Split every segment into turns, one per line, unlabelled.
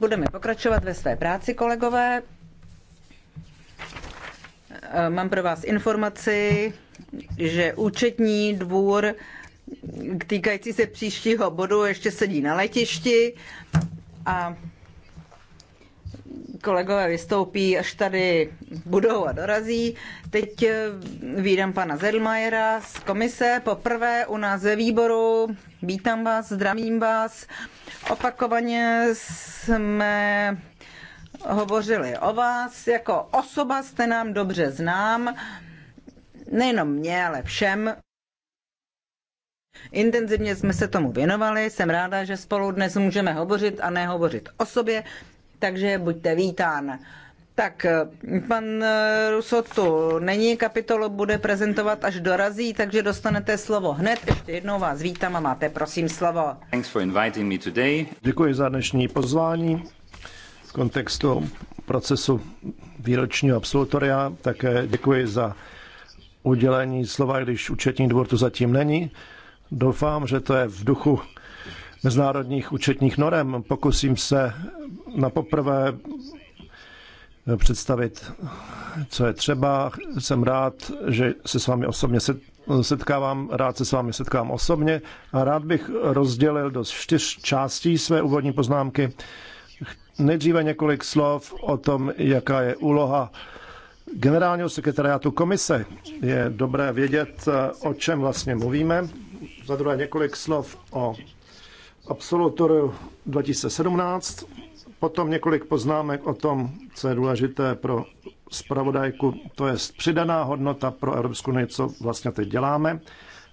Budeme pokračovat ve své práci, kolegové. Eh, mám pro vás informaci, že účetní dvůr týkající se příštího bodu ještě sedí na letišti a kolegové vystoupí, až tady budou a dorazí. Teď eh, vídám pana Zedlmajera z komise. Poprvé u nás ve výboru. Vítám vás, zdravím vás. Opakovaně jsme hovořili o vás. Jako osoba jste nám dobře znám. Nejenom mě, ale všem. Intenzivně jsme se tomu věnovali, jsem ráda, že spolu dnes můžeme hovořit a nehovořit o sobě, takže buďte vítán. Tak, eh, pan eh, Rusotu, není, kapitolu bude prezentovat, až dorazí, takže dostanete slovo hned. Ještě jednou vás vítám a máte prosím slovo.
Děkuji za dnešní pozvání. V kontextu procesu výročního absolutoria také děkuji za udělení slova, když účetní dvor tu zatím není. Doufám, že to je v duchu mezinárodních účetních norem. Pokusím se na poprvé představit, co je třeba. Jsem rád, že se s vámi osobně setkávám, rád se s vámi setkám osobně a rád bych rozdělil do čtyř částí své úvodní poznámky. Nejdříve několik slov o tom, jaká je úloha generálního sekretariátu komise. Je dobré vědět, o čem vlastně mluvíme. Za druhé několik slov o absolutoru 2017 Potom několik poznámek o tom, co je důležité pro spravodajku, to je přidaná hodnota pro Evropskou unii, co vlastně teď děláme.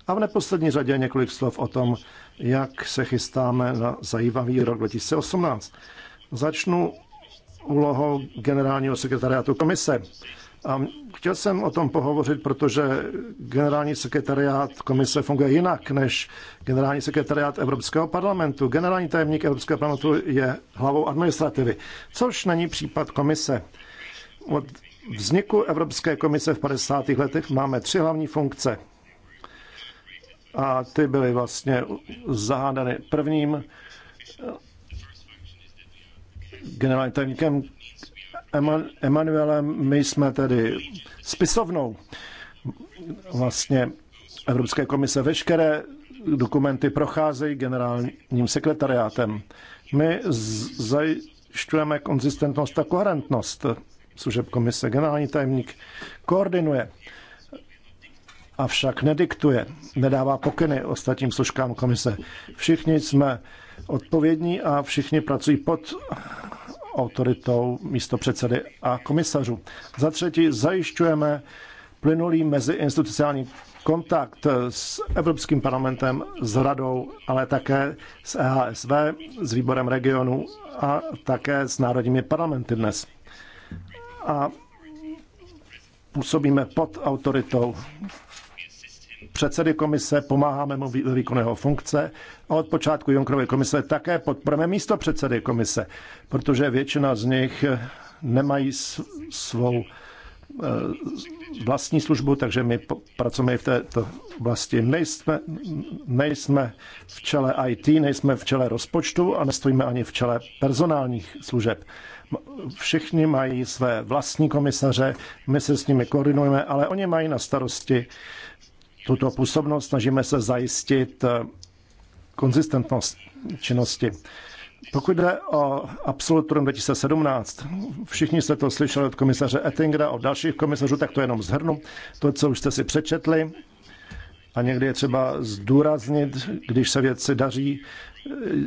A v neposlední řadě několik slov o tom, jak se chystáme na zajímavý rok 2018. Začnu úlohou generálního sekretariátu komise. A chtěl jsem o tom pohovořit, protože generální sekretariát komise funguje jinak než generální sekretariát Evropského parlamentu. Generální tajemník Evropského parlamentu je hlavou administrativy, což není případ komise. Od vzniku Evropské komise v 50. letech máme tři hlavní funkce. A ty byly vlastně zahádany prvním generálním tajemníkem Emanuelem, my jsme tedy spisovnou vlastně Evropské komise. Veškeré dokumenty procházejí generálním sekretariátem. My zajišťujeme konzistentnost a koherentnost služeb komise. Generální tajemník koordinuje, avšak nediktuje, nedává pokyny ostatním složkám komise. Všichni jsme odpovědní a všichni pracují pod autoritou místo předsedy a komisařů. Za třetí zajišťujeme plynulý meziinstitucionální kontakt s Evropským parlamentem, s radou, ale také s EHSV, s výborem regionu a také s národními parlamenty dnes. A působíme pod autoritou předsedy komise, pomáháme mu do výkonného funkce a od počátku Junkerovy komise také podporujeme místo předsedy komise, protože většina z nich eh, nemají svou eh, vlastní službu, takže my pracujeme i v této oblasti. Nejsme, nejsme v čele IT, nejsme v čele rozpočtu a nestojíme ani v čele personálních služeb. Všichni mají své vlastní komisaře, my se s nimi koordinujeme, ale oni mají na starosti tuto působnost, snažíme se zajistit eh, konzistentnost činnosti. Pokud jde o absolutorium 2017, všichni jste to slyšeli od komisaře Ettingera, od dalších komisařů, tak to jenom zhrnu. To, co už jste si přečetli, a někdy je třeba zdůraznit, když se věci daří.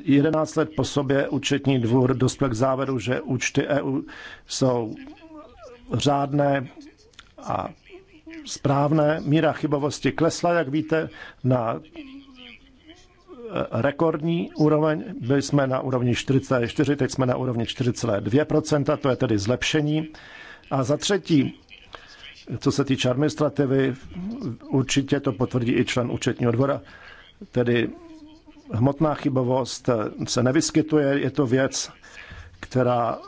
11 eh, let po sobě účetní dvůr dospěl k závěru, že účty EU jsou řádné a správné. Míra chybovosti klesla, jak víte, na rekordní úroveň. Byli jsme na úrovni 4,4, teď jsme na úrovni 4,2%, to je tedy zlepšení. A za třetí, co se týče administrativy, určitě to potvrdí i člen účetního dvora, tedy hmotná chybovost se nevyskytuje, je to věc, která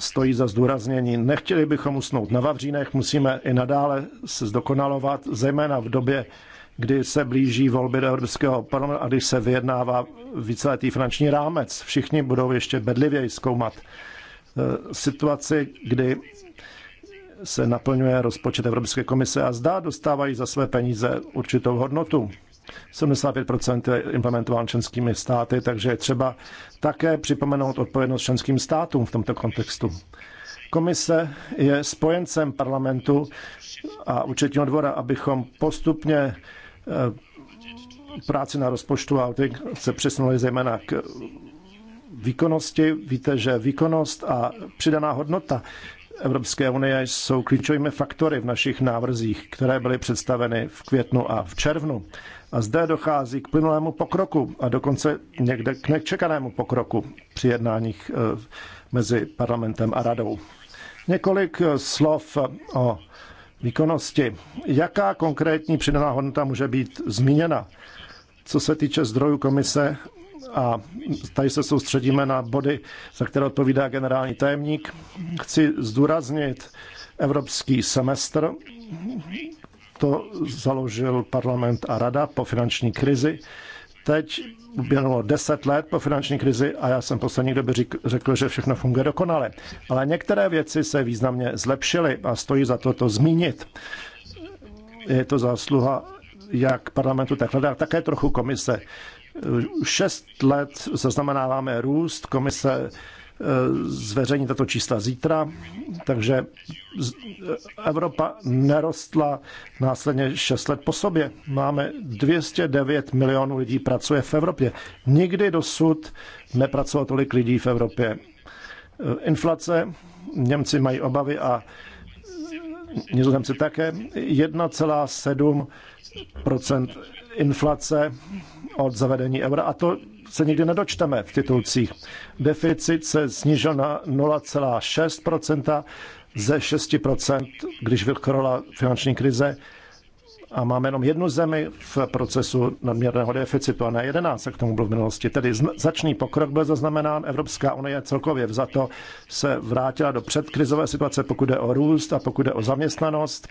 stojí za zdůraznění. Nechtěli bychom usnout na Vavřínech, musíme i nadále se zdokonalovat, zejména v době, kdy se blíží volby do Evropského parlamentu a když se vyjednává víceletý finanční rámec. Všichni budou ještě bedlivěji zkoumat eh, situaci, kdy se naplňuje rozpočet Evropské komise a zdá dostávají za své peníze určitou hodnotu. 75% je implementován členskými státy, takže je třeba také připomenout odpovědnost členským státům v tomto kontextu. Komise je spojencem parlamentu a účetního dvora, abychom postupně eh, práci na rozpočtu a ty se přesunuli zejména k výkonnosti. Víte, že výkonnost a přidaná hodnota Evropské unie jsou klíčovými faktory v našich návrzích, které byly představeny v květnu a v červnu. A zde dochází k plynulému pokroku a dokonce někde k nečekanému pokroku při jednáních eh, mezi parlamentem a radou. Několik eh, slov eh, o výkonnosti. Jaká konkrétní přidaná hodnota může být zmíněna? Co se týče zdrojů komise, a tady se soustředíme na body, za které odpovídá generální tajemník. Chci zdůraznit evropský semestr, to založil parlament a rada po finanční krizi. Teď uběhlo deset let po finanční krizi a já jsem poslední době řekl, že všechno funguje dokonale. Ale některé věci se významně zlepšily a stojí za to to zmínit. Je to zásluha jak parlamentu, tak hledá také trochu komise. Šest let zaznamenáváme růst, komise Eh, zveřejní tato čísla zítra, takže Evropa nerostla následně 6 let po sobě. Máme 209 milionů lidí pracuje v Evropě. Nikdy dosud nepracovalo tolik lidí v Evropě. Eh, inflace, Němci mají obavy a Nizozemci také 1,7 inflace od zavedení eura a to se nikdy nedočteme v titulcích. Deficit se snížil na 0,6% ze 6%, když vykrola finanční krize a máme jenom jednu zemi v procesu nadměrného deficitu a ne 11, jak tomu bylo v minulosti. Tedy začný pokrok byl zaznamenán, Evropská unie celkově vzato se vrátila do předkrizové situace, pokud jde o růst a pokud jde o zaměstnanost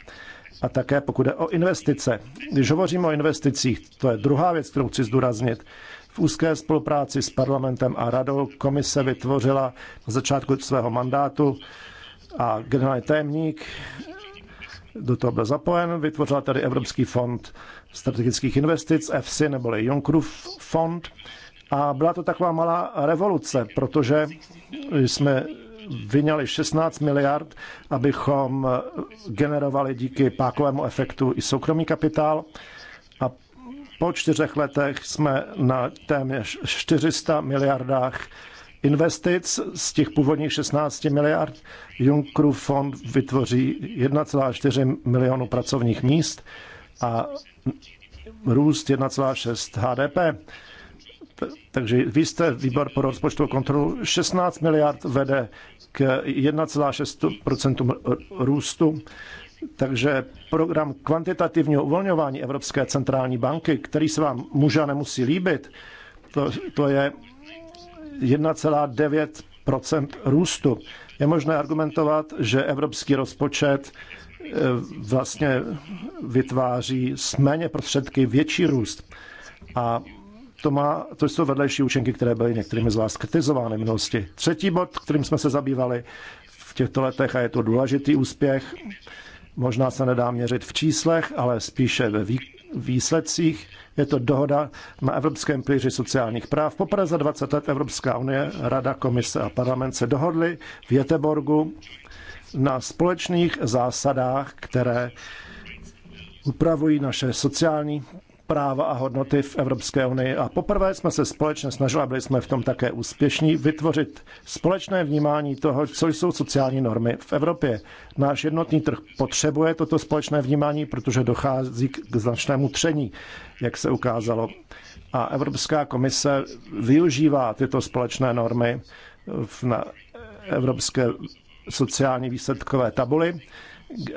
a také pokud jde o investice. Když hovoříme o investicích, to je druhá věc, kterou chci zdůraznit úzké spolupráci s parlamentem a radou komise vytvořila na začátku svého mandátu a generální tajemník do toho byl zapojen, vytvořila tady Evropský fond strategických investic, EFSI neboli Junckerův fond. A byla to taková malá revoluce, protože jsme vyňali 16 miliard, abychom generovali díky pákovému efektu i soukromý kapitál. Po čtyřech letech jsme na téměř 400 miliardách investic z těch původních 16 miliard. Junckerův fond vytvoří 1,4 milionu pracovních míst a růst 1,6 HDP. Takže vy jste výbor pro rozpočtovou kontrolu. 16 miliard vede k 1,6 růstu takže program kvantitativního uvolňování Evropské centrální banky, který se vám může a nemusí líbit, to, to je 1,9 růstu. Je možné argumentovat, že evropský rozpočet e, vlastně vytváří s méně prostředky větší růst. A to, má, to jsou vedlejší účinky, které byly některými z vás kritizovány v minulosti. Třetí bod, kterým jsme se zabývali v těchto letech, a je to důležitý úspěch, možná se nedá měřit v číslech, ale spíše ve výsledcích. Je to dohoda na Evropském pilíři sociálních práv. Poprvé za 20 let Evropská unie, Rada, Komise a parlament se dohodli v Jeteborgu na společných zásadách, které upravují naše sociální práva a hodnoty v Evropské unii. A poprvé jsme se společně snažili, byli jsme v tom také úspěšní, vytvořit společné vnímání toho, co jsou sociální normy v Evropě. Náš jednotný trh potřebuje toto společné vnímání, protože dochází k značnému tření, jak se ukázalo. A Evropská komise využívá tyto společné normy na evropské sociální výsledkové tabuli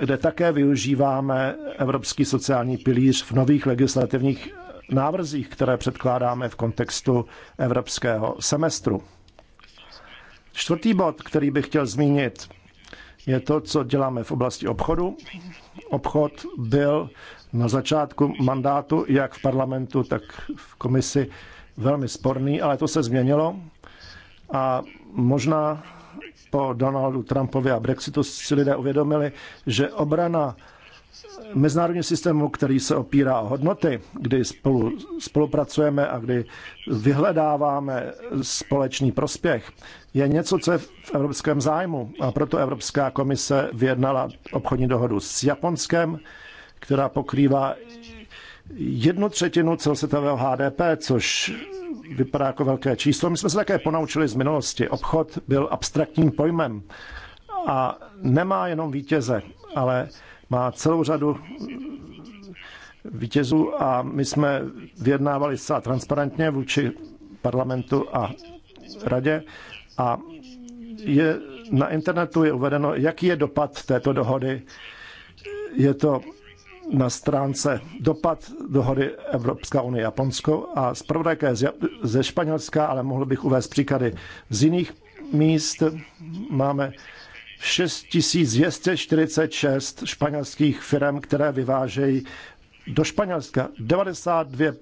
kde také využíváme Evropský sociální pilíř v nových legislativních návrzích, které předkládáme v kontextu evropského semestru. Čtvrtý bod, který bych chtěl zmínit, je to, co děláme v oblasti obchodu. Obchod byl na začátku mandátu, jak v parlamentu, tak v komisi, velmi sporný, ale to se změnilo. A možná po Donaldu Trumpovi a Brexitu si lidé uvědomili, že obrana mezinárodního systému, který se opírá o hodnoty, kdy spolu, spolupracujeme a kdy vyhledáváme společný prospěch, je něco, co je v evropském zájmu. A proto Evropská komise vyjednala obchodní dohodu s Japonskem, která pokrývá jednu třetinu celosvětového HDP, což vypadá jako velké číslo. My jsme se také ponaučili z minulosti. Obchod byl abstraktním pojmem a nemá jenom vítěze, ale má celou řadu vítězů a my jsme vyjednávali zcela transparentně vůči parlamentu a radě a je, na internetu je uvedeno, jaký je dopad této dohody. Je to na stránce dopad dohody Evropská unie Japonsko a zpravodajka je ze Španělska, ale mohl bych uvést příklady z jiných míst. Máme 6246 španělských firm, které vyvážejí do Španělska. 92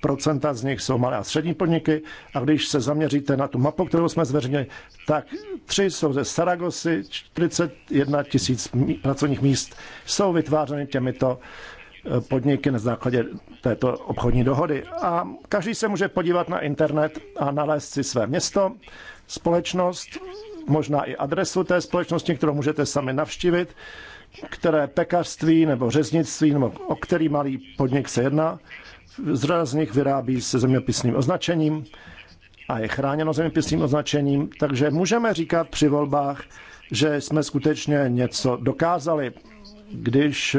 procenta z nich jsou malé a střední podniky a když se zaměříte na tu mapu, kterou jsme zveřejnili, tak tři jsou ze Saragosy, 41 tisíc pracovních míst jsou vytvářeny těmito eh, podniky na základě této obchodní dohody. A každý se může podívat na internet a nalézt si své město, společnost, možná i adresu té společnosti, kterou můžete sami navštívit, které pekařství nebo řeznictví nebo o který malý podnik se jedná Řada z nich vyrábí se zeměpisným označením a je chráněno zeměpisným označením, takže můžeme říkat při volbách, že jsme skutečně něco dokázali, když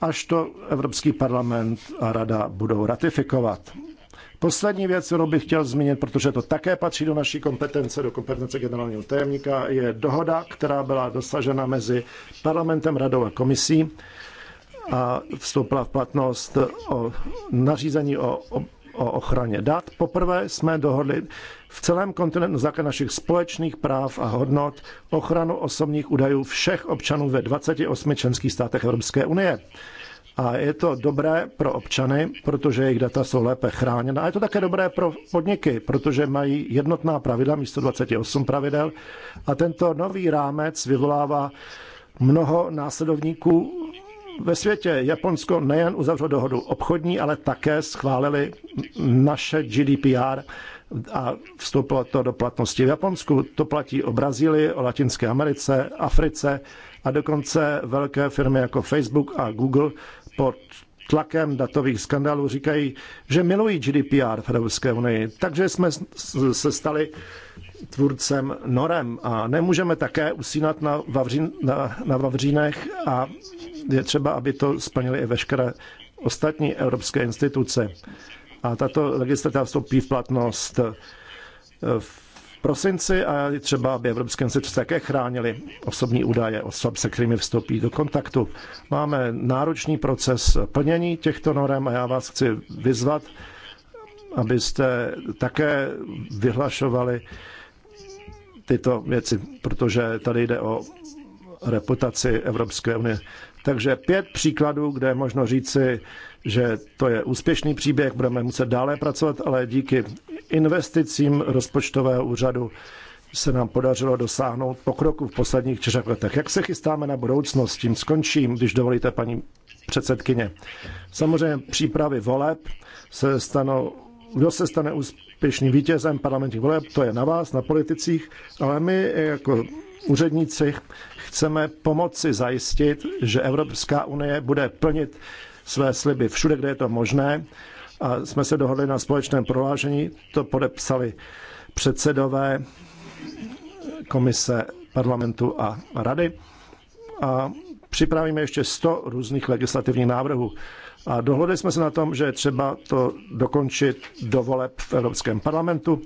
až to Evropský parlament a rada budou ratifikovat. Poslední věc, kterou bych chtěl zmínit, protože to také patří do naší kompetence, do kompetence generálního tajemníka, je dohoda, která byla dosažena mezi parlamentem, radou a komisí a vstoupila v platnost o nařízení o, o, o ochraně dat. Poprvé jsme dohodli v celém kontinentu základ našich společných práv a hodnot ochranu osobních údajů všech občanů ve 28 členských státech Evropské unie. A je to dobré pro občany, protože jejich data jsou lépe chráněna. A je to také dobré pro podniky, protože mají jednotná pravidla místo 28 pravidel. A tento nový rámec vyvolává mnoho následovníků ve světě. Japonsko nejen uzavřelo dohodu obchodní, ale také schválili naše GDPR a vstoupilo to do platnosti v Japonsku. To platí o Brazílii, o Latinské Americe, Africe a dokonce velké firmy jako Facebook a Google pod tlakem datových skandálů říkají, že milují GDPR v Evropské unii. Takže jsme se stali tvůrcem norem a nemůžeme také usínat na, Vavřín, na, na Vavřínech a je třeba, aby to splnili i veškeré ostatní evropské instituce. A tato legislativa vstoupí v platnost eh, v prosinci a je třeba, aby evropské instituce také chránili osobní údaje osob, se kterými vstoupí do kontaktu. Máme náročný proces plnění těchto norem a já vás chci vyzvat, abyste také vyhlašovali tyto věci, protože tady jde o reputaci Evropské unie. Takže pět příkladů, kde je možno říci, že to je úspěšný příběh, budeme muset dále pracovat, ale díky investicím rozpočtového úřadu se nám podařilo dosáhnout pokroku v posledních čtyřech letech. Jak se chystáme na budoucnost? Tím skončím, když dovolíte, paní předsedkyně. Samozřejmě přípravy voleb se stanou, kdo se stane úspěšným vítězem parlamentních voleb, to je na vás, na politicích, ale my jako úředníci chceme pomoci zajistit, že Evropská unie bude plnit své sliby všude, kde je to možné. A jsme se dohodli na společném prohlášení, to podepsali předsedové komise parlamentu a rady. A připravíme ještě 100 různých legislativních návrhů. A dohodli jsme se na tom, že je třeba to dokončit do voleb v Evropském parlamentu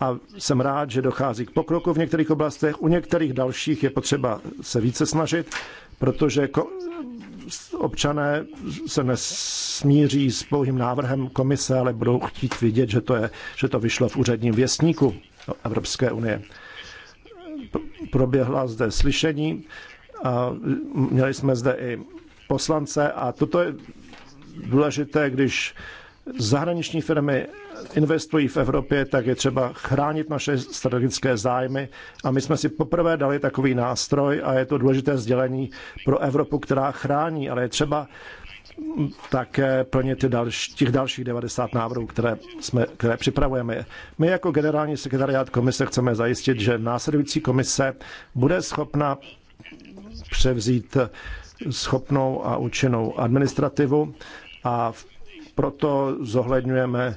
a jsem rád, že dochází k pokroku v některých oblastech. U některých dalších je potřeba se více snažit, protože občané se nesmíří s pouhým návrhem komise, ale budou chtít vidět, že to, je, že to vyšlo v úředním věstníku Evropské unie. Proběhla zde slyšení a měli jsme zde i poslance a toto je důležité, když zahraniční firmy investují v Evropě, tak je třeba chránit naše strategické zájmy. A my jsme si poprvé dali takový nástroj a je to důležité sdělení pro Evropu, která chrání, ale je třeba také plnit těch dalších 90 návrhů, které, jsme, které připravujeme. My jako generální sekretariát komise chceme zajistit, že následující komise bude schopna převzít schopnou a účinnou administrativu a proto zohledňujeme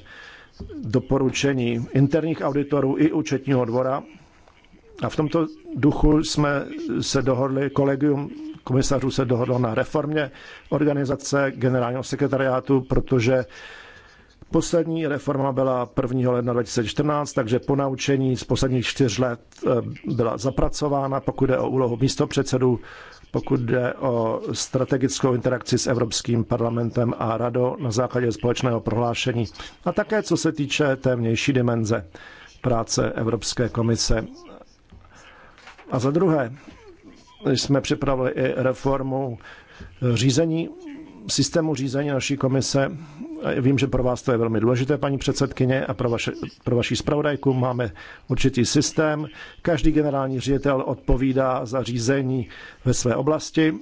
doporučení interních auditorů i účetního dvora. A v tomto duchu jsme se dohodli, kolegium komisařů se dohodlo na reformě organizace generálního sekretariátu, protože Poslední reforma byla 1. ledna 2014, takže po naučení z posledních čtyř let eh, byla zapracována, pokud jde o úlohu místopředsedů pokud jde o strategickou interakci s Evropským parlamentem a radou na základě společného prohlášení a také co se týče té vnější dimenze práce Evropské komise. A za druhé, jsme připravili i reformu řízení systému řízení naší komise. Eh, vím, že pro vás to je velmi důležité, paní předsedkyně, a pro, vaše, pro vaši zpravodajku máme určitý systém. Každý generální ředitel odpovídá za řízení ve své oblasti.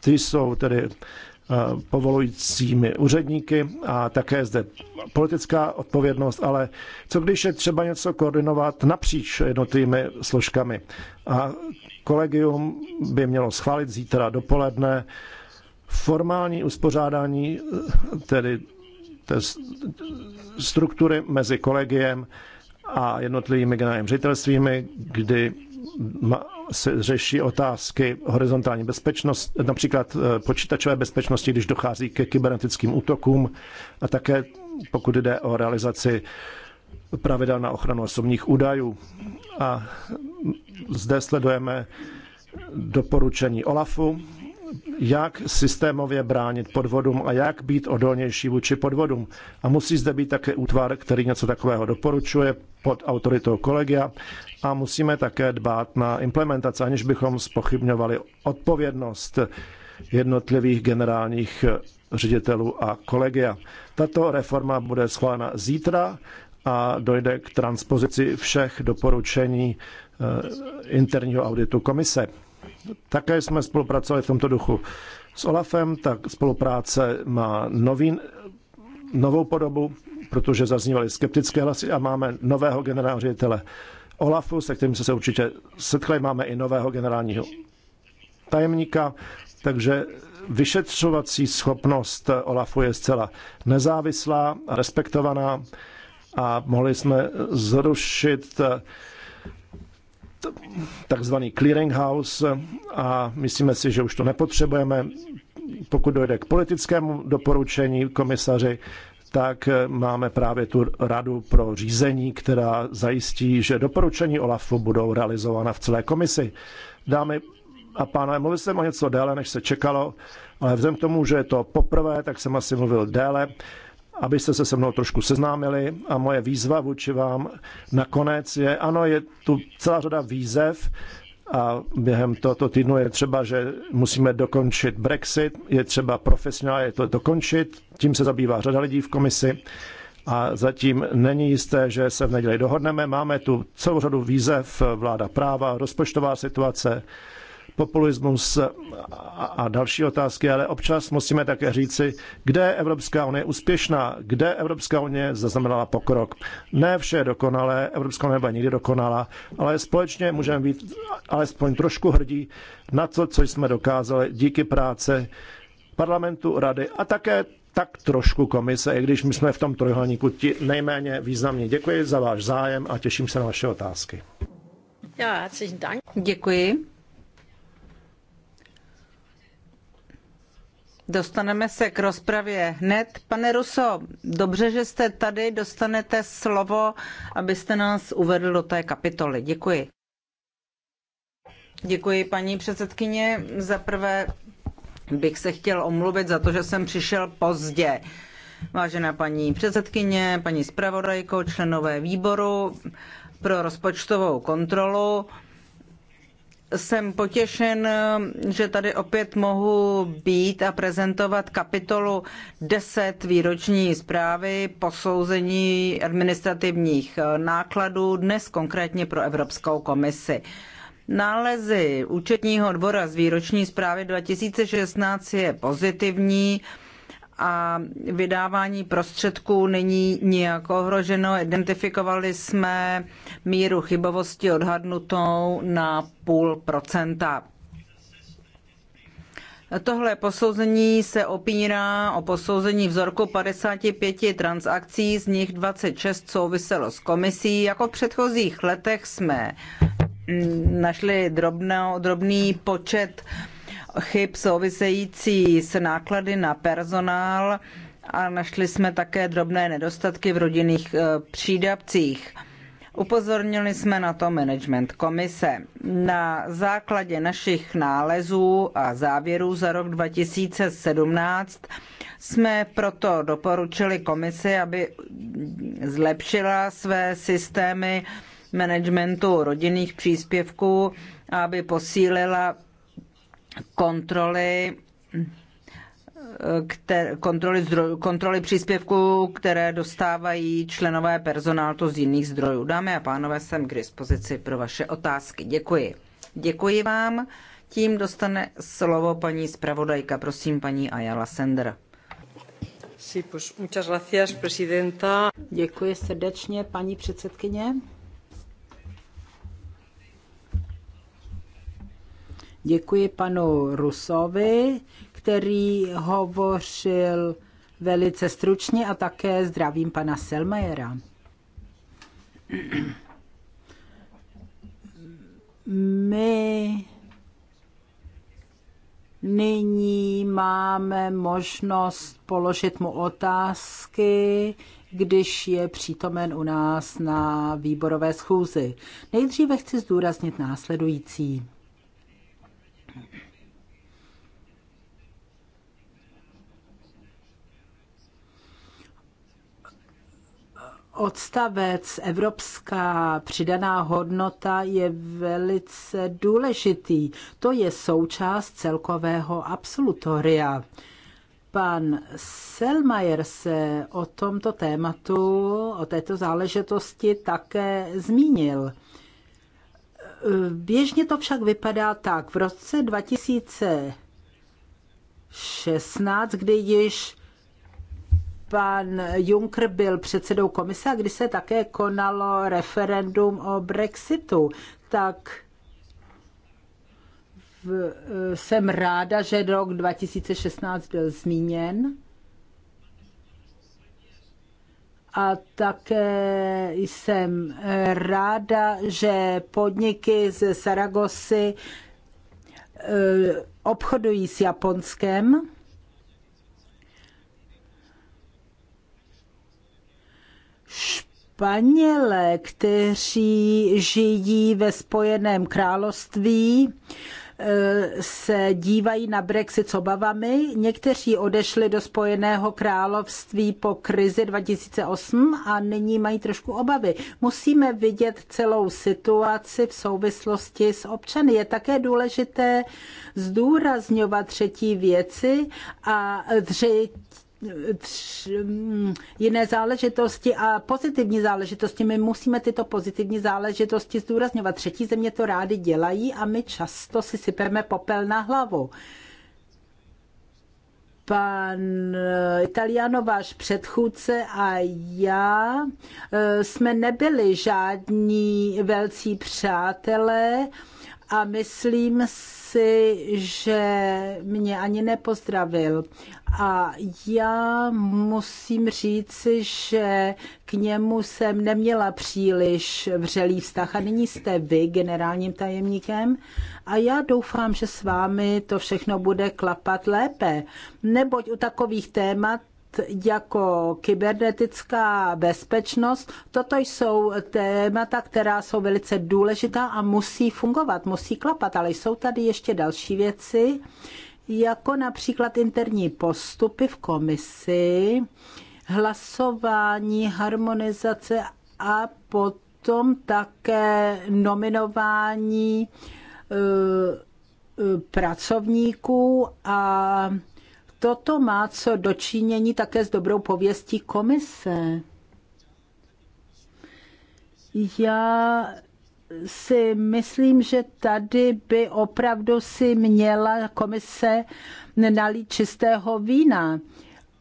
Ty jsou tedy eh, povolujícími úředníky a také zde politická odpovědnost, ale co když je třeba něco koordinovat napříč jednotlivými složkami. A kolegium by mělo schválit zítra dopoledne formální uspořádání, tedy té struktury mezi kolegiem a jednotlivými generálními ředitelstvími, kdy se řeší otázky horizontální bezpečnost, například eh, počítačové bezpečnosti, když dochází ke kybernetickým útokům a také pokud jde o realizaci pravidel na ochranu osobních údajů. A zde sledujeme doporučení OLAFu jak systémově bránit podvodům a jak být odolnější vůči podvodům. A musí zde být také útvar, který něco takového doporučuje pod autoritou kolegia a musíme také dbát na implementaci, aniž bychom spochybňovali odpovědnost jednotlivých generálních ředitelů a kolegia. Tato reforma bude schválena zítra a dojde k transpozici všech doporučení eh, interního auditu komise. Také jsme spolupracovali v tomto duchu s Olafem, tak spolupráce má nový, novou podobu, protože zaznívaly skeptické hlasy a máme nového generálního ředitele Olafu, se kterým se určitě setkali, máme i nového generálního tajemníka, takže vyšetřovací schopnost Olafu je zcela nezávislá, respektovaná a mohli jsme zrušit takzvaný clearinghouse a myslíme si, že už to nepotřebujeme. Pokud dojde k politickému doporučení komisaři, tak máme právě tu radu pro řízení, která zajistí, že doporučení OLAFu budou realizována v celé komisi. Dámy a pánové, mluvil jsem o něco déle, než se čekalo, ale vzhledem k tomu, že je to poprvé, tak jsem asi mluvil déle abyste se se mnou trošku seznámili a moje výzva vůči vám nakonec je, ano, je tu celá řada výzev a během tohoto týdnu je třeba, že musíme dokončit Brexit, je třeba profesionálně to dokončit, tím se zabývá řada lidí v komisi a zatím není jisté, že se v neděli dohodneme. Máme tu celou řadu výzev, vláda práva, rozpočtová situace, populismus a další otázky, ale občas musíme také říci, kde Evropská unie je úspěšná, kde Evropská unie zaznamenala pokrok. Ne vše je dokonalé, Evropská unie nikdy dokonala, ale společně můžeme být alespoň trošku hrdí na to, co jsme dokázali díky práce parlamentu, rady a také tak trošku komise, i když my jsme v tom trojhelníku ti nejméně významní. Děkuji za váš zájem a těším se na vaše otázky.
Děkuji. Dostaneme se k rozpravě hned. Pane Ruso, dobře, že jste tady, dostanete slovo, abyste nás uvedl do té kapitoly. Děkuji. Děkuji, paní předsedkyně. Za prvé bych se chtěl omluvit za to, že jsem přišel pozdě. Vážená paní předsedkyně, paní zpravodajko, členové výboru pro rozpočtovou kontrolu, jsem potěšen, že tady opět mohu být a prezentovat kapitolu 10 výroční zprávy posouzení administrativních nákladů, dnes konkrétně pro Evropskou komisi. Nálezy účetního dvora z výroční zprávy 2016 je pozitivní a vydávání prostředků není nijak ohroženo. Identifikovali jsme míru chybovosti odhadnutou na půl procenta. Tohle posouzení se opírá o posouzení vzorku 55 transakcí, z nich 26 souviselo s komisí. Jako v předchozích letech jsme našli drobný počet chyb související s náklady na personál a našli jsme také drobné nedostatky v rodinných eh, přídavcích. Upozornili jsme na to management komise. Na základě našich nálezů a závěrů za rok 2017 jsme proto doporučili komisi, aby zlepšila své systémy managementu rodinných příspěvků, aby posílila kontroly kontroly, kontroly příspěvků, které dostávají členové personálu z jiných zdrojů. Dámy a pánové, jsem k dispozici pro vaše otázky. Děkuji. Děkuji vám. Tím dostane slovo paní zpravodajka. Prosím, paní Ayala Sender.
Děkuji srdečně, paní předsedkyně. Děkuji panu Rusovi, který hovořil velice stručně a také zdravím pana Selmajera. My nyní máme možnost položit mu otázky, když je přítomen u nás na výborové schůzi. Nejdříve chci zdůraznit následující. odstavec Evropská přidaná hodnota je velice důležitý. To je součást celkového absolutoria. Pan Selmayr se o tomto tématu, o této záležitosti také zmínil. Běžně to však vypadá tak. V roce 2016, kdy již pan Juncker byl předsedou komise a kdy se také konalo referendum o Brexitu, tak v, jsem ráda, že rok 2016 byl zmíněn. A také jsem ráda, že podniky ze Saragosy eh, obchodují s Japonskem Španělé, kteří žijí ve Spojeném království, eh, se dívají na Brexit s obavami. Někteří odešli do Spojeného království po krizi 2008 a nyní mají trošku obavy. Musíme vidět celou situaci v souvislosti s občany. Je také důležité zdůrazňovat třetí věci a třetí Mm, jiné záležitosti a pozitivní záležitosti. My musíme tyto pozitivní záležitosti zdůrazňovat. Třetí země to rády dělají a my často si sypeme popel na hlavu pan eh, Italiano, váš předchůdce a já eh, jsme nebyli žádní velcí přátelé a myslím si, že mě ani nepozdravil. A já musím říci, že k němu jsem neměla příliš vřelý vztah a nyní jste vy generálním tajemníkem a já doufám, že s vámi to všechno bude klapat lépe, neboť u takových témat jako kybernetická bezpečnost. Toto jsou témata, která jsou velice důležitá a musí fungovat, musí klapat, ale jsou tady ještě další věci, jako například interní postupy v komisi, hlasování, harmonizace a potom také nominování eh, eh, pracovníků a Toto má co dočínění také s dobrou pověstí komise. Já si myslím, že tady by opravdu si měla komise nalít čistého vína.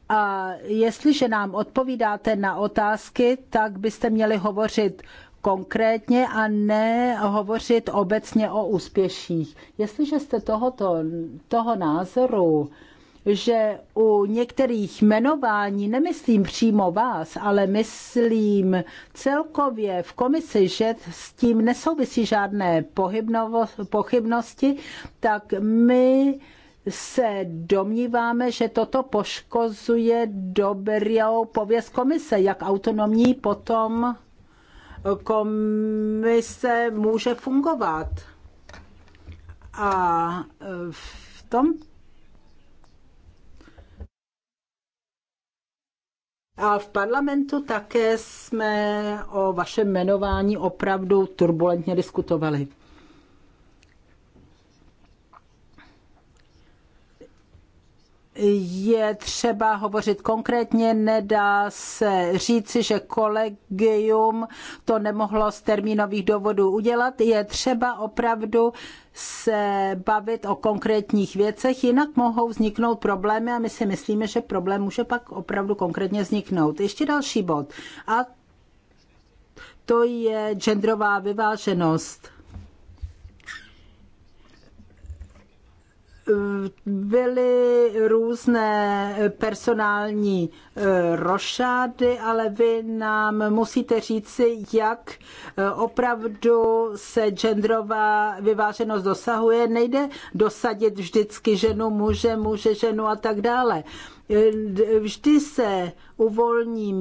A jestliže nám odpovídáte na otázky, tak byste měli hovořit konkrétně a ne hovořit obecně o úspěších. Jestliže jste tohoto, toho názoru, že u některých jmenování, nemyslím přímo vás, ale myslím celkově v komisi, že s tím nesouvisí žádné pochybnosti, tak my se domníváme, že toto poškozuje dobrou pověst komise, jak autonomní potom komise může fungovat. A v tom A v parlamentu také jsme o vašem jmenování opravdu turbulentně diskutovali. je třeba hovořit konkrétně, nedá se říci, že kolegium to nemohlo z termínových důvodů udělat. Je třeba opravdu se bavit o konkrétních věcech, jinak mohou vzniknout problémy a my si myslíme, že problém může pak opravdu konkrétně vzniknout. Ještě další bod a to je genderová vyváženost. byly různé personální eh, rošády, ale vy nám musíte říci, jak eh, opravdu se genderová vyváženost dosahuje. Nejde dosadit vždycky ženu, muže, muže, ženu a tak dále. Eh, vždy se uvolní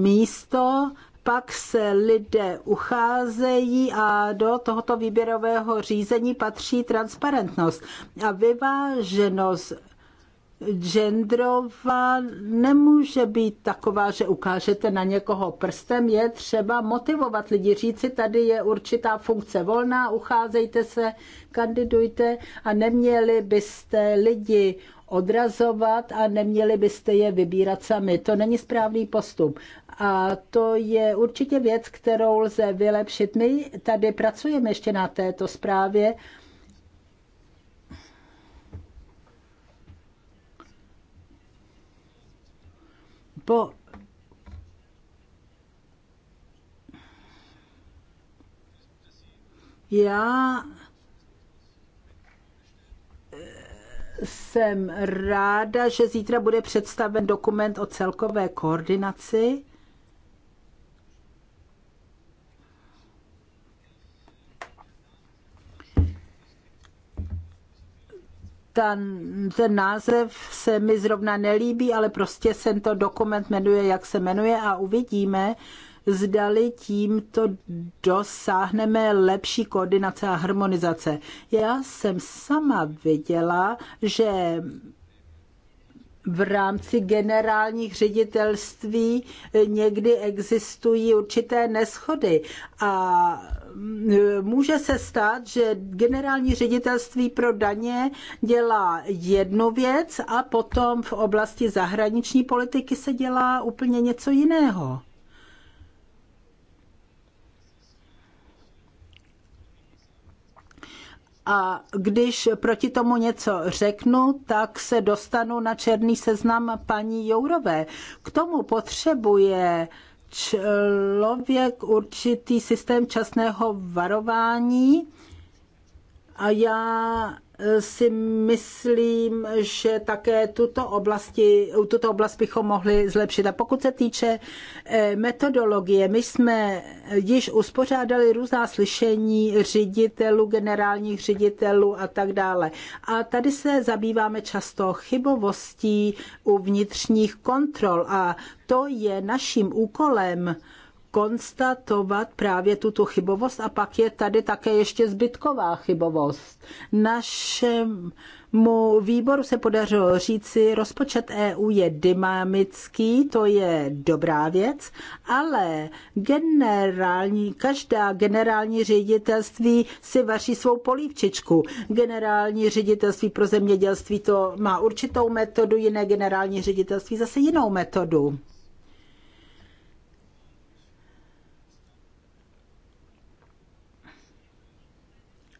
místo pak se lidé ucházejí a do tohoto výběrového řízení patří transparentnost a vyváženost genderová nemůže být taková, že ukážete na někoho prstem, je třeba motivovat lidi, říci, tady je určitá funkce volná, ucházejte se, kandidujte a neměli byste lidi odrazovat a neměli byste je vybírat sami. To není správný postup. A to je určitě věc, kterou lze vylepšit. My tady pracujeme ještě na této zprávě po Já eh, jsem ráda, že zítra bude představen dokument o celkové koordinaci ten, ten název se mi zrovna nelíbí, ale prostě se to dokument jmenuje, jak se jmenuje a uvidíme, zdali tímto dosáhneme lepší koordinace a harmonizace. Já jsem sama viděla, že v rámci generálních ředitelství eh, někdy existují určité neschody a mm, eh, může se stát, že generální ředitelství pro daně dělá jednu věc a potom v oblasti zahraniční politiky se dělá úplně něco jiného. a když proti tomu něco řeknu, tak se dostanu na černý seznam paní Jourové. K tomu potřebuje člověk určitý systém časného varování a já si myslím, že také tuto, oblasti, tuto oblast bychom mohli zlepšit. A pokud se týče eh, metodologie, my jsme již uspořádali různá slyšení ředitelů, generálních ředitelů a tak dále. A tady se zabýváme často chybovostí u vnitřních kontrol a to je naším úkolem konstatovat právě tuto chybovost a pak je tady také ještě zbytková chybovost. Našemu výboru se podařilo říci, rozpočet EU je dynamický, to je dobrá věc, ale generální, každá generální ředitelství si vaří svou polívčičku. Generální ředitelství pro zemědělství to má určitou metodu, jiné generální ředitelství zase jinou metodu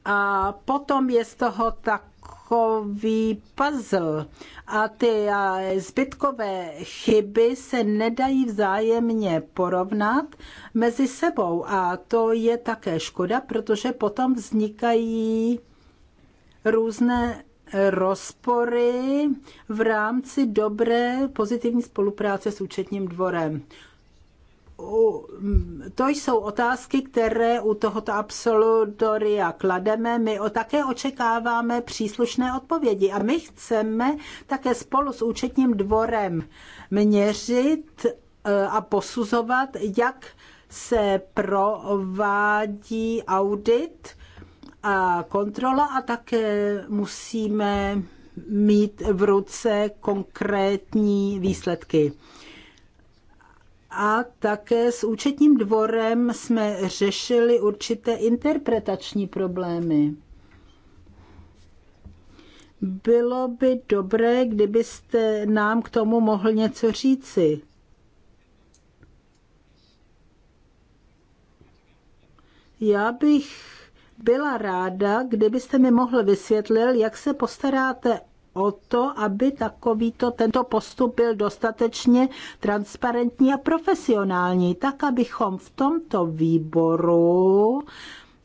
a potom je z toho tak takový puzzle a ty zbytkové chyby se nedají vzájemně porovnat mezi sebou a to je také škoda, protože potom vznikají různé rozpory v rámci dobré pozitivní spolupráce s účetním dvorem to jsou otázky, které u tohoto absolutoria klademe. My o také očekáváme příslušné odpovědi a my chceme také spolu s účetním dvorem měřit e, a posuzovat, jak se provádí audit a kontrola a také musíme mít v ruce konkrétní výsledky a také s účetním dvorem jsme řešili určité interpretační problémy. Bylo by dobré, kdybyste nám k tomu mohl něco říci. Já bych byla ráda, kdybyste mi mohl vysvětlil, jak se postaráte o to, aby takovýto tento postup byl dostatečně transparentní a profesionální, tak abychom v tomto výboru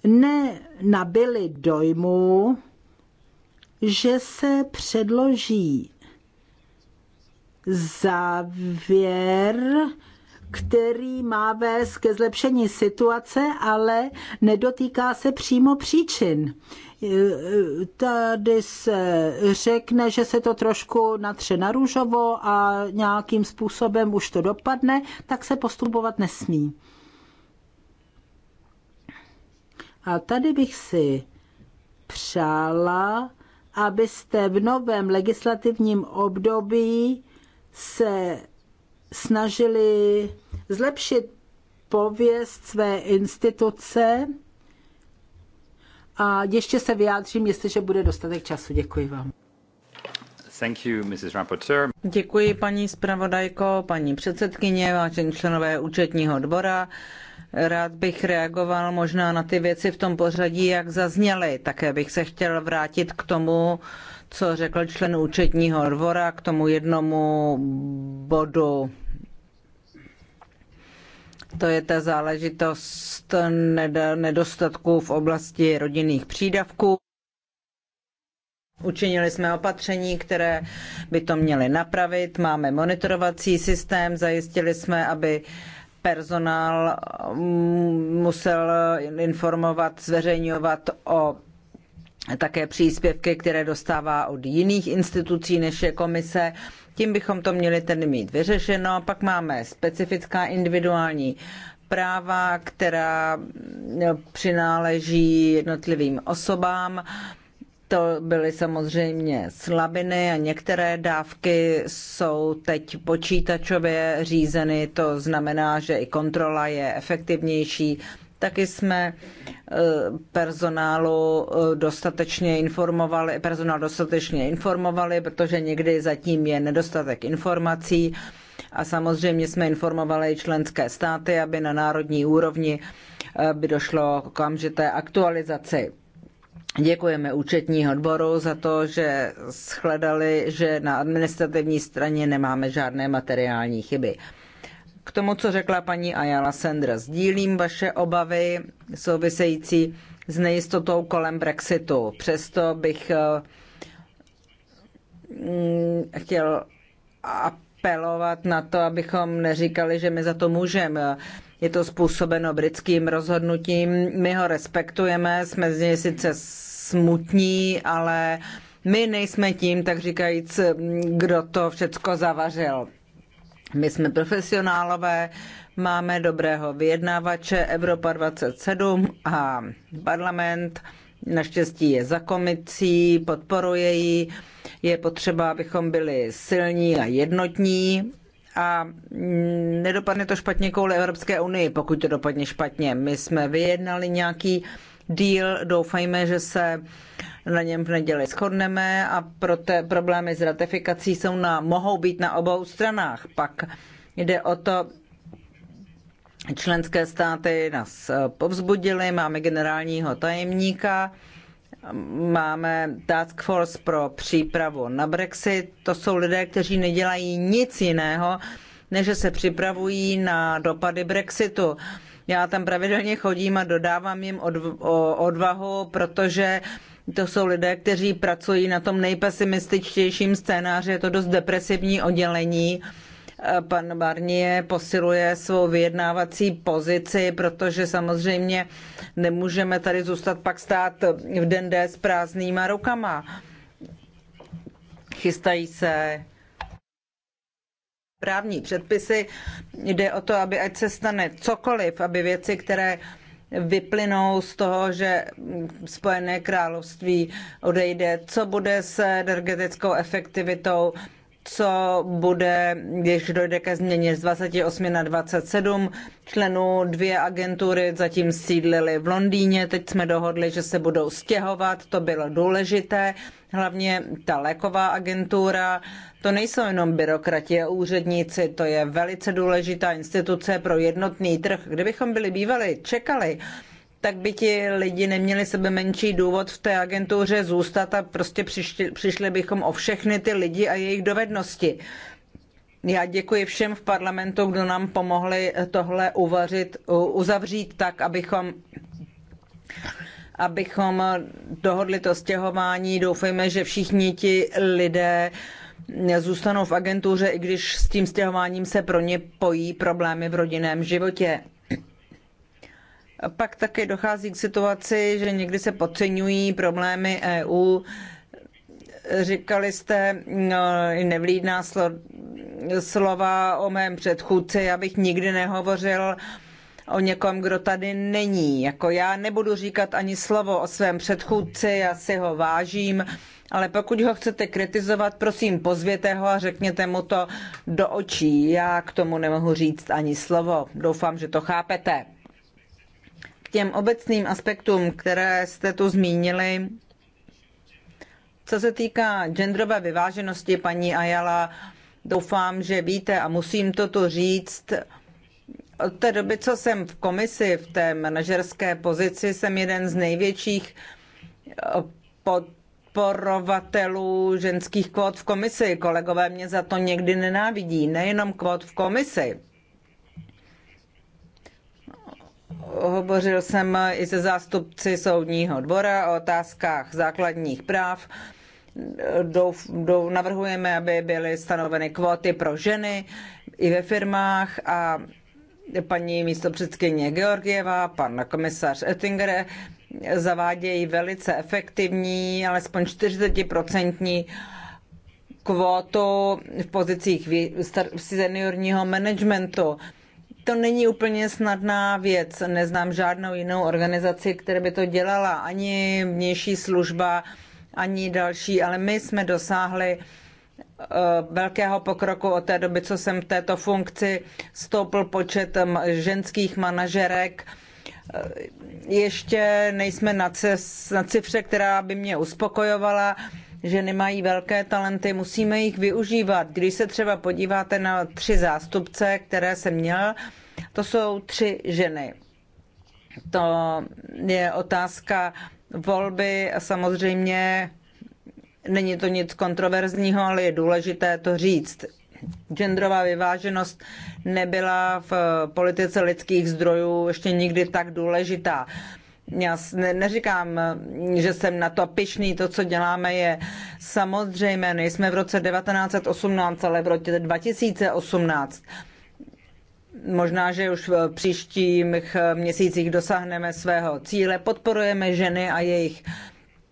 nenabili dojmu, že se předloží závěr, který má vést ke zlepšení situace, ale nedotýká se přímo příčin. E, e, tady se řekne, že se to trošku natře na růžovo a nějakým způsobem už to dopadne, tak se postupovat nesmí. A tady bych si přála, abyste v novém legislativním období se snažili zlepšit pověst své instituce a ještě se
vyjádřím, jestliže bude dostatek času. Děkuji vám.
Thank you, Mrs. Rapporteur.
Děkuji, paní zpravodajko, paní předsedkyně, vážení členové účetního dvora. Rád bych reagoval možná na ty věci v tom pořadí, jak zazněly. Také bych se chtěl vrátit k tomu, co řekl člen účetního dvora, k tomu jednomu bodu to je ta záležitost nedostatků v oblasti rodinných přídavků. Učinili jsme opatření, které by to měly napravit. Máme monitorovací systém, zajistili jsme, aby personál mm, musel informovat, zveřejňovat o také příspěvky, které dostává od jiných institucí než je komise. Tím bychom to měli tedy mít vyřešeno. Pak máme specifická individuální práva, která přináleží jednotlivým osobám. To byly samozřejmě slabiny a některé dávky jsou teď počítačově řízeny, to znamená, že i kontrola je efektivnější Taky jsme eh, personálu eh, dostatečně informovali, personál dostatečně informovali, protože někdy zatím je nedostatek informací a samozřejmě jsme informovali i členské státy, aby na národní úrovni eh, by došlo k okamžité aktualizaci. Děkujeme účetního odboru za to, že shledali, že na administrativní straně nemáme žádné materiální chyby. K tomu, co řekla paní Ayala Sendra, sdílím vaše obavy související s nejistotou kolem Brexitu. Přesto bych eh, mm, chtěl apelovat na to, abychom neříkali, že my za to můžeme. Je to způsobeno britským rozhodnutím, my ho respektujeme, jsme z něj sice smutní, ale my nejsme tím, tak říkajíc, mm, kdo to všecko zavařil. My jsme profesionálové, máme dobrého vyjednávače Evropa 27 a parlament naštěstí je za komicí, podporuje ji. Je potřeba, abychom byli silní a jednotní a nedopadne to špatně kvůli Evropské unii, pokud to dopadne špatně. My jsme vyjednali nějaký díl, doufejme, že se na něm v neděli shodneme a te problémy s ratifikací jsou na, mohou být na obou stranách. Pak jde o to, členské státy nás eh, povzbudily, máme generálního tajemníka, máme task force pro přípravu na Brexit. To jsou lidé, kteří nedělají nic jiného, než se připravují na dopady Brexitu. Já tam pravidelně chodím a dodávám jim odvahu, protože to jsou lidé, kteří pracují na tom nejpesimističtějším scénáři, je to dost depresivní oddělení. Pan Barnier posiluje svou vyjednávací pozici, protože samozřejmě nemůžeme tady zůstat pak stát v den D s prázdnýma rukama. Chystají se právní předpisy. Jde o to, aby ať se stane cokoliv, aby věci, které vyplynou z toho, že Spojené království odejde. Co bude s energetickou efektivitou? co bude, když dojde ke změně z 28 na 27 členů. Dvě agentury zatím sídlily v Londýně, teď jsme dohodli, že se budou stěhovat, to bylo důležité. Hlavně ta léková agentura, to nejsou jenom byrokrati a úředníci, to je velice důležitá instituce pro jednotný trh. Kdybychom byli bývali, čekali, tak by ti lidi neměli sebe menší důvod v té agentuře zůstat a prostě přišli, přišli bychom o všechny ty lidi a jejich dovednosti. Já děkuji všem v parlamentu, kdo nám pomohli tohle uvařit, uzavřít tak, abychom abychom dohodli to stěhování. Doufejme, že všichni ti lidé zůstanou v agentuře, i když s tím stěhováním se pro ně pojí problémy v rodinném životě. Pak také dochází k situaci, že někdy se podceňují problémy EU. Říkali jste no, nevlídná slo, slova o mém předchůdci, abych nikdy nehovořil o někom, kdo tady není. Jako já nebudu říkat ani slovo o svém předchůdci, já si ho vážím, ale pokud ho chcete kritizovat, prosím, pozvěte ho a řekněte mu to do očí. Já k tomu nemohu říct ani slovo. Doufám, že to chápete těm obecným aspektům, které jste tu zmínili, co se týká genderové vyváženosti, paní Ayala, doufám, že víte a musím toto říct, od té doby, co jsem v komisi, v té manažerské pozici, jsem jeden z největších eh, podporovatelů ženských kvót v komisi. Kolegové mě za to někdy nenávidí, nejenom kvót v komisi. Hovořil jsem i se zástupci soudního dvora o otázkách základních práv. Do, do, navrhujeme, aby byly stanoveny kvóty pro ženy i ve firmách a paní místopředsedkyně Georgieva, pan komisař Ettinger zavádějí velice efektivní, alespoň 40% kvótu v pozicích seniorního managementu to není úplně snadná věc. Neznám žádnou jinou organizaci, která by to dělala, ani vnější služba, ani další, ale my jsme dosáhli eh, velkého pokroku od té doby, co jsem v této funkci, stoupil počet ženských manažerek. Eh, ještě nejsme na, cifře, která by mě uspokojovala, Ženy mají velké talenty, musíme jich využívat. Když se třeba podíváte na tři zástupce, které jsem měla, to jsou tři ženy. To je otázka volby a samozřejmě není to nic kontroverzního, ale je důležité to říct. Genderová vyváženost nebyla v politice lidských zdrojů ještě nikdy tak důležitá. Já neříkám, že jsem na to pišný, to, co děláme, je samozřejmé. Nejsme v roce 1918, ale v roce 2018. Možná, že už v příštích měsících dosáhneme svého cíle. Podporujeme ženy a jejich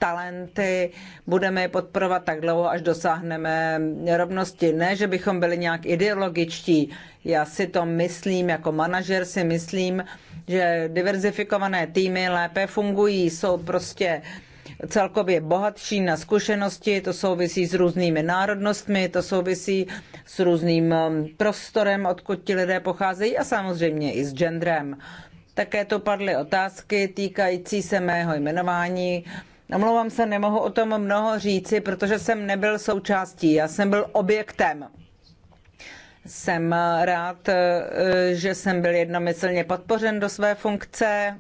talenty, budeme je podporovat tak dlouho, až dosáhneme rovnosti. Ne, že bychom byli nějak ideologičtí. Já si to myslím, jako manažer si myslím, že diverzifikované týmy lépe fungují, jsou prostě celkově bohatší na zkušenosti, to souvisí s různými národnostmi, to souvisí s různým um, prostorem, odkud ti lidé pocházejí a samozřejmě i s genderem. Také to padly otázky týkající se mého jmenování Omlouvám se, nemohu o tom mnoho říci, protože jsem nebyl součástí, já jsem byl objektem. Jsem rád, eh, že jsem byl jednomyslně podpořen do své funkce.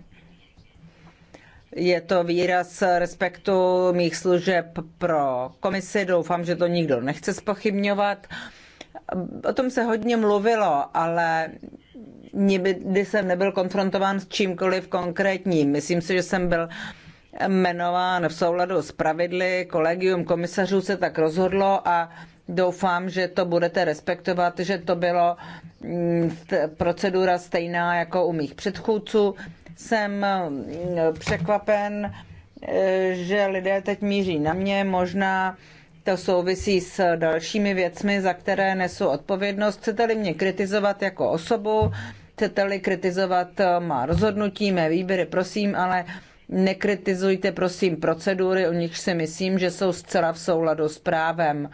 Je to výraz respektu mých služeb pro komisi, doufám, že to nikdo nechce spochybňovat. O tom se hodně mluvilo, ale nikdy jsem nebyl konfrontován s čímkoliv konkrétním. Myslím si, že jsem byl uh, jmenován v souladu s pravidly. Kolegium komisařů se tak rozhodlo a doufám, že to budete respektovat, že to bylo mm, procedura stejná jako u mých předchůdců. Jsem mm, překvapen, e, že lidé teď míří na mě, možná to souvisí s dalšími věcmi, za které nesu odpovědnost. Chcete-li mě kritizovat jako osobu, chcete-li kritizovat e, má rozhodnutí, mé výběry, prosím, ale Nekritizujte prosím procedury, o nich si myslím, že jsou zcela v souladu s právem.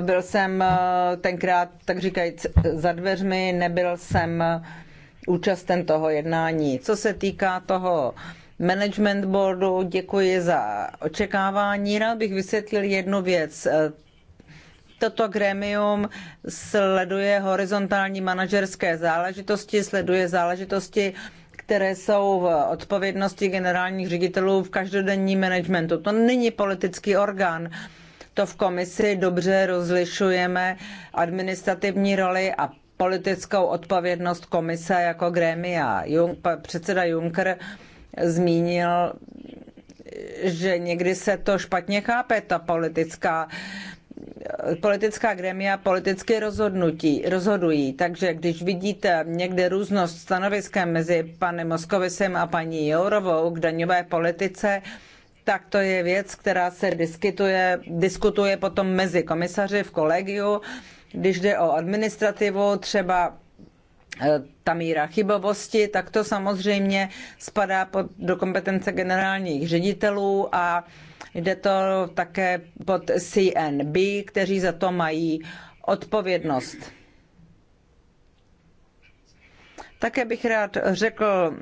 Byl jsem eh, tenkrát, tak říkajíc, za dveřmi, nebyl jsem eh, účasten toho jednání. Co se týká toho management boardu, děkuji za očekávání. Rád bych vysvětlil jednu věc. Toto grémium sleduje horizontální manažerské záležitosti, sleduje záležitosti které jsou v odpovědnosti generálních ředitelů v každodenním managementu. To není politický orgán. To v komisi dobře rozlišujeme administrativní roli a politickou odpovědnost komise jako grémia. Jun, předseda Juncker zmínil, že někdy se to špatně chápe, ta politická politická gremia politicky rozhodnutí, rozhodují. Takže když vidíte někde různost stanoviskem mezi panem Moskovisem a paní Jourovou k daňové politice, tak to je věc, která se diskutuje, diskutuje potom mezi komisaři v kolegiu. Když jde o administrativu, třeba eh, ta míra chybovosti, tak to samozřejmě spadá pod, do kompetence generálních ředitelů a uh, Jde to také pod CNB, kteří za to mají odpovědnost. Také bych rád řekl,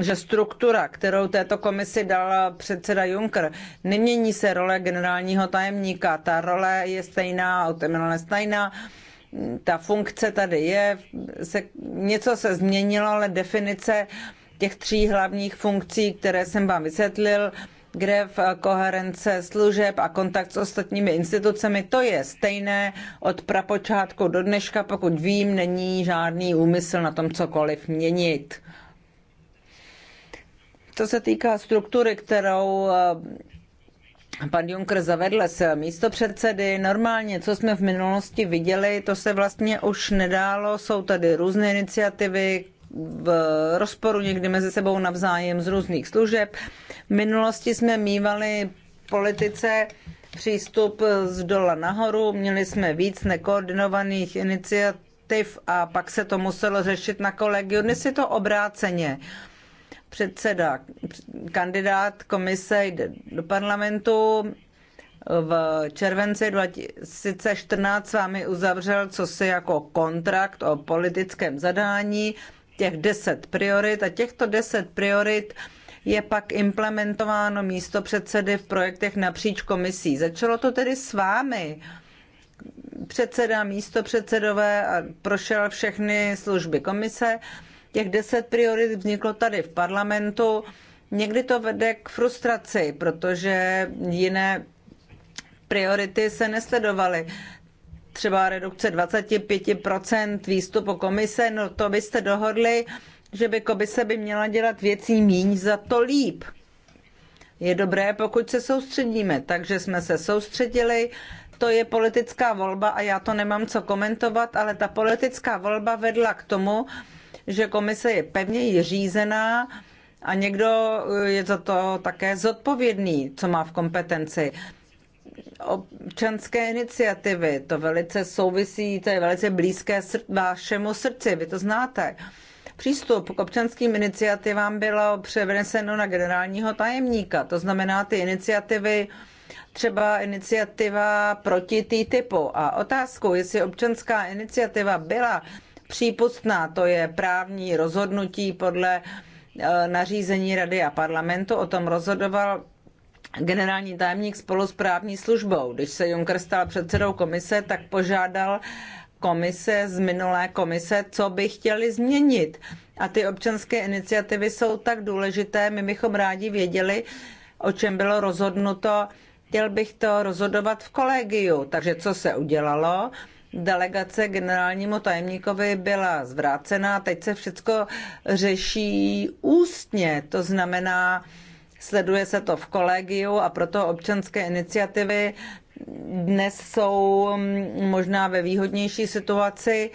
že struktura, kterou této komisi dal předseda Juncker, nemění se role generálního tajemníka. Ta role je stejná, autonomně stejná. Ta funkce tady je. Se, něco se změnilo, ale definice těch tří hlavních funkcí, které jsem vám vysvětlil, kde v koherence služeb a kontakt s ostatními institucemi, to je stejné od prapočátku do dneška, pokud vím, není žádný úmysl na tom cokoliv měnit. To se týká struktury, kterou eh, pan Juncker zavedl s místo předsedy. Normálně, co jsme v minulosti viděli, to se vlastně už nedálo. Jsou tady různé iniciativy, v rozporu někdy mezi sebou navzájem z různých služeb. V minulosti jsme mývali politice přístup z dola nahoru, měli jsme víc nekoordinovaných iniciativ a pak se to muselo řešit na kolegiu. Dnes je to obráceně. Předseda, kandidát komise jde do parlamentu, v červenci 2014 s vámi uzavřel co si jako kontrakt o politickém zadání těch deset priorit a těchto deset priorit je pak implementováno místo předsedy v projektech napříč komisí. Začalo to tedy s vámi. Předseda, místo předsedové a prošel všechny služby komise. Těch deset priorit vzniklo tady v parlamentu. Někdy to vede k frustraci, protože jiné priority se nesledovaly třeba redukce 25% výstupu komise, no to byste dohodli, že by komise by měla dělat věcí míň za to líp. Je dobré, pokud se soustředíme, takže jsme se soustředili, to je politická volba a já to nemám co komentovat, ale ta politická volba vedla k tomu, že komise je pevně řízená a někdo je za to také zodpovědný, co má v kompetenci občanské iniciativy. To velice souvisí, to je velice blízké vašemu srdci, vy to znáte. Přístup k občanským iniciativám bylo převeneseno na generálního tajemníka. To znamená, ty iniciativy, třeba iniciativa proti TTIPu. A otázkou, jestli občanská iniciativa byla přípustná, to je právní rozhodnutí podle eh, nařízení Rady a parlamentu, o tom rozhodoval generální tajemník spolu s právní službou. Když se Juncker stal předsedou komise, tak požádal komise z minulé komise, co by chtěli změnit. A ty občanské iniciativy jsou tak důležité, my bychom rádi věděli, o čem bylo rozhodnuto. Chtěl bych to rozhodovat v kolegiu. Takže co se udělalo? Delegace generálnímu tajemníkovi byla zvrácena, teď se všechno řeší ústně, to znamená, sleduje se to v kolegiu a proto občanské iniciativy dnes jsou mm, možná ve výhodnější situaci.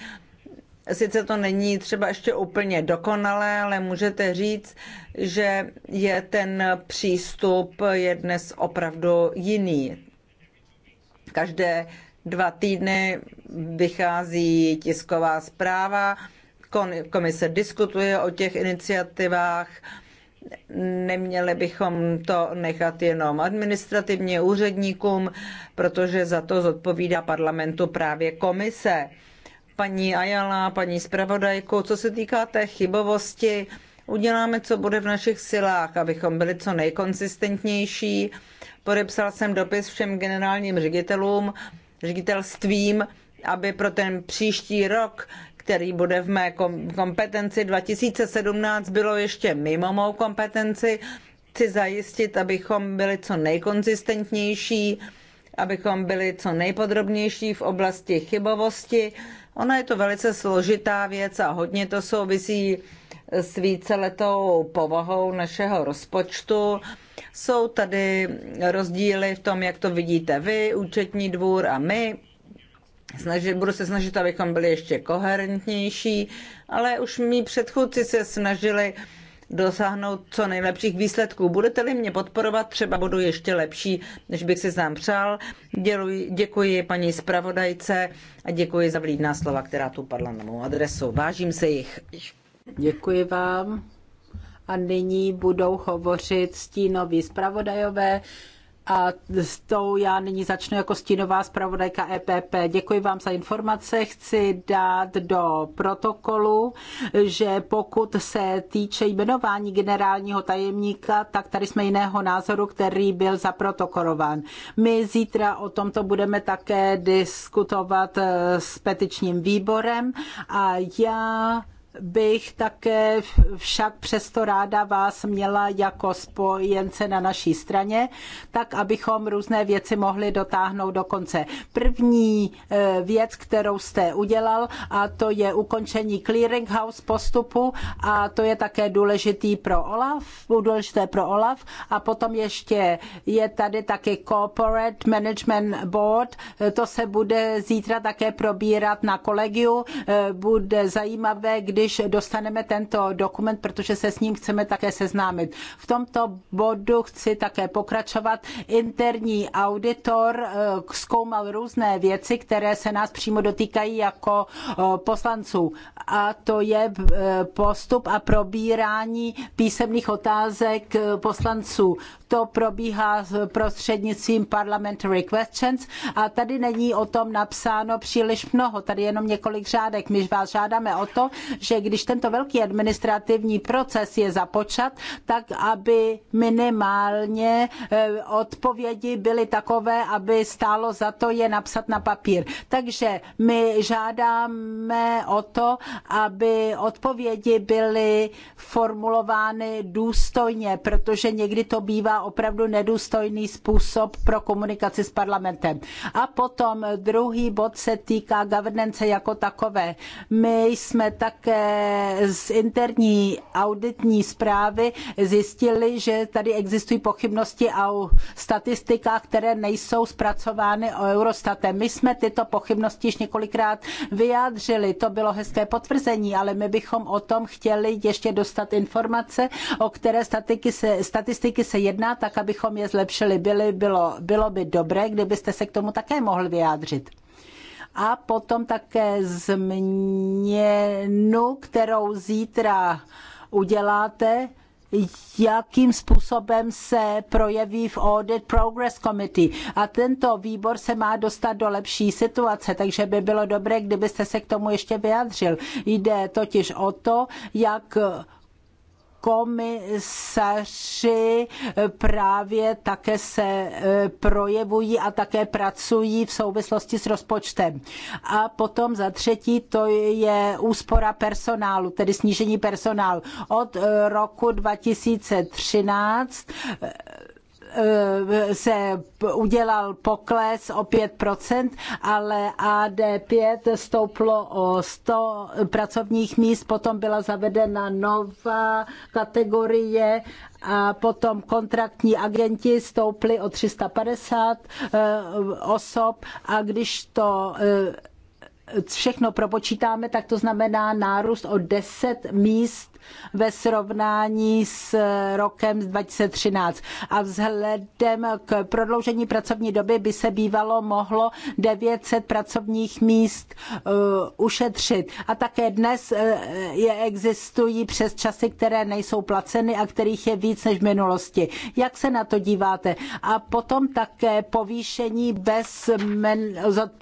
Sice to není třeba ještě úplně dokonalé, ale můžete říct, že je ten přístup je dnes opravdu jiný. Každé dva týdny vychází tisková zpráva, komise diskutuje o těch iniciativách, Neměli bychom to nechat jenom administrativně úředníkům, protože za to zodpovídá parlamentu právě komise. Paní Ajala, paní zpravodajko, co se týká té chybovosti, uděláme, co bude v našich silách, abychom byli co nejkonsistentnější. Podepsal jsem dopis všem generálním ředitelům, ředitelstvím, aby pro ten příští rok který bude v mé kompetenci. 2017 bylo ještě mimo mou kompetenci. Chci zajistit, abychom byli co nejkonzistentnější, abychom byli co nejpodrobnější v oblasti chybovosti. Ona je to velice složitá věc a hodně to souvisí s víceletou povahou našeho rozpočtu. Jsou tady rozdíly v tom, jak to vidíte vy, účetní dvůr a my. Snažit, budu se snažit, abychom byli ještě koherentnější, ale už mý předchůdci se snažili dosáhnout co nejlepších výsledků. Budete-li mě podporovat, třeba budu ještě lepší, než bych si sám přál. Děluji, děkuji paní zpravodajce a děkuji za vlídná slova, která tu padla na mou adresu. Vážím se jich. Děkuji vám. A nyní budou hovořit
stínoví zpravodajové. A s tou já nyní začnu jako stínová zpravodajka EPP. Děkuji vám za informace. Chci dát do protokolu, že pokud se týče jmenování generálního tajemníka, tak tady jsme jiného názoru, který byl zaprotokolován. My zítra o tomto budeme také diskutovat eh, s petičním výborem a já bych také však přesto ráda vás měla jako spojence na naší straně, tak abychom různé věci mohli dotáhnout do konce. První eh, věc, kterou jste udělal, a to je ukončení clearinghouse postupu a to je také důležitý pro OLAF, důležité pro OLAF a potom ještě je tady také Corporate Management Board, eh, to se bude zítra také probírat na kolegiu, eh, bude zajímavé, kdy když dostaneme tento dokument, protože se s ním chceme také seznámit. V tomto bodu chci také pokračovat. Interní auditor eh, zkoumal různé věci, které se nás přímo dotýkají jako eh, poslanců. A to je eh, postup a probírání písemných otázek poslanců to probíhá prostřednictvím parliamentary questions a tady není o tom napsáno příliš mnoho, tady jenom několik řádek. My vás žádáme o to, že když tento velký administrativní proces je započat, tak aby minimálně eh, odpovědi byly takové, aby stálo za to je napsat na papír. Takže my žádáme o to, aby odpovědi byly formulovány důstojně, protože někdy to bývá opravdu nedůstojný způsob pro komunikaci s parlamentem. A potom druhý bod se týká governance jako takové. My jsme také z interní auditní zprávy zjistili, že tady existují pochybnosti o statistikách, které nejsou zpracovány o Eurostatem. My jsme tyto pochybnosti již několikrát vyjádřili. To bylo hezké potvrzení, ale my bychom o tom chtěli ještě dostat informace, o které statiky se, statistiky se jedná tak abychom je zlepšili. Byly, bylo, bylo by dobré, kdybyste se k tomu také mohl vyjádřit a potom také změnu, kterou zítra uděláte, jakým způsobem se projeví v Audit Progress Committee. A tento výbor se má dostat do lepší situace, takže by bylo dobré, kdybyste se k tomu ještě vyjádřil. Jde totiž o to, jak komisaři právě také se e, projevují a také pracují v souvislosti s rozpočtem. A potom za třetí to je úspora personálu, tedy snížení personálu. Od e, roku 2013 Eh, se udělal pokles o 5%, ale AD5 stouplo o 100 pracovních míst, potom byla zavedena nová kategorie a potom kontraktní agenti stoupli o 350 eh, osob a když to eh, všechno propočítáme, tak to znamená nárůst o 10 míst ve srovnání s rokem 2013. A vzhledem k prodloužení pracovní doby by se bývalo mohlo 900 pracovních míst uh, ušetřit. A také dnes uh, existují přes časy, které nejsou placeny a kterých je víc než v minulosti. Jak se na to díváte? A potom také povýšení bez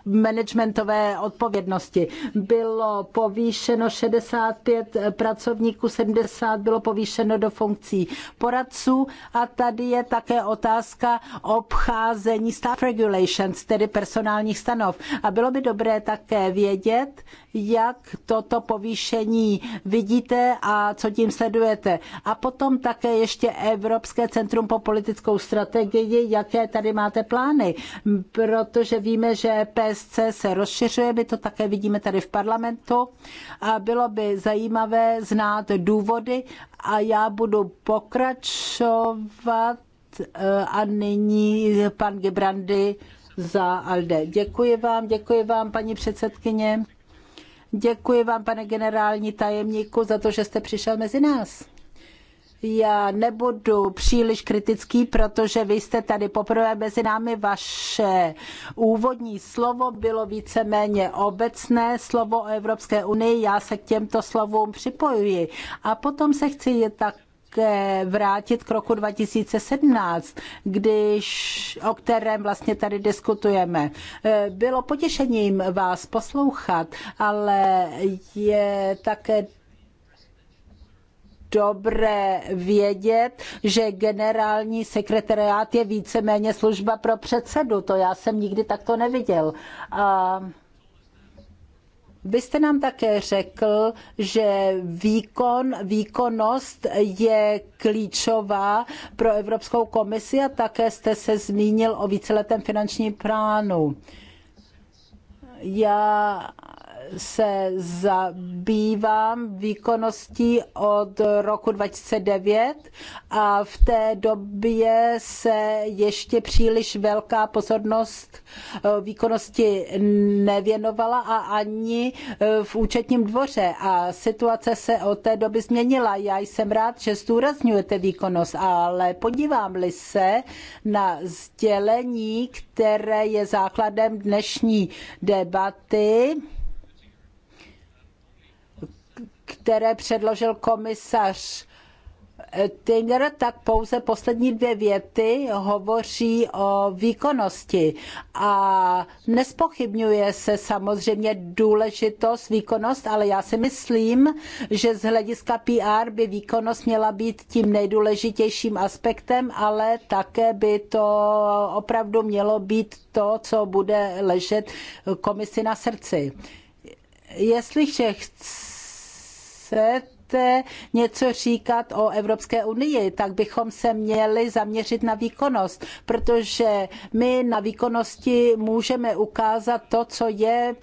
managementové odpovědnosti. Bylo povýšeno 65 eh, pracovníků 70 bylo povýšeno do funkcí poradců a tady je také otázka obcházení staff regulations, tedy personálních stanov. A bylo by dobré také vědět, jak toto povýšení vidíte a co tím sledujete. A potom také ještě Evropské centrum po politickou strategii, jaké tady máte plány, protože víme, že PSC se rozšiřuje, my to také vidíme tady v parlamentu a bylo by zajímavé znát důvody a já budu pokračovat eh, a nyní pan Gebrandy za Alde. Děkuji vám, děkuji vám, paní předsedkyně. Děkuji vám, pane generální tajemníku, za to, že jste přišel mezi nás já nebudu příliš kritický, protože vy jste tady poprvé mezi námi. Vaše úvodní slovo bylo víceméně obecné slovo o Evropské unii. Já se k těmto slovům připojuji. A potom se chci je tak eh, vrátit k roku 2017, když, o kterém vlastně tady diskutujeme. Eh, bylo potěšením vás poslouchat, ale je také dobré vědět, že generální sekretariát je víceméně služba pro předsedu. To já jsem nikdy takto neviděl. A vy jste nám také řekl, že výkon, výkonnost je klíčová pro Evropskou komisi a také jste se zmínil o víceletém finančním plánu. Já se zabývám výkonností od roku 2009 a v té době se ještě příliš velká pozornost eh, výkonnosti nevěnovala a ani eh, v účetním dvoře a situace se od té doby změnila. Já jsem rád, že zdůrazňujete výkonnost, ale podívám-li se na sdělení, které je základem dnešní debaty, které předložil komisař Tinger, tak pouze poslední dvě věty hovoří o výkonnosti. A nespochybňuje se samozřejmě důležitost výkonnost, ale já si myslím, že z hlediska PR by výkonnost měla být tím nejdůležitějším aspektem, ale také by to opravdu mělo být to, co bude ležet komisi na srdci. Jestliže chci chcete něco říkat o Evropské unii, tak bychom se měli zaměřit na výkonnost, protože my na výkonnosti můžeme ukázat to, co je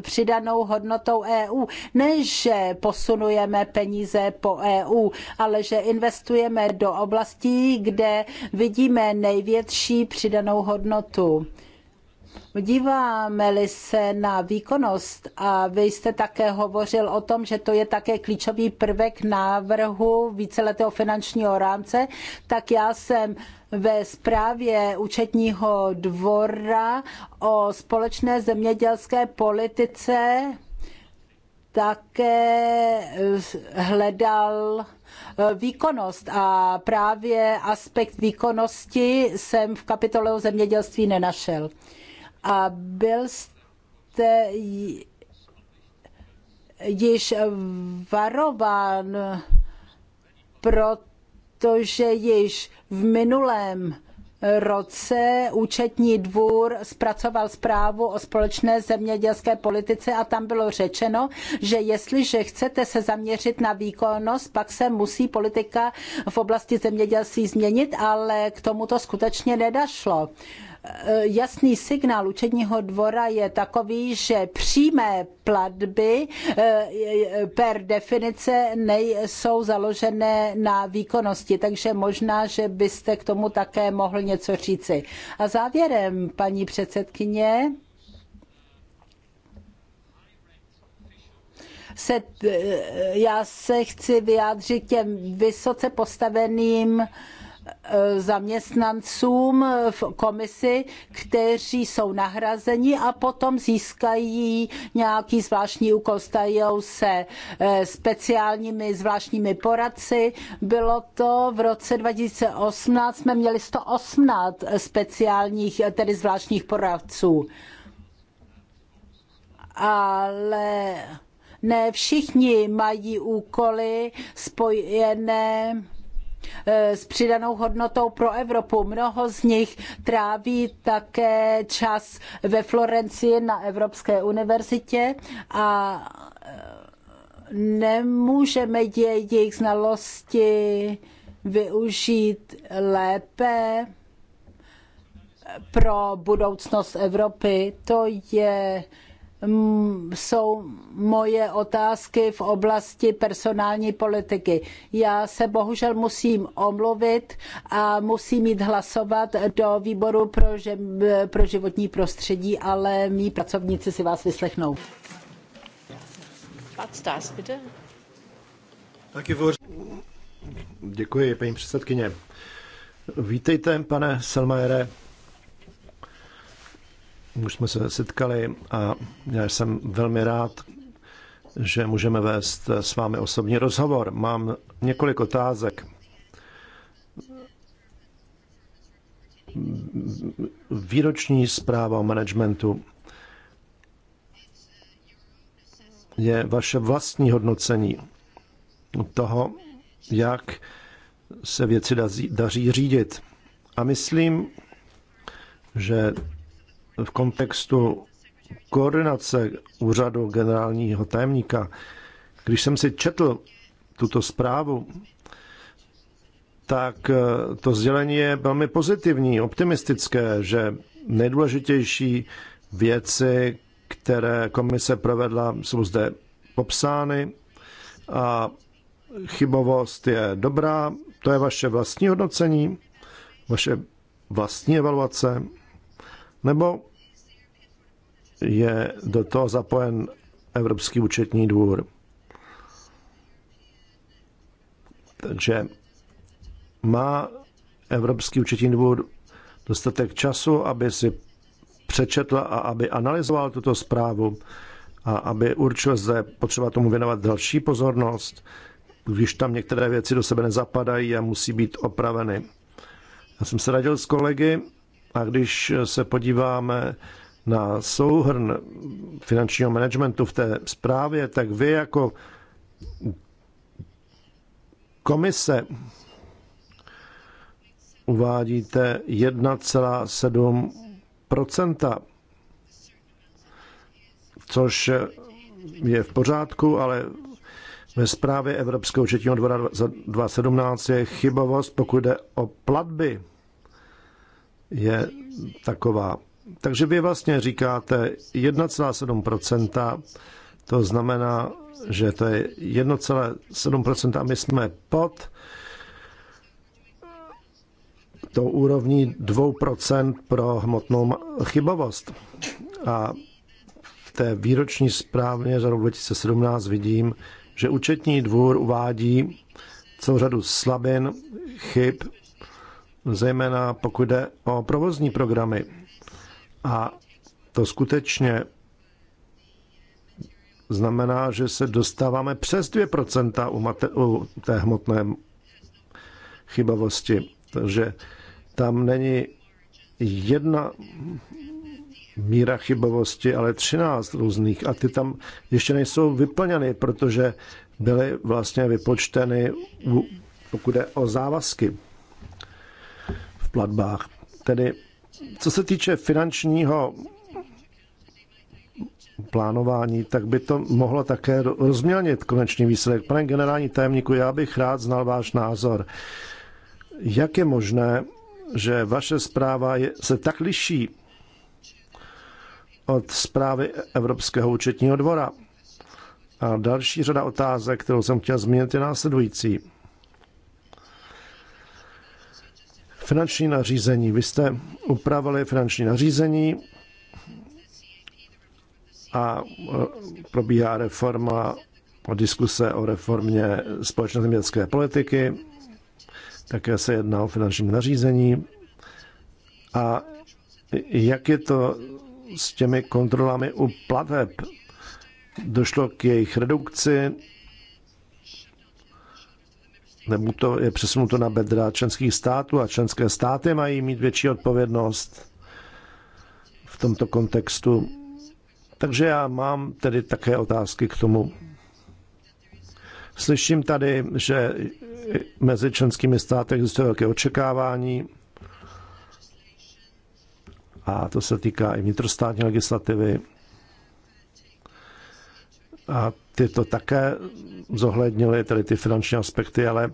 přidanou hodnotou EU. Ne, že posunujeme peníze po EU, ale že investujeme do oblastí, kde vidíme největší přidanou hodnotu Díváme-li se na výkonnost, a vy jste také hovořil o tom, že to je také klíčový prvek návrhu víceletého finančního rámce, tak já jsem ve zprávě účetního dvora o společné zemědělské politice také hledal eh, výkonnost a právě aspekt výkonnosti jsem v kapitole o zemědělství nenašel a byl jste již varován, protože již v minulém roce účetní dvůr zpracoval zprávu o společné zemědělské politice a tam bylo řečeno, že jestliže chcete se zaměřit na výkonnost, pak se musí politika v oblasti zemědělství změnit, ale k tomuto skutečně nedašlo. Uh, Eh, jasný signál účetního dvora je takový, že přímé platby eh, eh, per definice nejsou založené na výkonnosti, takže možná, že byste k tomu také mohl něco říci. A závěrem, paní předsedkyně, se, já se chci vyjádřit těm vysoce postaveným zaměstnancům v komisi, kteří jsou nahrazeni a potom získají nějaký zvláštní úkol, stajou se eh, speciálními zvláštními poradci. Bylo to v roce 2018, jsme měli 118 speciálních, eh, tedy zvláštních poradců. Ale ne všichni mají úkoly spojené Eh, s přidanou hodnotou pro Evropu. Mnoho z nich tráví také čas ve Florencii na Evropské univerzitě a eh, nemůžeme jejich znalosti využít lépe pro budoucnost Evropy. To je Mm, jsou moje otázky v oblasti personální politiky. Já se bohužel musím omluvit a musím jít hlasovat do výboru pro, pro životní prostředí, ale mý pracovníci si vás vyslechnou.
Děkuji, paní předsedkyně. Vítejte, pane Selmajere už jsme se setkali a já jsem velmi rád, že můžeme vést s vámi osobní rozhovor. Mám několik otázek. Výroční zpráva o managementu je vaše vlastní hodnocení toho, jak se věci daří, řídit. A myslím, že v kontextu koordinace úřadu generálního tajemníka, když jsem si četl tuto zprávu, tak eh, to sdělení je velmi pozitivní, optimistické, že nejdůležitější věci, které komise provedla, jsou zde popsány a chybovost je dobrá. To je vaše vlastní hodnocení, vaše vlastní evaluace. Nebo je do toho zapojen Evropský účetní dvůr. Takže má Evropský účetní dvůr dostatek času, aby si přečetl a aby analyzoval tuto zprávu a aby určil, zda potřeba tomu věnovat další pozornost, když tam některé věci do sebe nezapadají a musí být opraveny. Já jsem se radil s kolegy a když se podíváme na souhrn finančního managementu v té zprávě, tak vy jako komise uvádíte 1,7%, což je v pořádku, ale ve zprávě Evropského četního dvora za 2017 je chybovost, pokud jde o platby je taková. Takže vy vlastně říkáte 1,7%, to znamená, že to je 1,7% a my jsme pod tou úrovní 2% pro hmotnou chybovost. A v té výroční správně za rok 2017 vidím, že účetní dvůr uvádí celou řadu slabin, chyb zejména pokud jde o provozní programy. A to skutečně znamená, že se dostáváme přes 2% u, mate, u té hmotné chybovosti. Takže tam není jedna míra chybovosti, ale 13 různých. A ty tam ještě nejsou vyplněny, protože byly vlastně vypočteny, pokud je o závazky platbách. Tedy, co se týče finančního plánování, tak by to mohlo také rozmělnit konečný výsledek. Pane generální tajemníku, já bych rád znal váš názor. Jak je možné, že vaše zpráva je, se tak liší od zprávy Evropského účetního dvora? A další řada otázek, kterou jsem chtěl zmínit, je následující. Finanční nařízení. Vy jste upravili finanční nařízení a e, probíhá reforma o diskuse o reformě společné zemědělské politiky. Také se jedná o finanční nařízení. A jak je to s těmi kontrolami u plateb? Došlo k jejich redukci nebo to je přesunuto na bedra členských států a členské státy mají mít větší odpovědnost v tomto kontextu. Takže já mám tedy také otázky k tomu. Slyším tady, že mezi členskými státy existuje velké očekávání a to se týká i vnitrostátní legislativy a ty to také zohlednili, tedy ty finanční aspekty, ale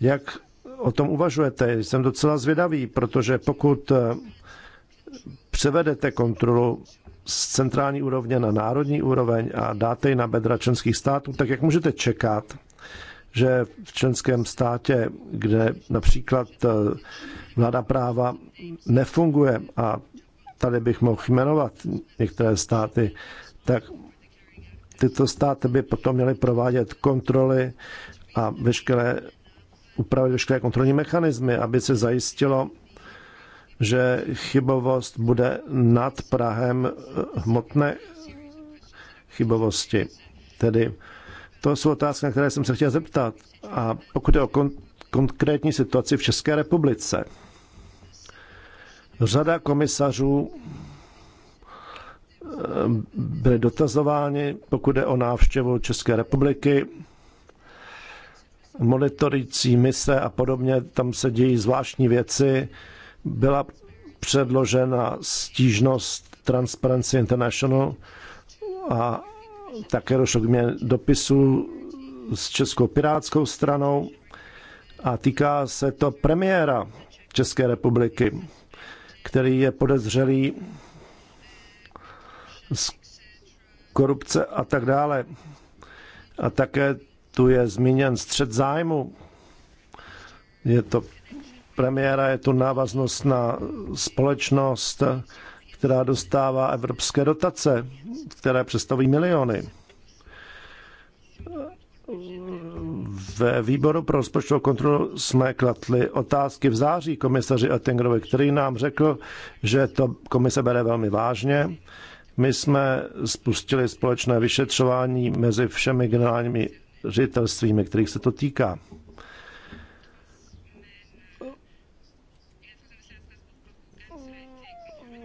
jak o tom uvažujete? Jsem docela zvědavý, protože pokud eh, převedete kontrolu z centrální úrovně na národní úroveň a dáte ji na bedra členských států, tak jak můžete čekat, že v členském státě, kde například eh, vláda práva nefunguje, a tady bych mohl jmenovat některé státy, tak tyto státy by potom měly provádět kontroly a veškeré, upravit veškeré kontrolní mechanismy, aby se zajistilo, že chybovost bude nad Prahem hmotné chybovosti. Tedy to jsou otázky, na které jsem se chtěl zeptat. A pokud je o kon- konkrétní situaci v České republice, řada komisařů byli dotazováni, pokud jde o návštěvu České republiky, monitorící mise a podobně, tam se dějí zvláštní věci. Byla předložena stížnost Transparency International a také došlo k mě dopisu s Českou pirátskou stranou a týká se to premiéra České republiky, který je podezřelý z korupce a tak dále. A také tu je zmíněn střed zájmu. Je to premiéra, je tu návaznost na společnost, která dostává evropské dotace, které představují miliony. Ve výboru pro rozpočtovou kontrolu jsme kladli otázky v září komisaři Oettingerovi, který nám řekl, že to komise bere velmi vážně, my jsme spustili společné vyšetřování mezi všemi generálními ředitelstvími, kterých se to týká.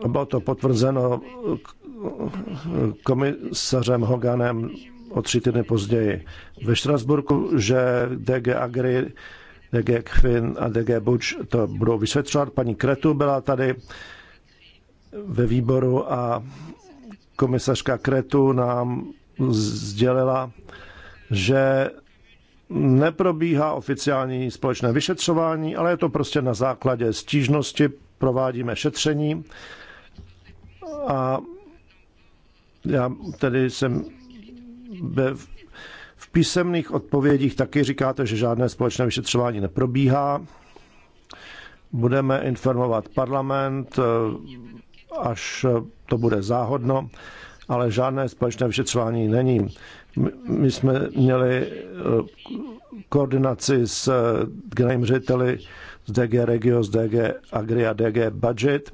Bylo to potvrzeno komisařem Hoganem o tři týdny později ve Štrasburku, že DG Agri, DG Kvin a DG Buč to budou vysvětlovat. Paní Kretu byla tady ve výboru a komisařka Kretu nám sdělila, že neprobíhá oficiální společné vyšetřování, ale je to prostě na základě stížnosti, provádíme šetření a já tedy jsem v písemných odpovědích taky říkáte, že žádné společné vyšetřování neprobíhá. Budeme informovat parlament, eh, až to bude záhodno, ale žádné společné vyšetřování není. My jsme měli eh, koordinaci s eh, generálním řediteli z DG Regio, z DG Agri a DG Budget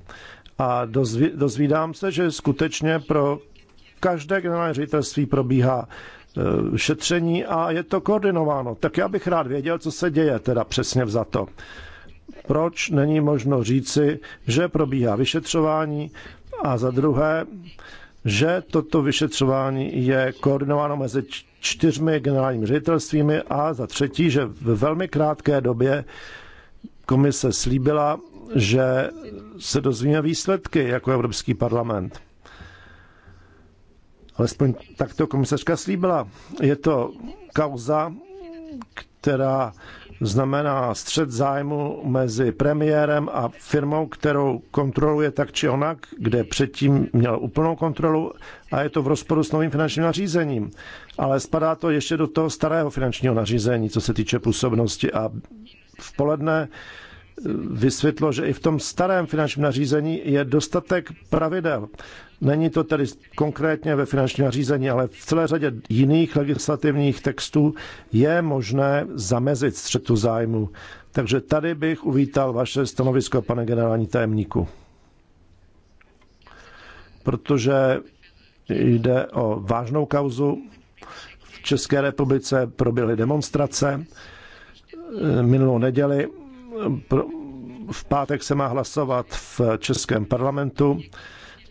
a dozvídám se, že skutečně pro každé generální ředitelství probíhá eh, šetření a je to koordinováno. Tak já bych rád věděl, co se děje teda přesně za to. Proč není možno říci, že probíhá vyšetřování a za druhé, že toto vyšetřování je koordinováno mezi čtyřmi generálními ředitelstvími a za třetí, že v velmi krátké době komise slíbila, že se dozvíme výsledky jako Evropský parlament. Alespoň tak to komisařka slíbila. Je to kauza, která znamená střed zájmu mezi premiérem a firmou, kterou kontroluje tak či onak, kde předtím měl úplnou kontrolu a je to v rozporu s novým finančním nařízením. Ale spadá to ještě do toho starého finančního nařízení, co se týče působnosti a v poledne vysvětlo, že i v tom starém finančním nařízení je dostatek pravidel. Není to tedy konkrétně ve finančním nařízení, ale v celé řadě jiných legislativních textů je možné zamezit střetu zájmu. Takže tady bych uvítal vaše stanovisko, pane generální tajemníku. Protože jde o vážnou kauzu. V České republice proběhly demonstrace minulou neděli v pátek se má hlasovat v Českém parlamentu,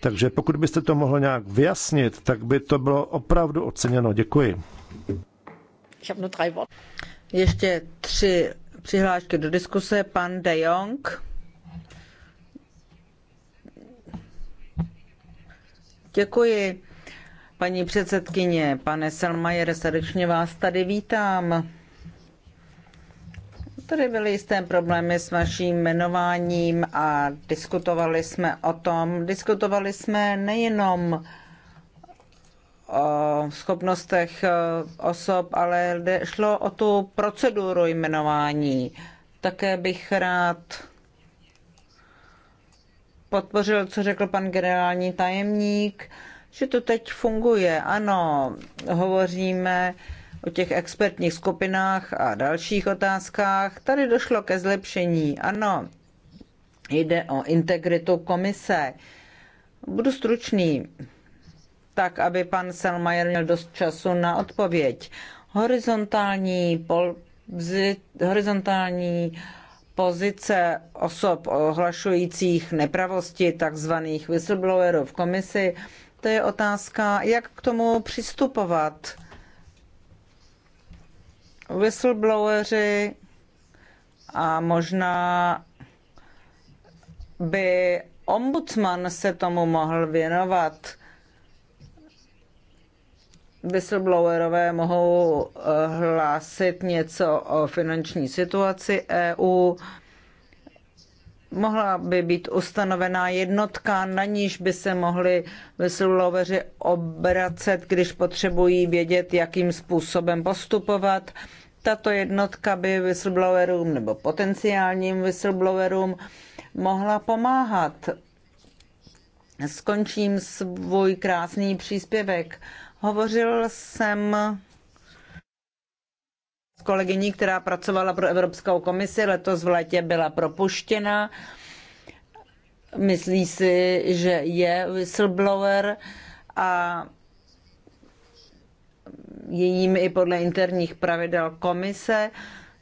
takže pokud byste to mohlo nějak vyjasnit, tak by to bylo opravdu oceněno. Děkuji.
Ještě tři přihlášky do diskuse. Pan De Jong. Děkuji, paní předsedkyně. Pane Selmajere, srdečně vás tady vítám. Tady byly jisté problémy s vaším jmenováním a diskutovali jsme o tom. Diskutovali jsme nejenom o schopnostech e, osob, ale šlo o tu proceduru jmenování. Také bych rád podpořil, co řekl pan generální tajemník, že to teď funguje. Ano, hovoříme o těch expertních skupinách a dalších otázkách. Tady došlo ke zlepšení. Ano, jde o integritu komise. Budu stručný, tak aby pan Selmayr měl dost času na odpověď. Horizontální, pol, vzi, horizontální pozice osob ohlašujících nepravosti, takzvaných whistleblowerů v komisi, to je otázka, jak k tomu přistupovat whistlebloweri a možná by ombudsman se tomu mohl věnovat. Whistleblowerové mohou eh, hlásit něco o finanční situaci EU. Mohla by být ustanovená jednotka, na níž by se mohli whistlebloweri obracet, když potřebují vědět, jakým způsobem postupovat tato jednotka by whistleblowerům nebo potenciálním whistleblowerům mohla pomáhat. Skončím svůj krásný příspěvek. Hovořil jsem s kolegyní, která pracovala pro Evropskou komisi, letos v létě byla propuštěna. Myslí si, že je whistleblower a jejím i podle interních pravidel komise.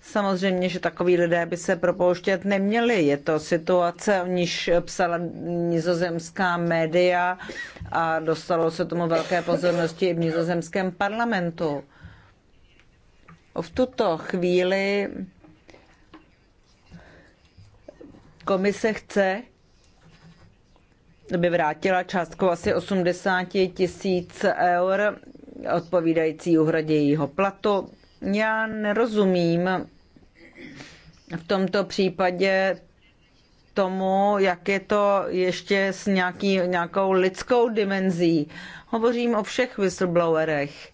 Samozřejmě, že takový lidé by se propouštět neměli. Je to situace, o níž psala nizozemská média a dostalo se tomu velké pozornosti i v nizozemském parlamentu. V tuto chvíli komise chce, aby vrátila částku asi 80 tisíc eur odpovídající uhradě jeho platu. Já nerozumím v tomto případě tomu, jak je to ještě s nějaký, nějakou lidskou dimenzí. Hovořím o všech whistleblowerech.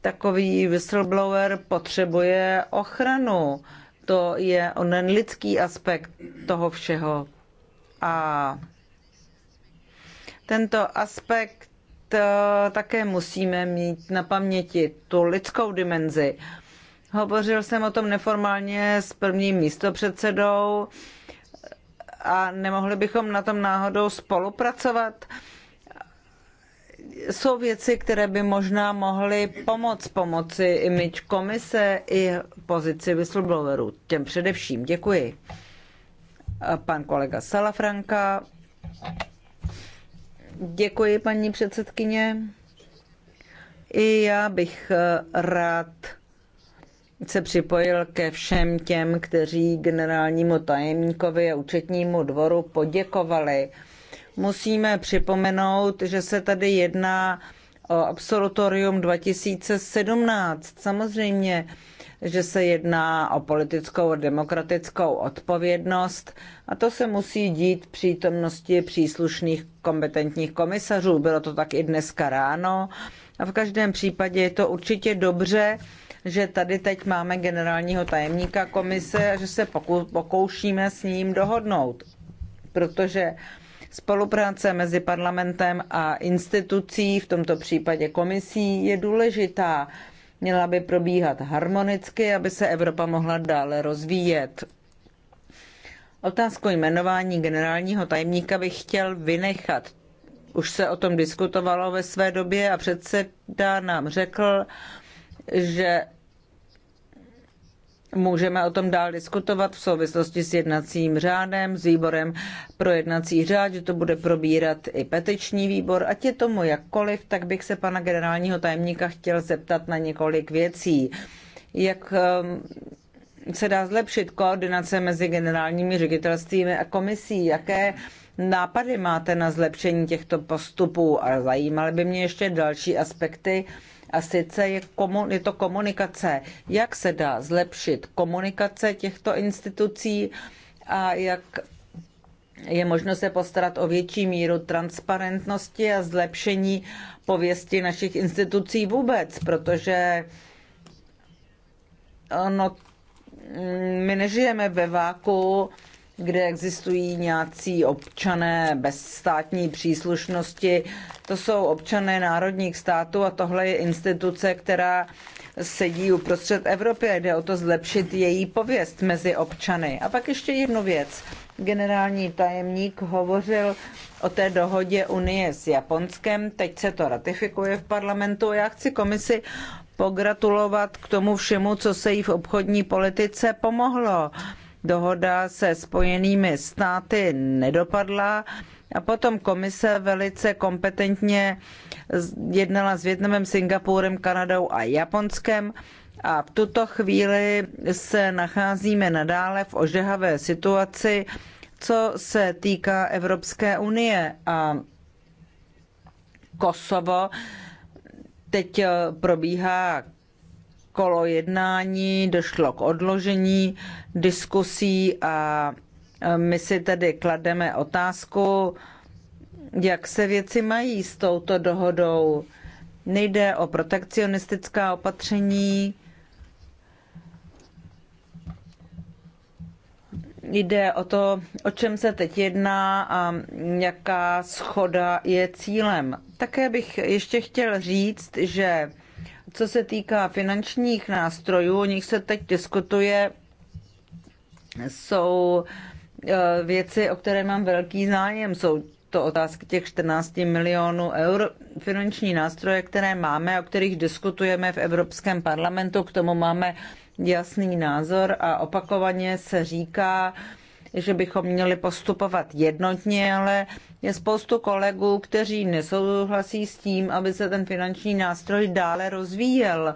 Takový whistleblower potřebuje ochranu. To je onen lidský aspekt toho všeho. A tento aspekt Eh, také musíme mít na paměti tu lidskou dimenzi. Hovořil jsem o tom neformálně s prvním místopředsedou a nemohli bychom na tom náhodou spolupracovat. Jsou věci, které by možná mohly pomoct pomoci imič komise i pozici whistleblowerů. Těm především děkuji. Pan kolega Salafranka. Děkuji, paní předsedkyně. I já bych eh, rád se připojil ke všem těm, kteří generálnímu tajemníkovi a účetnímu dvoru poděkovali. Musíme připomenout, že se tady jedná o absolutorium 2017. Samozřejmě že se jedná o politickou a demokratickou odpovědnost a to se musí dít přítomnosti příslušných kompetentních komisařů. Bylo to tak i dneska ráno a v každém případě je to určitě dobře, že tady teď máme generálního tajemníka komise a že se pokoušíme s ním dohodnout, protože spolupráce mezi parlamentem a institucí, v tomto případě komisí, je důležitá. Měla by probíhat harmonicky, aby se Evropa mohla dále rozvíjet. Otázku jmenování generálního tajemníka bych chtěl vynechat. Už se o tom diskutovalo ve své době a předseda nám řekl, že Můžeme o tom dál diskutovat v souvislosti s jednacím řádem, s výborem pro jednací řád, že to bude probírat i petiční výbor. Ať je tomu jakkoliv, tak bych se pana generálního tajemníka chtěl zeptat na několik věcí. Jak um, se dá zlepšit koordinace mezi generálními ředitelstvími a komisí? Jaké nápady máte na zlepšení těchto postupů? A zajímaly by mě ještě další aspekty a sice je, je to komunikace. Jak se dá zlepšit komunikace těchto institucí a jak je možno se postarat o větší míru transparentnosti a zlepšení pověsti našich institucí vůbec, protože no, my nežijeme ve váku, kde existují nějací občané bez státní příslušnosti. To jsou občané národních států a tohle je instituce, která sedí uprostřed Evropy a jde o to zlepšit její pověst mezi občany. A pak ještě jednu věc. Generální tajemník hovořil o té dohodě Unie s Japonskem. Teď se to ratifikuje v parlamentu. Já chci komisi pogratulovat k tomu všemu, co se jí v obchodní politice pomohlo dohoda se spojenými státy nedopadla. A potom komise velice kompetentně jednala s Větnamem, Singapurem, Kanadou a Japonskem. A v tuto chvíli se nacházíme nadále v ožehavé situaci, co se týká Evropské unie a Kosovo. Teď probíhá kolo jednání, došlo k odložení diskusí a e, my si tedy klademe otázku, jak se věci mají s touto dohodou. Nejde o protekcionistická opatření, jde o to, o čem se teď jedná a jaká schoda je cílem. Také bych ještě chtěl říct, že co se týká finančních nástrojů, o nich se teď diskutuje, jsou eh, věci, o které mám velký zájem. Jsou to otázky těch 14 milionů eur finanční nástroje, které máme, o kterých diskutujeme v Evropském parlamentu. K tomu máme jasný názor a opakovaně se říká, že bychom měli postupovat jednotně, ale je spoustu kolegů, kteří nesouhlasí s tím, aby se ten finanční nástroj dále rozvíjel.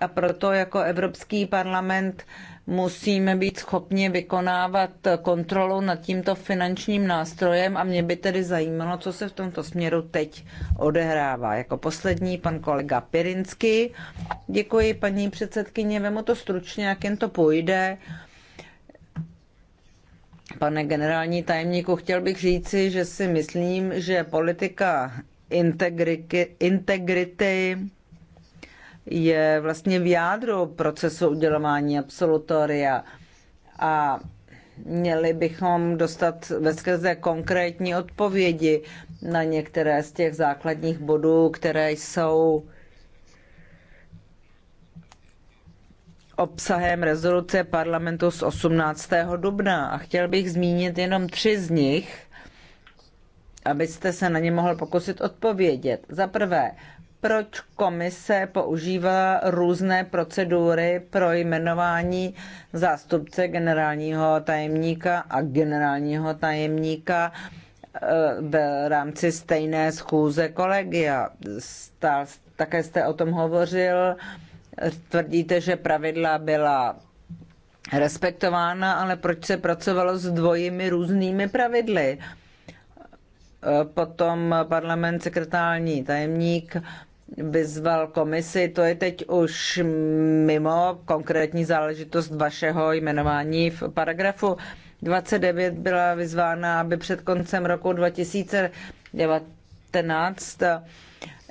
A proto jako Evropský parlament musíme být schopni vykonávat kontrolu nad tímto finančním nástrojem a mě by tedy zajímalo, co se v tomto směru teď odehrává. Jako poslední pan kolega Pirinsky. Děkuji paní předsedkyně, vemu to stručně, jak jen to půjde. Pane generální tajemníku, chtěl bych říci, že si myslím, že politika integrity je vlastně v jádru procesu udělování absolutoria a měli bychom dostat ve skrze konkrétní odpovědi na některé z těch základních bodů, které jsou obsahem rezoluce parlamentu z 18. dubna a chtěl bych zmínit jenom tři z nich, abyste se na ně mohl pokusit odpovědět. Za prvé, proč komise používá různé procedury pro jmenování zástupce generálního tajemníka a generálního tajemníka eh, v rámci stejné schůze kolegia. Stál, také jste o tom hovořil Tvrdíte, že pravidla byla respektována, ale proč se pracovalo s dvojimi různými pravidly? Potom parlament sekretální tajemník vyzval komisi, to je teď už mimo konkrétní záležitost vašeho jmenování v paragrafu 29 byla vyzvána, aby před koncem roku 2019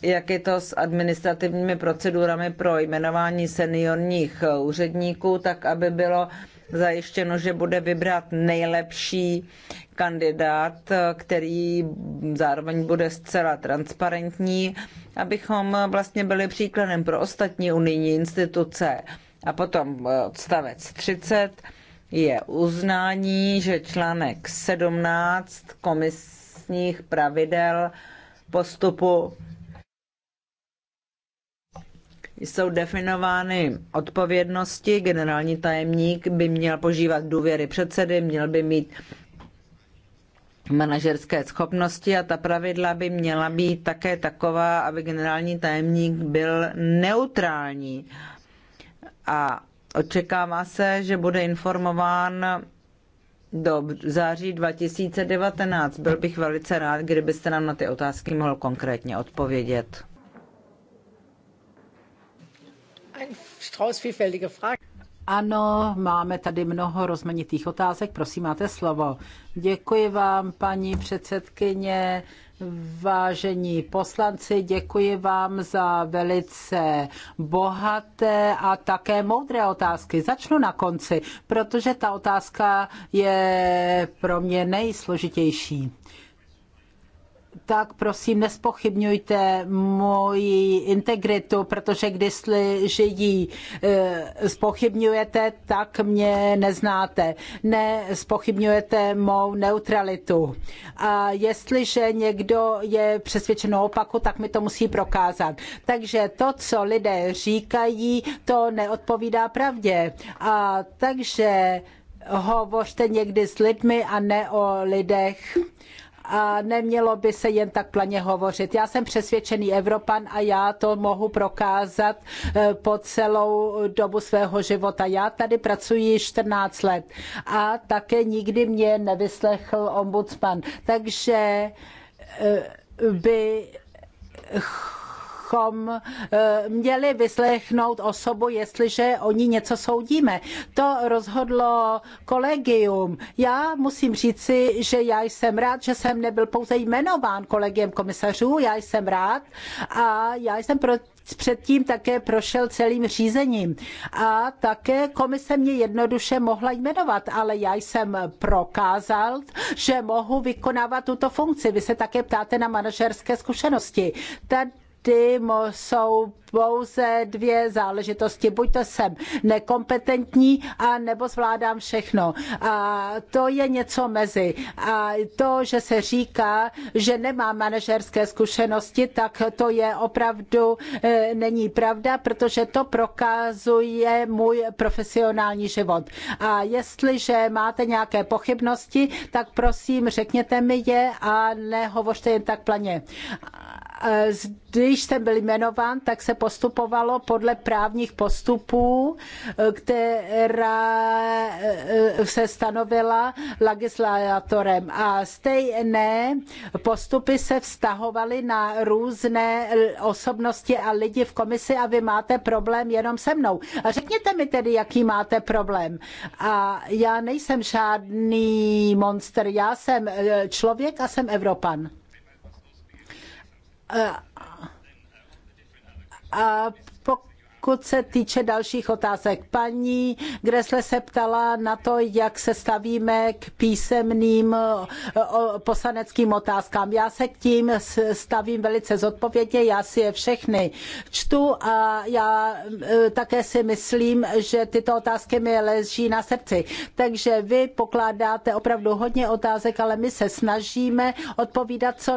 jak je to s administrativními procedurami pro jmenování seniorních eh, úředníků, tak aby bylo zajištěno, že bude vybrat nejlepší kandidát, eh, který zároveň bude zcela transparentní, abychom eh, vlastně byli příkladem pro ostatní unijní instituce. A potom odstavec 30 je uznání, že článek 17 komisních pravidel postupu jsou definovány odpovědnosti. Generální tajemník by měl požívat důvěry předsedy, měl by mít manažerské schopnosti a ta pravidla by měla být také taková, aby generální tajemník byl neutrální. A očekává se, že bude informován do září 2019. Byl bych velice rád, kdybyste nám na ty otázky mohl konkrétně odpovědět.
Ano, máme tady mnoho rozmanitých otázek. Prosím, máte slovo. Děkuji vám, paní předsedkyně, vážení poslanci, děkuji vám za velice bohaté a také moudré otázky. Začnu na konci, protože ta otázka je pro mě nejsložitější tak prosím nespochybňujte moji integritu, protože když že ji e, spochybňujete, tak mě neznáte. Ne, spochybňujete mou neutralitu. A jestliže někdo je přesvědčen o opaku, tak mi to musí prokázat. Takže to, co lidé říkají, to neodpovídá pravdě. A takže hovořte někdy s lidmi a ne o lidech a nemělo by se jen tak planě hovořit. Já jsem přesvědčený Evropan a já to mohu prokázat eh, po celou dobu svého života. Já tady pracuji 14 let a také nikdy mě nevyslechl ombudsman. Takže eh, by bychom eh, měli vyslechnout osobu, jestliže o ní něco soudíme. To rozhodlo kolegium. Já musím říci, že já jsem rád, že jsem nebyl pouze jmenován kolegiem komisařů, já jsem rád a já jsem pro předtím také prošel celým řízením. A také komise mě jednoduše mohla jmenovat, ale já jsem prokázal, že mohu vykonávat tuto funkci. Vy se také ptáte na manažerské zkušenosti. Tady ty jsou pouze dvě záležitosti. Buď to jsem nekompetentní, a nebo zvládám všechno. A to je něco mezi. A to, že se říká, že nemám manažerské zkušenosti, tak to je opravdu e, není pravda, protože to prokazuje můj profesionální život. A jestliže máte nějaké pochybnosti, tak prosím řekněte mi je a nehovořte jen tak planě když jsem byl jmenován, tak se postupovalo podle právních postupů, která eh, se stanovila legislatorem. A stejné postupy se vztahovaly na různé osobnosti a lidi v komisi a vy máte problém jenom se mnou. A řekněte mi tedy, jaký máte problém. A já nejsem žádný monster, já jsem eh, člověk a jsem Evropan a pokud se týče dalších otázek, paní Gresle se ptala na to, jak se stavíme k písemným poslaneckým otázkám. Já se k tím stavím velice zodpovědně, já si je všechny čtu a já e, také si myslím, že tyto otázky mi leží na srdci. Takže vy pokládáte opravdu hodně otázek, ale my se snažíme odpovídat co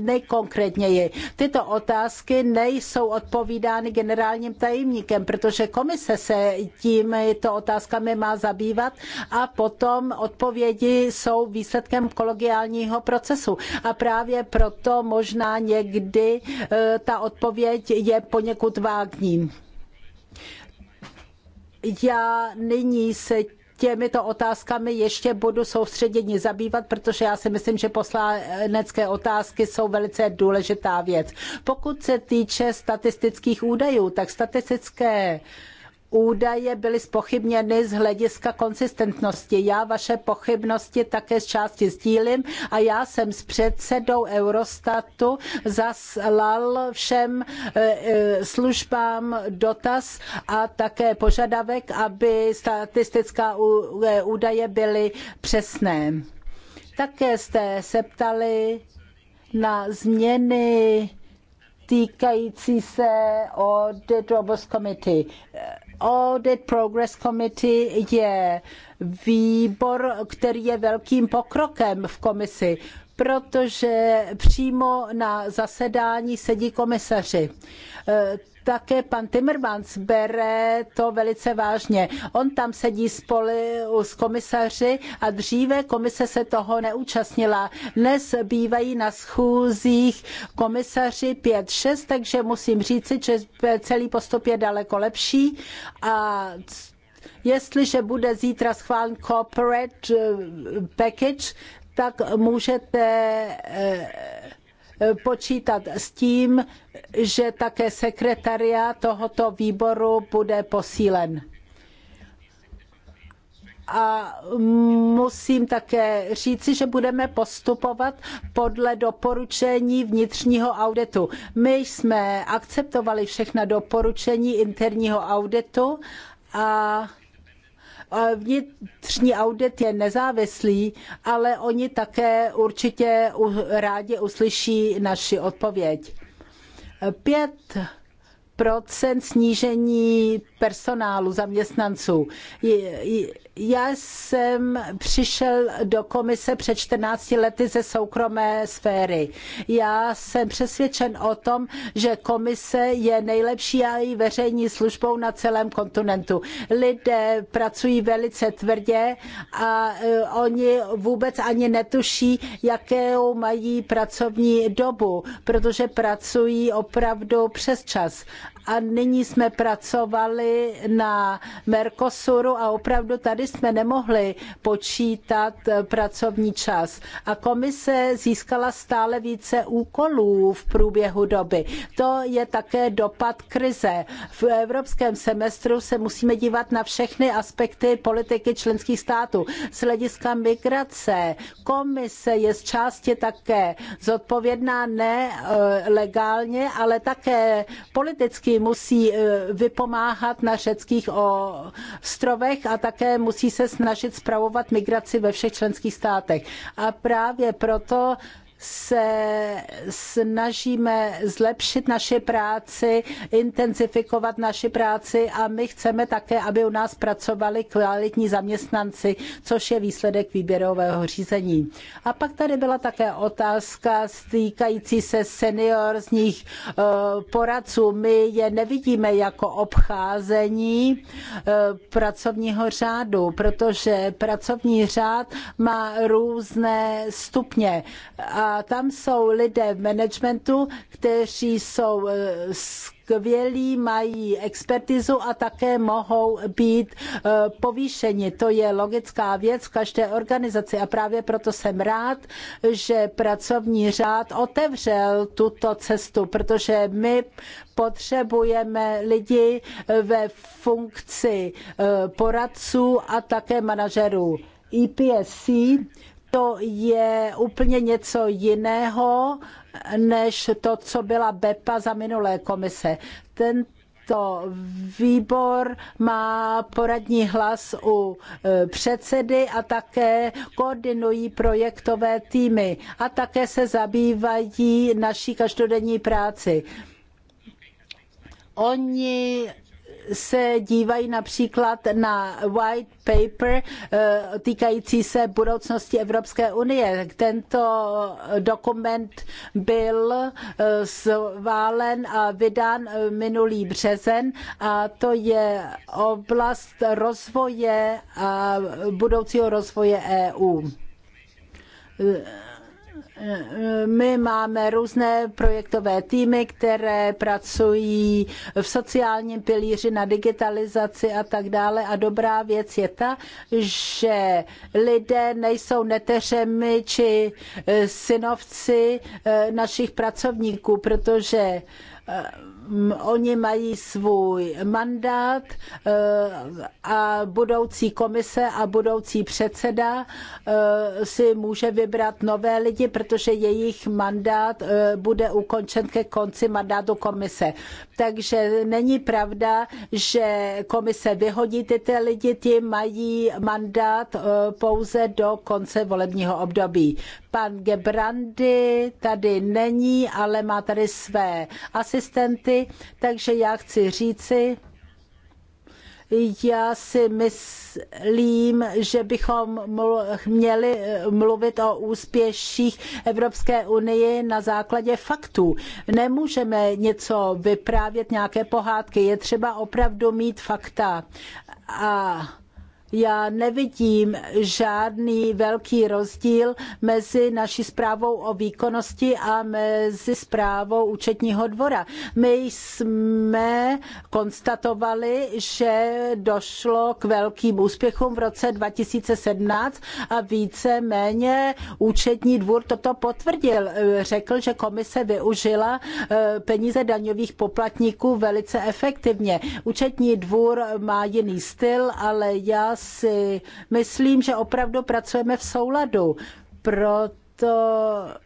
nejkonkrétněji. Tyto otázky nejsou odpovídány generálně generálním tajemníkem, protože komise se těmito otázkami má zabývat a potom odpovědi jsou výsledkem kolegiálního procesu. A právě proto možná někdy e, ta odpověď je poněkud vágní. Já nyní se těmito otázkami ještě budu soustředěně zabývat, protože já si myslím, že poslanecké otázky jsou velice důležitá věc. Pokud se týče statistických údajů, tak statistické údaje byly spochybněny z hlediska konsistentnosti. Já vaše pochybnosti také z části sdílím a já jsem s předsedou Eurostatu zaslal všem e, e, službám dotaz a také požadavek, aby statistická e, údaje byly přesné. Také jste se ptali na změny týkající se od Drobos Committee Audit Progress Committee je výbor, který je velkým pokrokem v komisi, protože přímo na zasedání sedí komisaři také pan Timmermans bere to velice vážně. On tam sedí spolu s komisaři a dříve komise se toho neúčastnila. Dnes bývají na schůzích komisaři 5-6, takže musím říci, že celý postup je daleko lepší a jestliže bude zítra schválen corporate eh, package, tak můžete eh, počítat s tím, že také sekretariát tohoto výboru bude posílen. A musím také říci, že budeme postupovat podle doporučení vnitřního auditu. My jsme akceptovali všechna doporučení interního auditu a Vnitřní audit je nezávislý, ale oni také určitě rádi uslyší naši odpověď. Pět procent snížení personálu zaměstnanců. Já jsem přišel do komise před 14 lety ze soukromé sféry. Já jsem přesvědčen o tom, že komise je nejlepší a i veřejní službou na celém kontinentu. Lidé pracují velice tvrdě a e, oni vůbec ani netuší, jakou mají pracovní dobu, protože pracují opravdu přes čas a nyní jsme pracovali na Mercosuru a opravdu tady jsme nemohli počítat pracovní čas. A komise získala stále více úkolů v průběhu doby. To je také dopad krize. V evropském semestru se musíme dívat na všechny aspekty politiky členských států. Z hlediska migrace komise je z části také zodpovědná ne eh, legálně, ale také politicky vždycky musí e, vypomáhat na řeckých ostrovech a také musí se snažit spravovat migraci ve všech členských státech. A právě proto se snažíme zlepšit naši práci, intenzifikovat naši práci a my chceme také, aby u nás pracovali kvalitní zaměstnanci, což je výsledek výběrového řízení. A pak tady byla také otázka týkající se seniorních eh, poradců. My je nevidíme jako obcházení eh, pracovního řádu, protože pracovní řád má různé stupně. A tam jsou lidé v managementu, kteří jsou eh, skvělí, mají expertizu a také mohou být eh, povýšeni. To je logická věc v každé organizaci a právě proto jsem rád, že pracovní řád otevřel tuto cestu, protože my potřebujeme lidi eh, ve funkci poradců a také manažerů. EPSC to je úplně něco jiného, než to, co byla BEPA za minulé komise. Tento výbor má poradní hlas u e, předsedy a také koordinují projektové týmy a také se zabývají naší každodenní práci. Oni se dívají například na white paper eh, týkající se budoucnosti Evropské unie. Tento dokument byl zválen eh, a vydán eh, minulý březen a to je oblast rozvoje a budoucího rozvoje EU my máme různé projektové týmy, které pracují v sociálním pilíři na digitalizaci a tak dále. A dobrá věc je ta, že lidé nejsou neteřemi či eh, synovci eh, našich pracovníků, protože eh, oni mají svůj mandát eh, a budoucí komise a budoucí předseda eh, si může vybrat nové lidi, protože jejich mandát eh, bude ukončen ke konci mandátu komise. Takže není pravda, že komise vyhodí tyto lidi, ti mají mandát pouze do konce volebního období. Pan Gebrandy tady není, ale má tady své asistenty, takže já chci říci, já si myslím, že bychom měli eh, mluvit o úspěších Evropské unie na základě faktů. Nemůžeme něco vyprávět, nějaké pohádky. Je třeba opravdu mít fakta. A já nevidím žádný velký rozdíl mezi naší zprávou o výkonnosti a mezi zprávou účetního dvora. My jsme konstatovali, že došlo k velkým úspěchům v roce 2017 a více méně účetní dvůr toto potvrdil. Řekl, že komise využila eh, peníze daňových poplatníků velice efektivně. Účetní dvůr má jiný styl, ale já si myslím, že opravdu pracujeme v souladu, proto eh,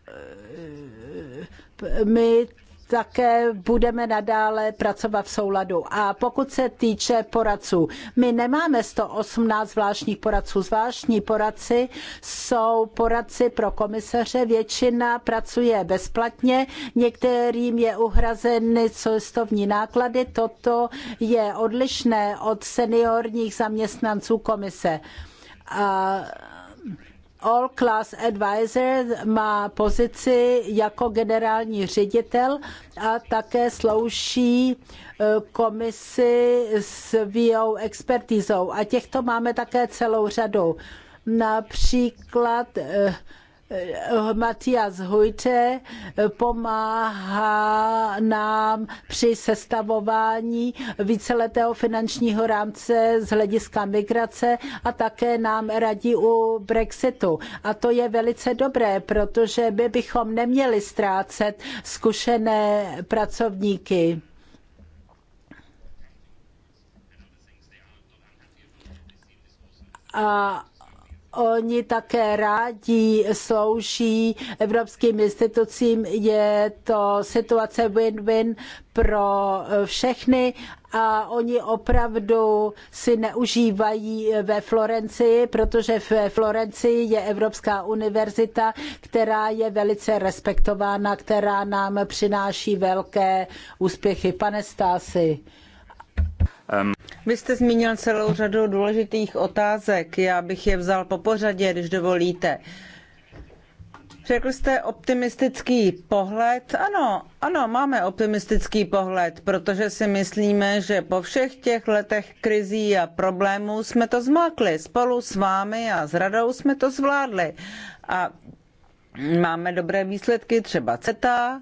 my také budeme nadále pracovat v souladu. A pokud se týče poradců, my nemáme 118 zvláštních poradců. Zvláštní poradci jsou poradci pro komisaře, většina pracuje bezplatně, některým je uhrazeny cestovní náklady, toto je odlišné od seniorních zaměstnanců komise. A All Class Advisor má pozici jako generální ředitel a také slouží e, komisi VO expertizou. A těchto máme také celou řadu. Například e, Matias Hojte pomáhá nám při sestavování víceletého finančního rámce z hlediska migrace a také nám radí u Brexitu. A to je velice dobré, protože my bychom neměli ztrácet zkušené pracovníky. A Oni také rádi slouží evropským institucím. Je to situace win-win pro všechny a oni opravdu si neužívají ve Florencii, protože ve Florencii je Evropská univerzita, která je velice respektována, která nám přináší velké úspěchy. Pane Stási,
Um, Vy jste zmínil celou řadu důležitých otázek. Já bych je vzal po pořadě, když dovolíte. Řekl jste optimistický pohled. Ano, ano, máme optimistický pohled, protože si myslíme, že po všech těch letech krizí a problémů jsme to zmákli. Spolu s vámi a s radou jsme to zvládli. A máme dobré výsledky, třeba CETA.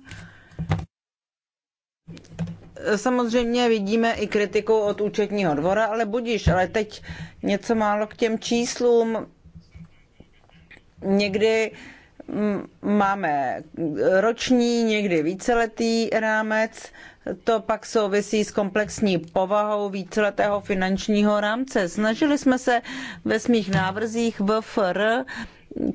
Samozřejmě vidíme i kritiku od účetního dvora, ale budíš, ale teď něco málo k těm číslům. Někdy mm, máme roční, někdy víceletý rámec. To pak souvisí s komplexní povahou víceletého finančního rámce. Snažili jsme se ve svých návrzích VFR,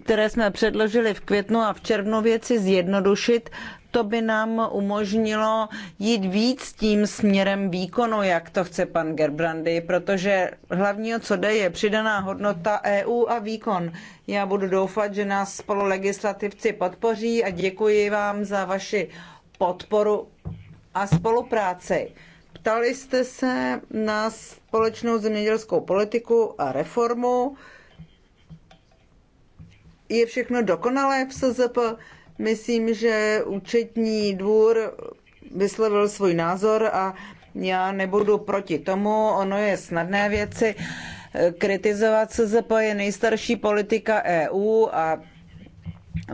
které jsme předložili v květnu a v červnu věci zjednodušit, to by nám umožnilo jít víc tím směrem výkonu, jak to chce pan Gerbrandy, protože hlavního, co jde, je přidaná hodnota EU a výkon. Já budu doufat, že nás spolulegislativci podpoří a děkuji vám za vaši podporu a spolupráci. Ptali jste se na společnou zemědělskou politiku a reformu. Je všechno dokonalé v SZP? Myslím, že účetní dvůr vyslovil svůj názor a já nebudu proti tomu, ono je snadné věci kritizovat CZP je nejstarší politika EU a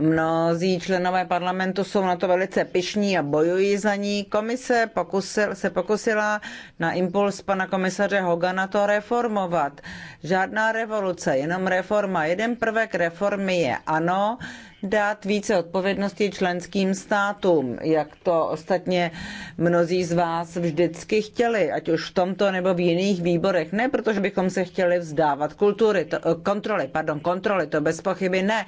mnozí členové parlamentu jsou na to velice pišní a bojují za ní. Komise pokusil, se pokusila na impuls pana komisaře Hogana to reformovat. Žádná revoluce, jenom reforma. Jeden prvek reformy je ano, dát více odpovědnosti členským státům, jak to ostatně mnozí z vás vždycky chtěli, ať už v tomto nebo v jiných výborech. Ne, protože bychom se chtěli vzdávat kultury, to, eh, kontroly, pardon, kontroly, to bez pochyby ne,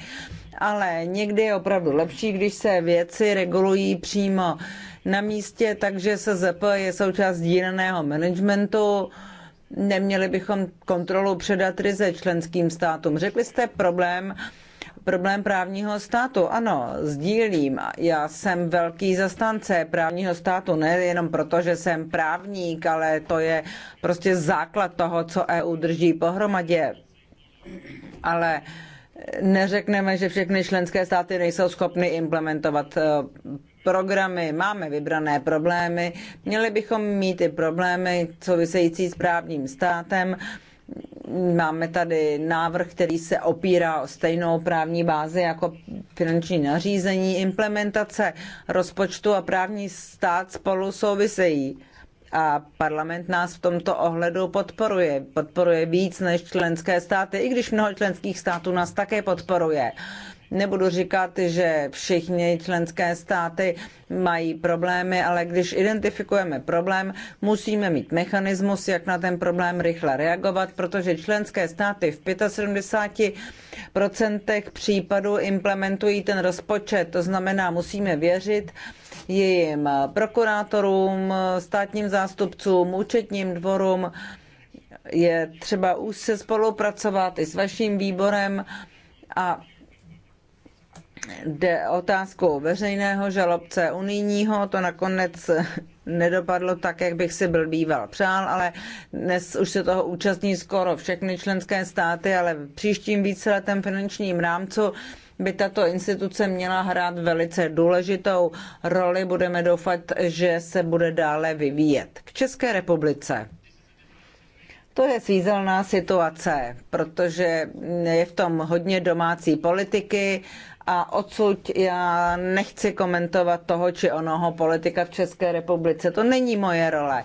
ale někdy je opravdu lepší, když se věci regulují přímo na místě, takže se ZP je součást díleného managementu, neměli bychom kontrolu předat ryze členským státům. Řekli jste problém, Problém právního státu, ano, sdílím. Já jsem velký zastánce právního státu, ne jenom proto, že jsem právník, ale to je prostě základ toho, co EU drží pohromadě. Ale neřekneme, že všechny členské státy nejsou schopny implementovat eh, programy, máme vybrané problémy, měli bychom mít i problémy související s právním státem. Máme tady návrh, který se opírá o stejnou právní bázi jako finanční nařízení. Implementace rozpočtu a právní stát spolu souvisejí. A parlament nás v tomto ohledu podporuje. Podporuje víc než členské státy, i když mnoho členských států nás také podporuje. Nebudu říkat, že všichni členské státy mají problémy, ale když identifikujeme problém, musíme mít mechanismus, jak na ten problém rychle reagovat, protože členské státy v 75% případů implementují ten rozpočet. To znamená, musíme věřit jejím prokurátorům, státním zástupcům, účetním dvorům, je třeba už se spolupracovat i s vaším výborem a jde otázku veřejného žalobce unijního, to nakonec nedopadlo tak, jak bych si byl býval přál, ale dnes už se toho účastní skoro všechny členské státy, ale v příštím víceletém finančním rámcu by tato instituce měla hrát velice důležitou roli. Budeme doufat, že se bude dále vyvíjet. K České republice. To je svízelná situace, protože je v tom hodně domácí politiky a odsud já nechci komentovat toho či onoho politika v České republice. To není moje role.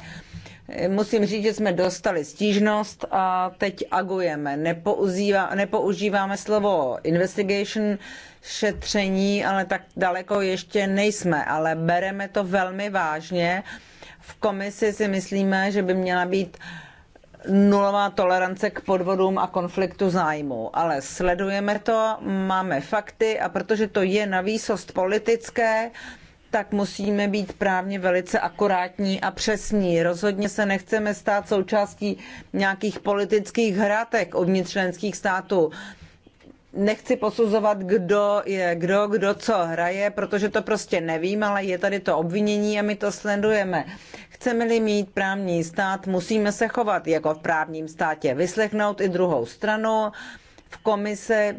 Musím říct, že jsme dostali stížnost a teď agujeme. Nepouzíva, nepoužíváme slovo investigation, šetření, ale tak daleko ještě nejsme, ale bereme to velmi vážně. V komisi si myslíme, že by měla být uh, nulová tolerance k podvodům a konfliktu zájmu. Ale sledujeme to, máme fakty a protože to je na výsost politické, tak musíme být právně velice akurátní a přesní. Rozhodně se nechceme stát součástí nějakých politických hrátek uvnitř členských států nechci posuzovat, kdo je kdo, kdo co hraje, protože to prostě nevím, ale je tady to obvinění a my to sledujeme. Chceme-li mít právní stát, musíme se chovat jako v právním státě, vyslechnout i druhou stranu. V komise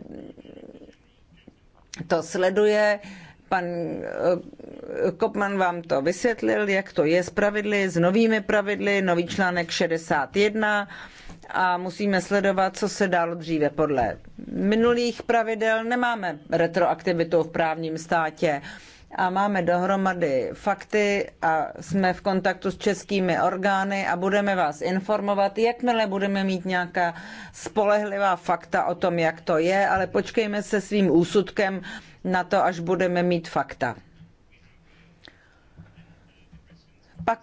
to sleduje, pan eh, Kopman vám to vysvětlil, jak to je s pravidly, s novými pravidly, nový článek 61, a musíme sledovat, co se dalo dříve. Podle minulých pravidel nemáme retroaktivitu v právním státě a máme dohromady fakty a jsme v kontaktu s českými orgány a budeme vás informovat, jakmile budeme mít nějaká spolehlivá fakta o tom, jak to je, ale počkejme se svým úsudkem na to, až budeme mít fakta. Pak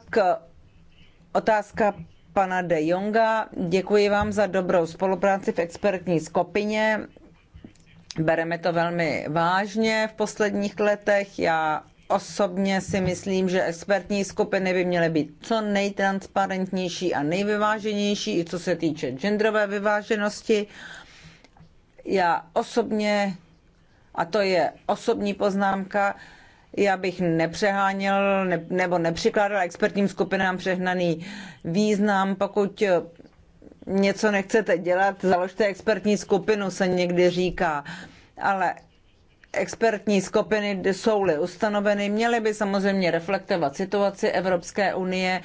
otázka pana De Jonga. Děkuji vám za dobrou spolupráci v expertní skupině. Bereme to velmi vážně v posledních letech. Já osobně si myslím, že expertní skupiny by měly být co nejtransparentnější a nejvyváženější, i co se týče genderové vyváženosti. Já osobně, a to je osobní poznámka, já bych nepřeháněl ne, nebo nepřikládal expertním skupinám přehnaný význam. Pokud něco nechcete dělat, založte expertní skupinu, se někdy říká. Ale expertní skupiny, jsou-li ustanoveny, měly by samozřejmě reflektovat situaci Evropské unie,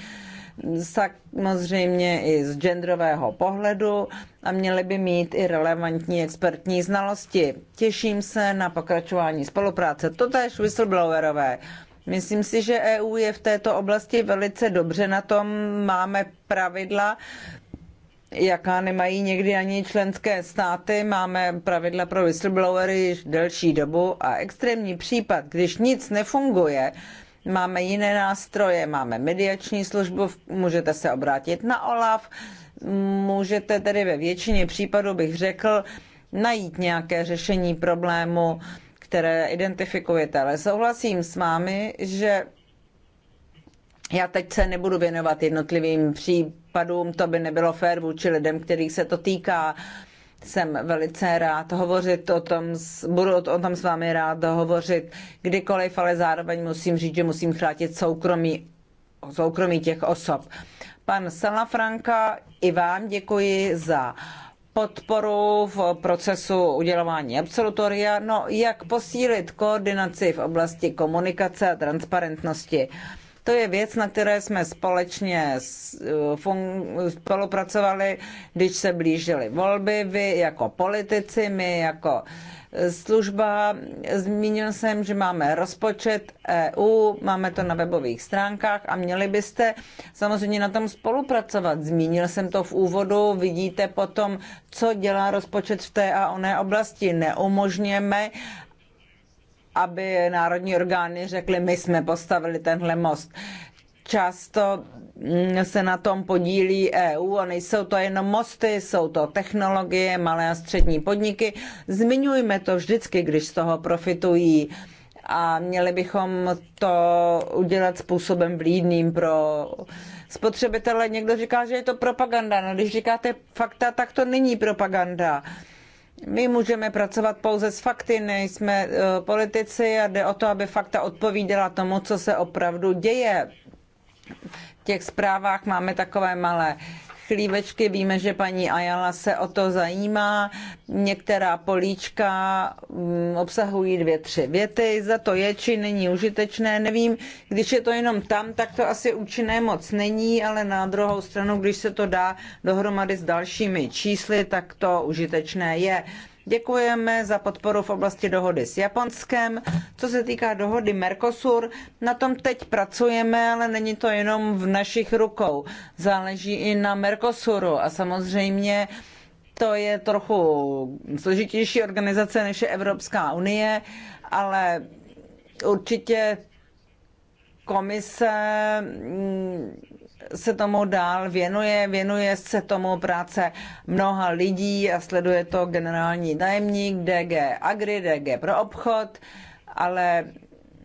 samozřejmě i z genderového pohledu a měli by mít i relevantní expertní znalosti. Těším se na pokračování spolupráce. To též whistleblowerové. Myslím si, že EU je v této oblasti velice dobře na tom. Máme pravidla, jaká nemají někdy ani členské státy. Máme pravidla pro whistleblowery již delší dobu a extrémní případ, když nic nefunguje, Máme jiné nástroje, máme mediační službu, můžete se obrátit na OLAF, můžete tedy ve většině případů, bych řekl, najít nějaké řešení problému, které identifikujete. Ale souhlasím s vámi, že já teď se nebudu věnovat jednotlivým případům, to by nebylo fér vůči lidem, kterých se to týká jsem velice rád hovořit o tom, budu o tom s vámi rád hovořit kdykoliv, ale zároveň musím říct, že musím chrátit soukromí, soukromí těch osob. Pan Salafranka, i vám děkuji za podporu v procesu udělování absolutoria, no jak posílit koordinaci v oblasti komunikace a transparentnosti. To je věc, na které jsme společně eh, spolupracovali, když se blížily volby, vy jako politici, my jako eh, služba. Zmínil jsem, že máme rozpočet EU, máme to na webových stránkách a měli byste samozřejmě na tom spolupracovat. Zmínil jsem to v úvodu, vidíte potom, co dělá rozpočet v té a oné oblasti. Neumožněme, aby národní orgány řekly, my jsme postavili tenhle most. Často mm, se na tom podílí EU a nejsou to jenom mosty, jsou to technologie, malé a střední podniky. Zmiňujme to vždycky, když z toho profitují a měli bychom to udělat způsobem vlídným pro spotřebitele. Někdo říká, že je to propaganda, no když říkáte fakta, tak to není propaganda. My můžeme pracovat pouze s fakty, nejsme eh, politici a jde o to, aby fakta odpovídala tomu, co se opravdu děje. V těch zprávách máme takové malé chlívečky. Víme, že paní Ayala se o to zajímá. Některá políčka mm, obsahují dvě, tři věty. Za to je, či není užitečné, nevím. Když je to jenom tam, tak to asi účinné moc není, ale na druhou stranu, když se to dá dohromady s dalšími čísly, tak to užitečné je. Děkujeme za podporu v oblasti dohody s Japonskem. Co se týká dohody Mercosur, na tom teď pracujeme, ale není to jenom v našich rukou. Záleží i na Mercosuru a samozřejmě to je trochu složitější organizace než je Evropská unie, ale určitě komise mm, se tomu dál věnuje, věnuje se tomu práce mnoha lidí a sleduje to generální tajemník DG Agri, DG pro obchod, ale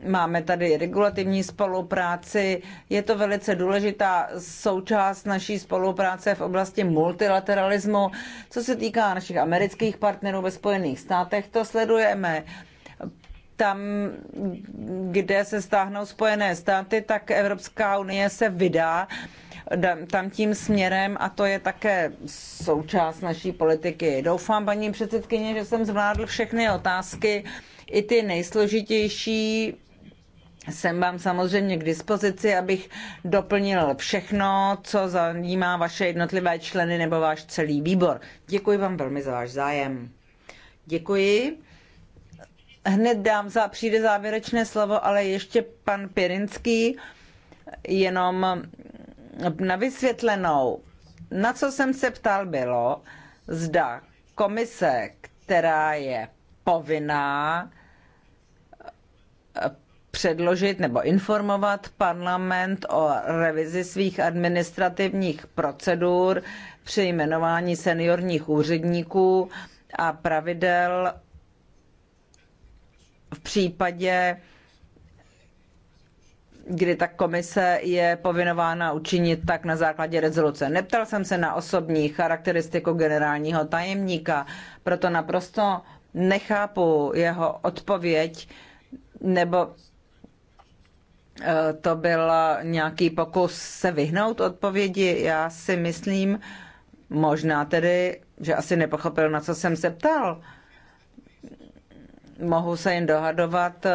máme tady regulativní spolupráci. Je to velice důležitá součást naší spolupráce v oblasti multilateralismu. Co se týká našich amerických partnerů ve Spojených státech, to sledujeme tam, kde se stáhnou Spojené státy, tak Evropská unie se vydá tam tím směrem a to je také součást naší politiky. Doufám, paní předsedkyně, že jsem zvládl všechny otázky, i ty nejsložitější. Jsem vám samozřejmě k dispozici, abych doplnil všechno, co zajímá vaše jednotlivé členy nebo váš celý výbor. Děkuji vám velmi za váš zájem. Děkuji hned dám, za, přijde závěrečné slovo, ale ještě pan Pirinský, jenom na vysvětlenou. Na co jsem se ptal bylo, zda komise, která je povinná předložit nebo informovat parlament o revizi svých administrativních procedur při jmenování seniorních úředníků a pravidel v případě, kdy ta komise je povinována učinit tak na základě rezoluce. Neptal jsem se na osobní charakteristiku generálního tajemníka, proto naprosto nechápu jeho odpověď, nebo eh, to byl nějaký pokus se vyhnout odpovědi. Já si myslím, možná tedy, že asi nepochopil, na co jsem se ptal mohu se jen dohadovat, eh,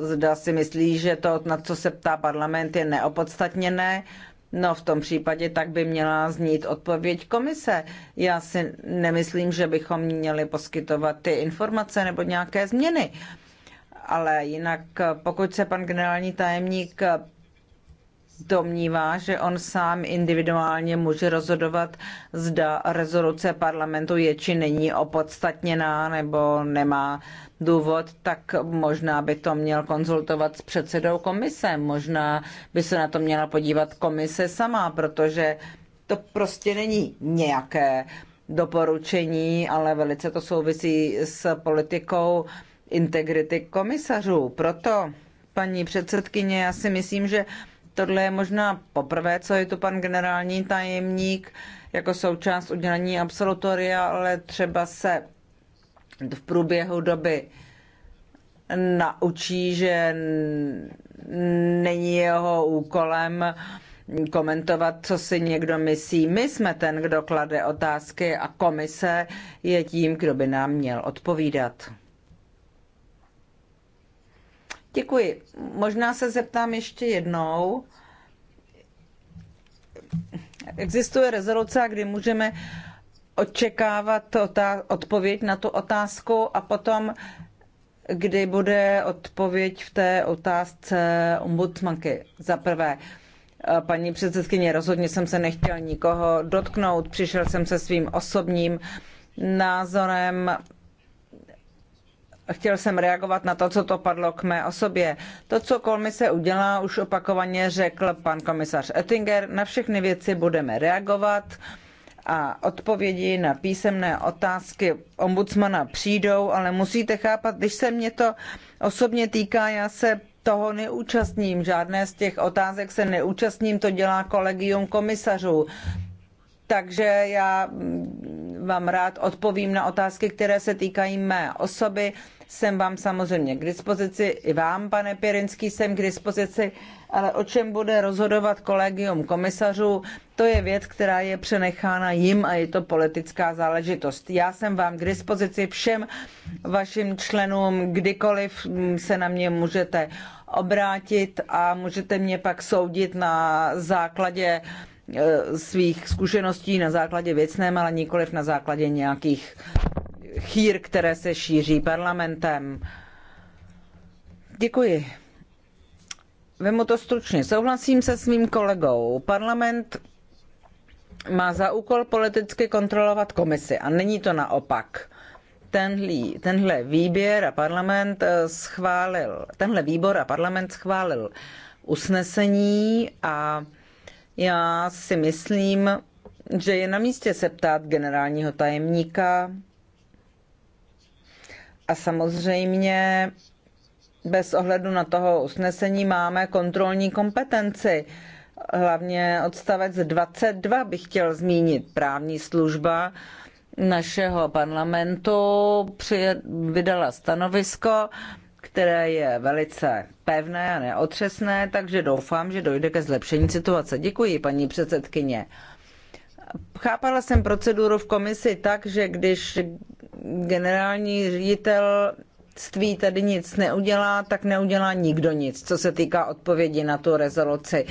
eh, zda si myslí, že to, na co se ptá parlament, je neopodstatněné. No v tom případě tak by měla znít odpověď komise. Já si nemyslím, že bychom měli poskytovat ty informace nebo nějaké změny. Ale jinak, eh, pokud se pan generální tajemník domnívá, že on sám individuálně může rozhodovat, zda rezoluce parlamentu je či není opodstatněná nebo nemá důvod, tak možná by to měl konzultovat s předsedou komise. Možná by se na to měla podívat komise sama, protože to prostě není nějaké doporučení, ale velice to souvisí s politikou integrity komisařů. Proto, paní předsedkyně, já si myslím, že Tohle je možná poprvé, co je tu pan generální tajemník jako součást udělení absolutoria, ale třeba se v průběhu doby naučí, že není jeho úkolem komentovat, co si někdo myslí. My jsme ten, kdo klade otázky a komise je tím, kdo by nám měl odpovídat. Děkuji. Možná se zeptám ještě jednou. Existuje rezoluce, kdy můžeme očekávat odpověď na tu otázku a potom, kdy bude odpověď v té otázce ombudsmanky. Za prvé, paní předsedkyně, rozhodně jsem se nechtěl nikoho dotknout, přišel jsem se svým osobním názorem chtěl jsem reagovat na to, co to padlo k mé osobě. To, co komise udělá, už opakovaně řekl pan komisař Ettinger. Na všechny věci budeme reagovat a odpovědi na písemné otázky ombudsmana přijdou, ale musíte chápat, když se mě to osobně týká, já se toho neúčastním, žádné z těch otázek se neúčastním, to dělá kolegium komisařů takže já mm, vám rád odpovím na otázky, které se týkají mé osoby. Jsem vám samozřejmě k dispozici, i vám, pane Pěrinský, jsem k dispozici, ale o čem bude rozhodovat kolegium komisařů, to je věc, která je přenechána jim a je to politická záležitost. Já jsem vám k dispozici všem vašim členům, kdykoliv mm, se na mě můžete obrátit a můžete mě pak soudit na základě uh, Eh, svých zkušeností na základě věcném, ale nikoliv na základě nějakých chýr, které se šíří parlamentem. Děkuji. Vemu to stručně. Souhlasím se svým kolegou. Parlament má za úkol politicky kontrolovat komisi a není to naopak. Tenhle, tenhle výběr a parlament eh, schválil, tenhle výbor a parlament schválil usnesení a já si myslím, že je na místě se ptát generálního tajemníka a samozřejmě bez ohledu na toho usnesení máme kontrolní kompetenci. Hlavně odstavec 22 bych chtěl zmínit. Právní služba našeho parlamentu při, vydala stanovisko, které je velice pevné a neotřesné, takže doufám, že dojde ke zlepšení situace. Děkuji, paní předsedkyně. Chápala jsem proceduru v komisi tak, že když generální ředitel ství tady nic neudělá, tak neudělá nikdo nic, co se týká odpovědi na tu rezoluci.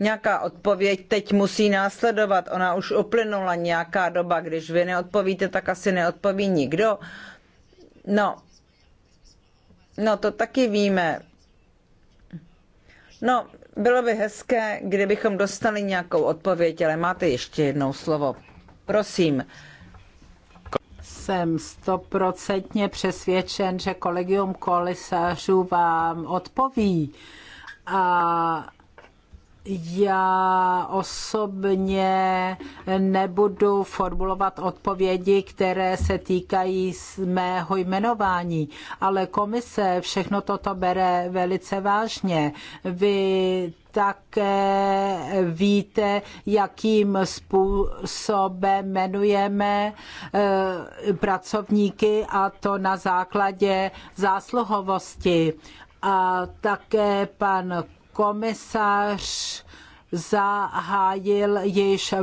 Nějaká odpověď teď musí následovat, ona už uplynula nějaká doba, když vy neodpovíte, tak asi neodpoví nikdo. No, No to taky víme. No, bylo by hezké, kdybychom dostali nějakou odpověď, ale máte ještě jednou slovo. Prosím. Jsem stoprocentně přesvědčen, že kolegium
kolisařů vám odpoví. A já osobně nebudu formulovat odpovědi, které se týkají z mého jmenování, ale komise všechno toto bere velice vážně. Vy také víte, jakým způsobem jmenujeme eh, pracovníky a to na základě zásluhovosti a také pan komisař zahájil již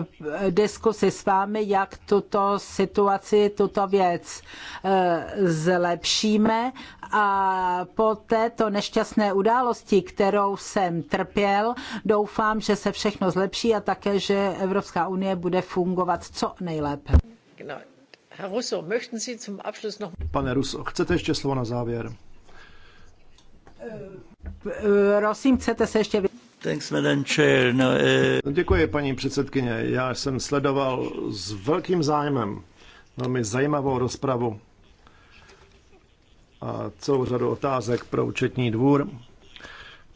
diskusi s vámi, jak tuto situaci, tuto věc e, zlepšíme. A po této nešťastné události, kterou jsem trpěl, doufám, že se všechno zlepší a také, že Evropská unie bude fungovat co nejlépe.
Pane Russo, chcete ještě slovo na závěr? E, Prosím, chcete se ještě Thanks, Madam Chair. No, eh... Děkuji, paní předsedkyně. Já jsem sledoval s velkým zájmem velmi zajímavou rozpravu a celou řadu otázek pro účetní dvůr,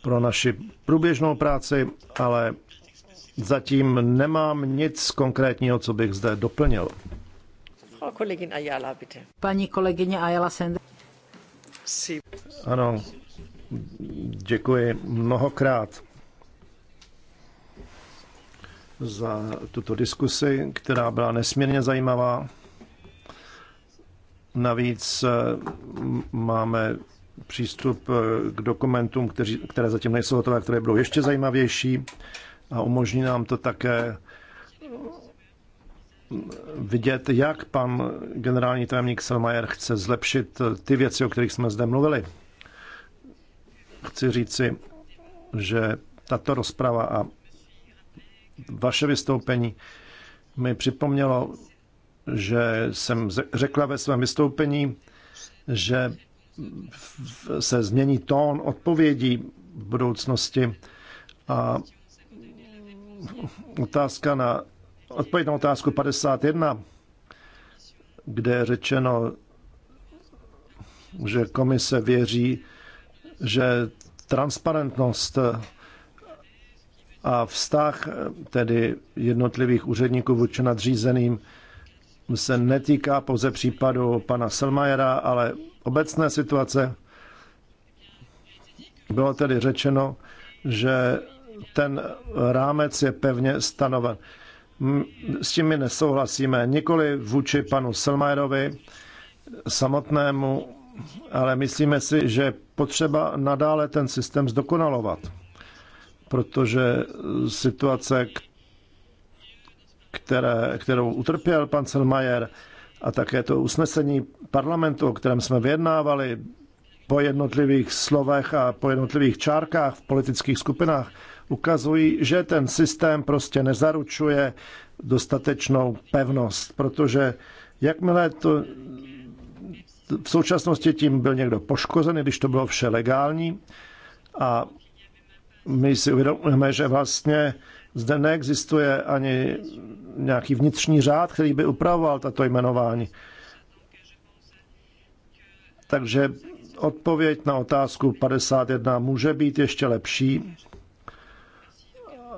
pro naši průběžnou práci, ale zatím nemám nic konkrétního, co bych zde doplnil.
Paní kolegyně Ayala Paní kolegyně Ayala, Sender.
Ano, Děkuji mnohokrát za tuto diskusi, která byla nesmírně zajímavá. Navíc eh, máme přístup eh, k dokumentům, kteří, které zatím nejsou hotové, které budou ještě zajímavější a umožní nám to také eh, vidět, jak pan generální tajemník Selmayr chce zlepšit ty věci, o kterých jsme zde mluvili chci říci, že tato rozprava a vaše vystoupení mi připomnělo, že jsem řekla ve svém vystoupení, že se změní tón odpovědí v budoucnosti a otázka na odpověď na otázku 51, kde je řečeno, že komise věří, že transparentnost a vztah tedy jednotlivých úředníků vůči nadřízeným se netýká pouze případu pana Selmajera, ale obecné situace. Bylo tedy řečeno, že ten rámec je pevně stanoven. S tím my nesouhlasíme. Nikoli vůči panu Selmajerovi samotnému, ale myslíme si, že je potřeba nadále ten systém zdokonalovat, protože situace, které, kterou utrpěl pan Selmajer a také to usnesení parlamentu, o kterém jsme vyjednávali po jednotlivých slovech a po jednotlivých čárkách v politických skupinách, ukazují, že ten systém prostě nezaručuje dostatečnou pevnost, protože jakmile to v současnosti tím byl někdo poškozen, když to bylo vše legální. A my si uvědomujeme, že vlastně zde neexistuje ani nějaký vnitřní řád, který by upravoval tato jmenování. Takže odpověď na otázku 51 může být ještě lepší.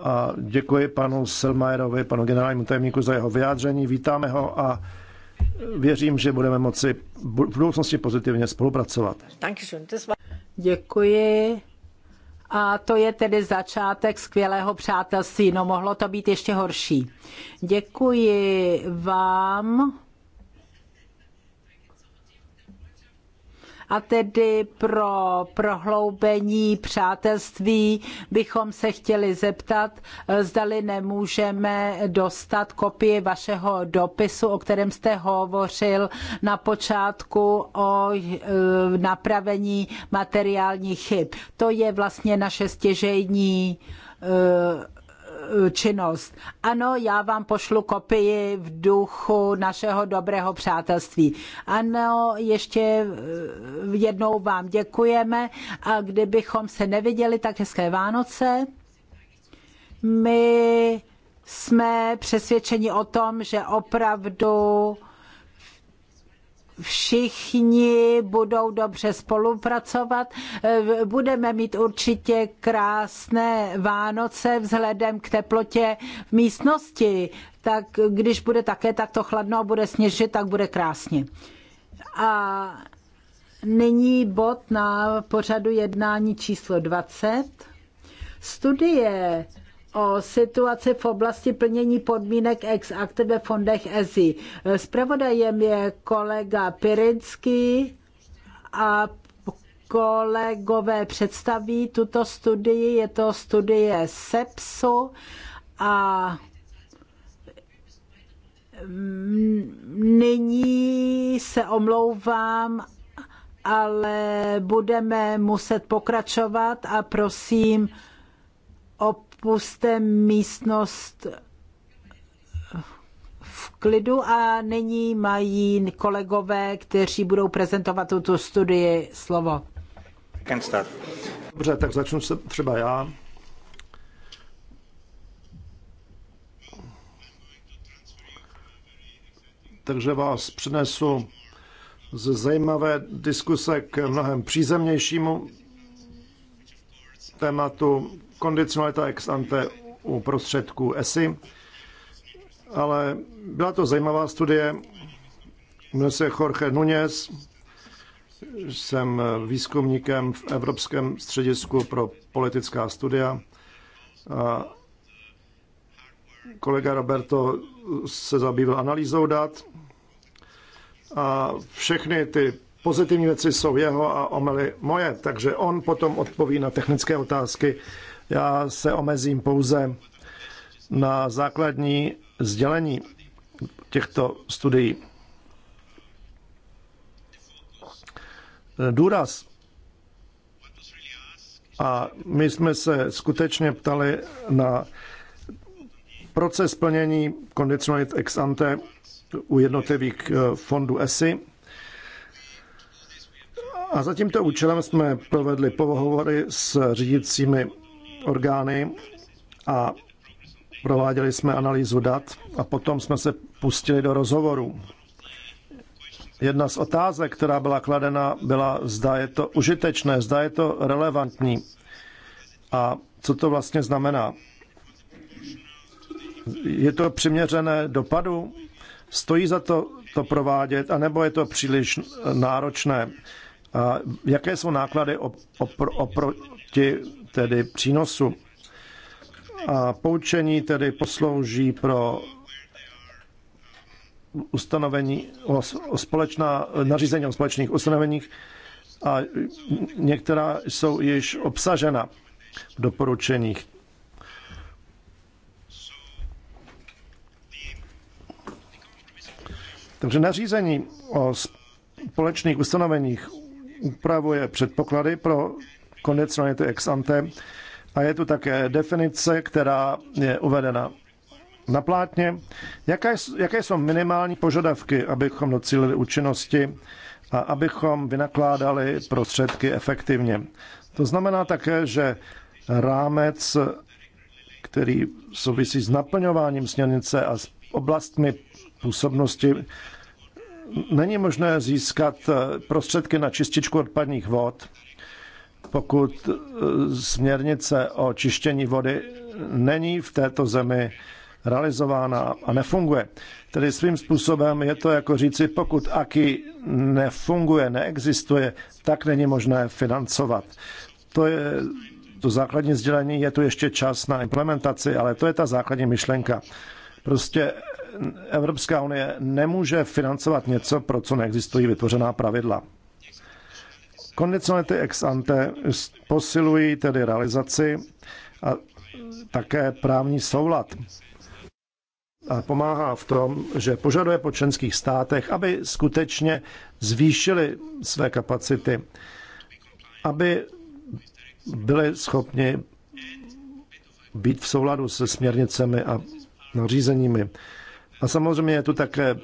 A děkuji panu Selmajerovi, panu generálnímu tajemníku za jeho vyjádření. Vítáme ho a Věřím, že budeme moci v budoucnosti pozitivně spolupracovat.
Děkuji. A to je tedy začátek skvělého přátelství. No mohlo to být ještě horší. Děkuji vám a tedy pro prohloubení přátelství bychom se chtěli zeptat, zdali nemůžeme dostat kopii vašeho dopisu, o kterém jste hovořil na počátku o e, napravení materiálních chyb. To je vlastně naše stěžejní e, Eh, činnost. Ano, já vám pošlu kopii v duchu našeho dobrého přátelství. Ano, ještě eh, jednou vám děkujeme a kdybychom se neviděli, tak hezké Vánoce. My jsme přesvědčeni o tom, že opravdu všichni budou dobře spolupracovat. Budeme mít určitě krásné Vánoce vzhledem k teplotě v místnosti. Tak když bude také takto chladno a bude sněžit, tak bude krásně. A nyní bod na pořadu jednání číslo 20. Studie o situaci v oblasti plnění podmínek ex ante ve fondech EZI. Spravodajem je kolega Pirinský a kolegové představí tuto studii. Je to studie SEPSu a nyní se omlouvám, ale budeme muset pokračovat a prosím o Puste místnost v klidu a nyní mají kolegové, kteří budou prezentovat tuto studii, slovo.
Dobře, tak začnu se třeba já. takže vás přinesu z zajímavé diskuse k mnohem přízemnějšímu tématu, kondicionalita ex ante u prostředků ESI, ale byla to zajímavá studie. Jmenuji se Jorge Nunez, jsem výzkumníkem v Evropském středisku pro politická studia. A kolega Roberto se zabýval analýzou dat a všechny ty pozitivní věci jsou jeho a omely moje, takže on potom odpoví na technické otázky já se omezím pouze na základní sdělení těchto studií. Důraz. A my jsme se skutečně ptali na proces plnění kondicionalit ex ante u jednotlivých eh, fondů ESI. A za tímto účelem jsme provedli pohovory s řídícími orgány a prováděli jsme analýzu dat a potom jsme se pustili do rozhovoru. Jedna z otázek, která byla kladena, byla, zda je to užitečné, zda je to relevantní a co to vlastně znamená. Je to přiměřené dopadu? Stojí za to to provádět, A nebo je to příliš náročné? A jaké jsou náklady opr- oproti tedy přínosu? A poučení tedy poslouží pro ustanovení o, o společná, nařízení o společných ustanoveních a některá jsou již obsažena v doporučeních. Takže nařízení o společných ustanoveních upravuje předpoklady pro kondicionalitu ex ante a je tu také definice, která je uvedena na plátně. Jaké, jaké jsou minimální požadavky, abychom docílili účinnosti a abychom vynakládali prostředky efektivně? To znamená také, že rámec, který souvisí s naplňováním směrnice a s oblastmi působnosti, Není možné získat eh, prostředky na čističku odpadních vod, pokud eh, směrnice o čištění vody není v této zemi realizována a nefunguje. Tedy svým způsobem je to jako říci, pokud AKI nefunguje, neexistuje, tak není možné financovat. To je to základní sdělení, je tu ještě čas na implementaci, ale to je ta základní myšlenka. Prostě Evropská unie nemůže financovat něco, pro co neexistují vytvořená pravidla. Kondicionality ex ante posilují tedy realizaci a také právní soulad. A pomáhá v tom, že požaduje po členských státech, aby skutečně zvýšili své kapacity, aby byli schopni být v souladu se směrnicemi a nařízeními. A samozřejmě je tu také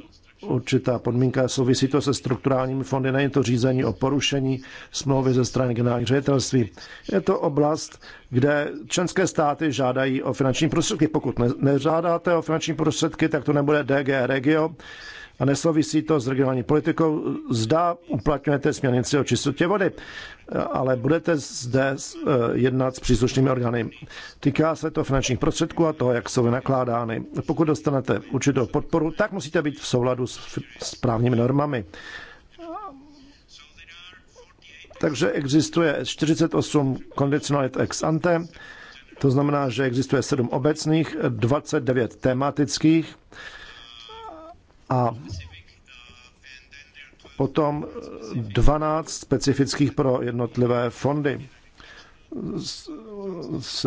určitá podmínka, souvisí to se strukturálními fondy, není to řízení o porušení smlouvy ze strany generálních ředitelství. Je to oblast, kde členské státy žádají o finanční prostředky. Pokud nežádáte o finanční prostředky, tak to nebude DG Regio, a nesouvisí to s regionální politikou, zda uplatňujete směrnici o čistotě vody, ale budete zde eh, jednat s příslušnými orgány. Týká se to finančních prostředků a toho, jak jsou vynakládány. Pokud dostanete určitou podporu, tak musíte být v souladu s právními normami. Takže existuje 48 kondicionalit ex ante, to znamená, že existuje 7 obecných, 29 tematických, a potom 12 eh, specifických pro jednotlivé fondy. Z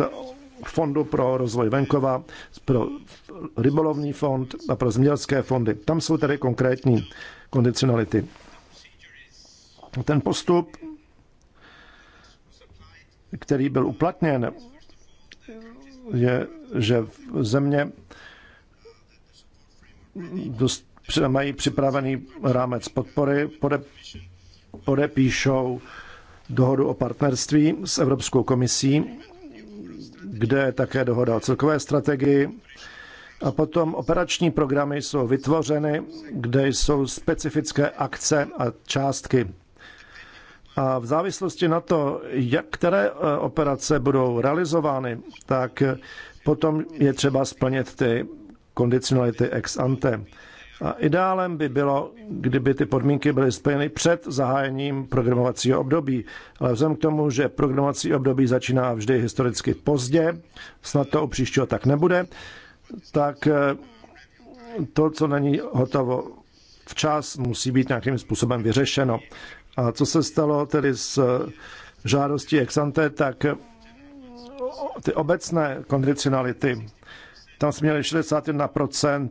fondu pro rozvoj venkova, pro rybolovní fond a pro zemědělské fondy. Tam jsou tedy konkrétní kondicionality. Ten postup, který byl uplatněn, je, že země dost mají připravený rámec podpory, pode, podepíšou dohodu o partnerství s Evropskou komisí, kde je také dohoda o celkové strategii. A potom operační programy jsou vytvořeny, kde jsou specifické akce a částky. A v závislosti na to, jak které eh, operace budou realizovány, tak potom je třeba splnit ty kondicionality ex ante. A ideálem by bylo, kdyby ty podmínky byly splněny před zahájením programovacího období. Ale vzhledem k tomu, že programovací období začíná vždy historicky pozdě, snad to u příštího tak nebude, tak eh, to, co není hotovo včas, musí být nějakým způsobem vyřešeno. A co se stalo tedy s eh, žádostí Exante, tak eh, ty obecné kondicionality, tam jsme měli 61%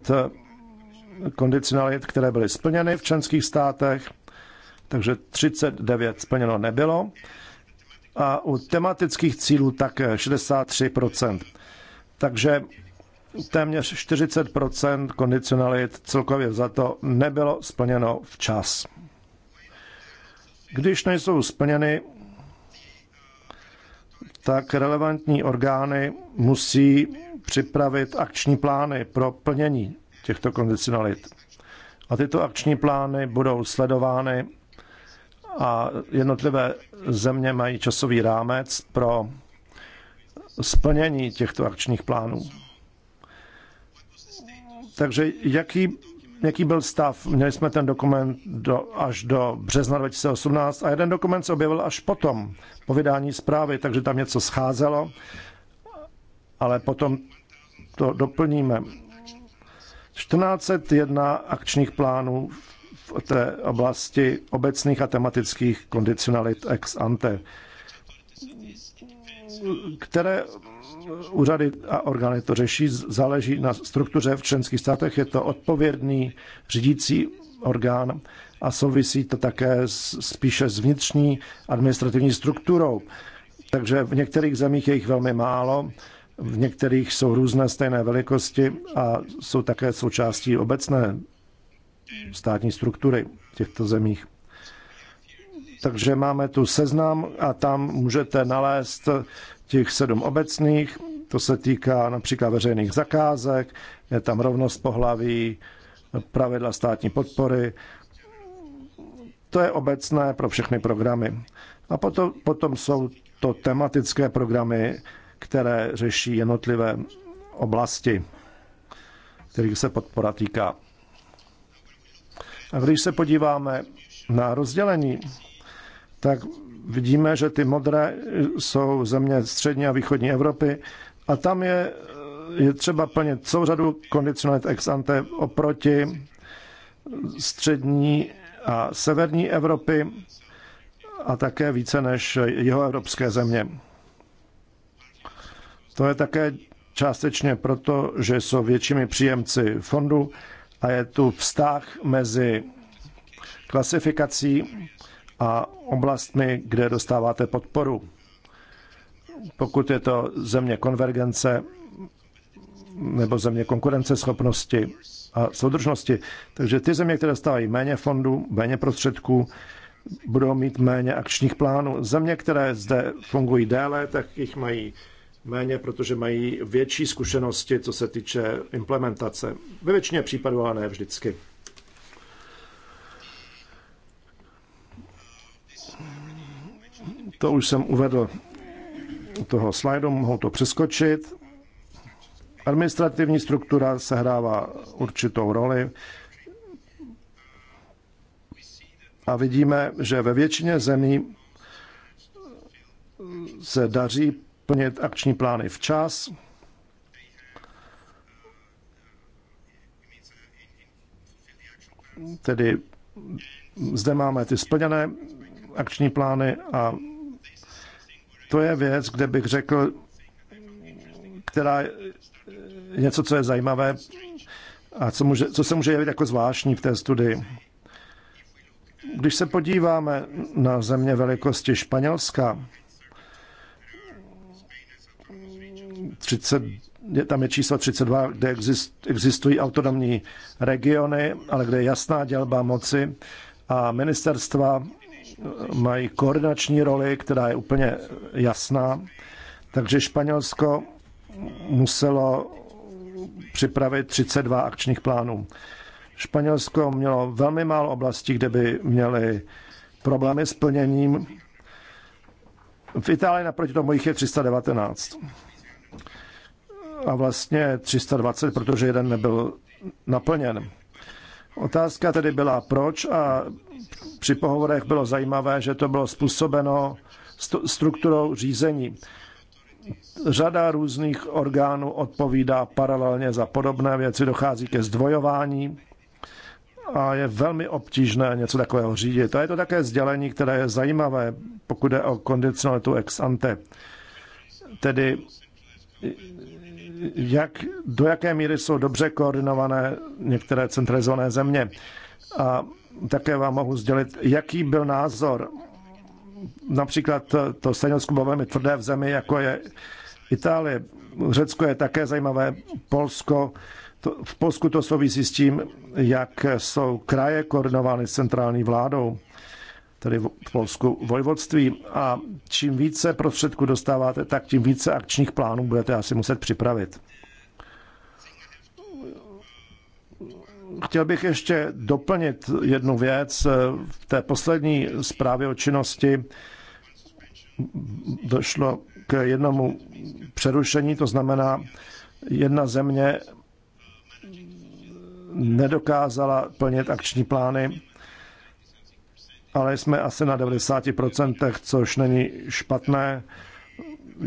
kondicionalit, které byly splněny v členských státech, takže 39 splněno nebylo. A u tematických cílů tak 63%. Takže téměř 40% kondicionalit celkově za to nebylo splněno včas. Když nejsou splněny, tak relevantní orgány musí připravit akční plány pro plnění těchto kondicionalit. A tyto akční plány budou sledovány a jednotlivé země mají časový rámec pro splnění těchto akčních plánů. Takže jaký, jaký byl stav? Měli jsme ten dokument do, až do března 2018 a jeden dokument se objevil až potom, po vydání zprávy, takže tam něco scházelo, ale potom to doplníme. 1401 akčních plánů v té oblasti obecných a tematických kondicionalit ex ante, které úřady a orgány to řeší, záleží na struktuře v členských státech. Je to odpovědný řídící orgán a souvisí to také spíše s vnitřní administrativní strukturou. Takže v některých zemích je jich velmi málo v některých jsou různé stejné velikosti a jsou také součástí obecné státní struktury v těchto zemích. Takže máme tu seznam a tam můžete nalézt těch sedm obecných. To se týká například veřejných zakázek, je tam rovnost pohlaví, pravidla státní podpory. To je obecné pro všechny programy. A potom, potom jsou to tematické programy, které řeší jednotlivé oblasti, kterých se podpora týká. A když se podíváme na rozdělení, tak vidíme, že ty modré jsou země střední a východní Evropy a tam je, je třeba plnit celou řadu kondicionalit ex ante oproti střední a severní Evropy a také více než jeho evropské země. To je také částečně proto, že jsou většími příjemci fondu a je tu vztah mezi klasifikací a oblastmi, kde dostáváte podporu. Pokud je to země konvergence nebo země konkurenceschopnosti a soudržnosti. Takže ty země, které dostávají méně fondů, méně prostředků, budou mít méně akčních plánů. Země, které zde fungují déle, tak jich mají méně, protože mají větší zkušenosti, co se týče implementace. Ve většině případů, ale ne vždycky. To už jsem uvedl u toho slajdu, mohu to přeskočit. Administrativní struktura sehrává určitou roli a vidíme, že ve většině zemí se daří plnit akční plány včas. Tedy zde máme ty splněné akční plány a to je věc, kde bych řekl, která je něco, co je zajímavé a co, může, co se může jevit jako zvláštní v té studii. Když se podíváme na země velikosti Španělska, 30, je, tam je číslo 32, kde exist, existují autonomní regiony, ale kde je jasná dělba moci a ministerstva mají koordinační roli, která je úplně jasná. Takže Španělsko muselo připravit 32 akčních plánů. Španělsko mělo velmi málo oblastí, kde by měli problémy s plněním. V Itálii naproti tomu jich je 319 a vlastně 320, protože jeden nebyl naplněn. Otázka tedy byla proč a při pohovorech bylo zajímavé, že to bylo způsobeno strukturou řízení. Řada různých orgánů odpovídá paralelně za podobné věci, dochází ke zdvojování a je velmi obtížné něco takového řídit. A je to také sdělení, které je zajímavé, pokud je o kondicionalitu ex ante. Tedy jak, do jaké míry jsou dobře koordinované některé centralizované země. A také vám mohu sdělit, jaký byl názor například to Stanělsko bylo velmi tvrdé v zemi, jako je Itálie. Řecko je také zajímavé, Polsko. To, v Polsku to souvisí s tím, jak jsou kraje koordinovány s centrální vládou tedy v Polsku vojvodství. A čím více prostředků dostáváte, tak tím více akčních plánů budete asi muset připravit. Chtěl bych ještě doplnit jednu věc. V té poslední zprávě o činnosti došlo k jednomu přerušení, to znamená, jedna země nedokázala plnit akční plány ale jsme asi na 90%, což není špatné.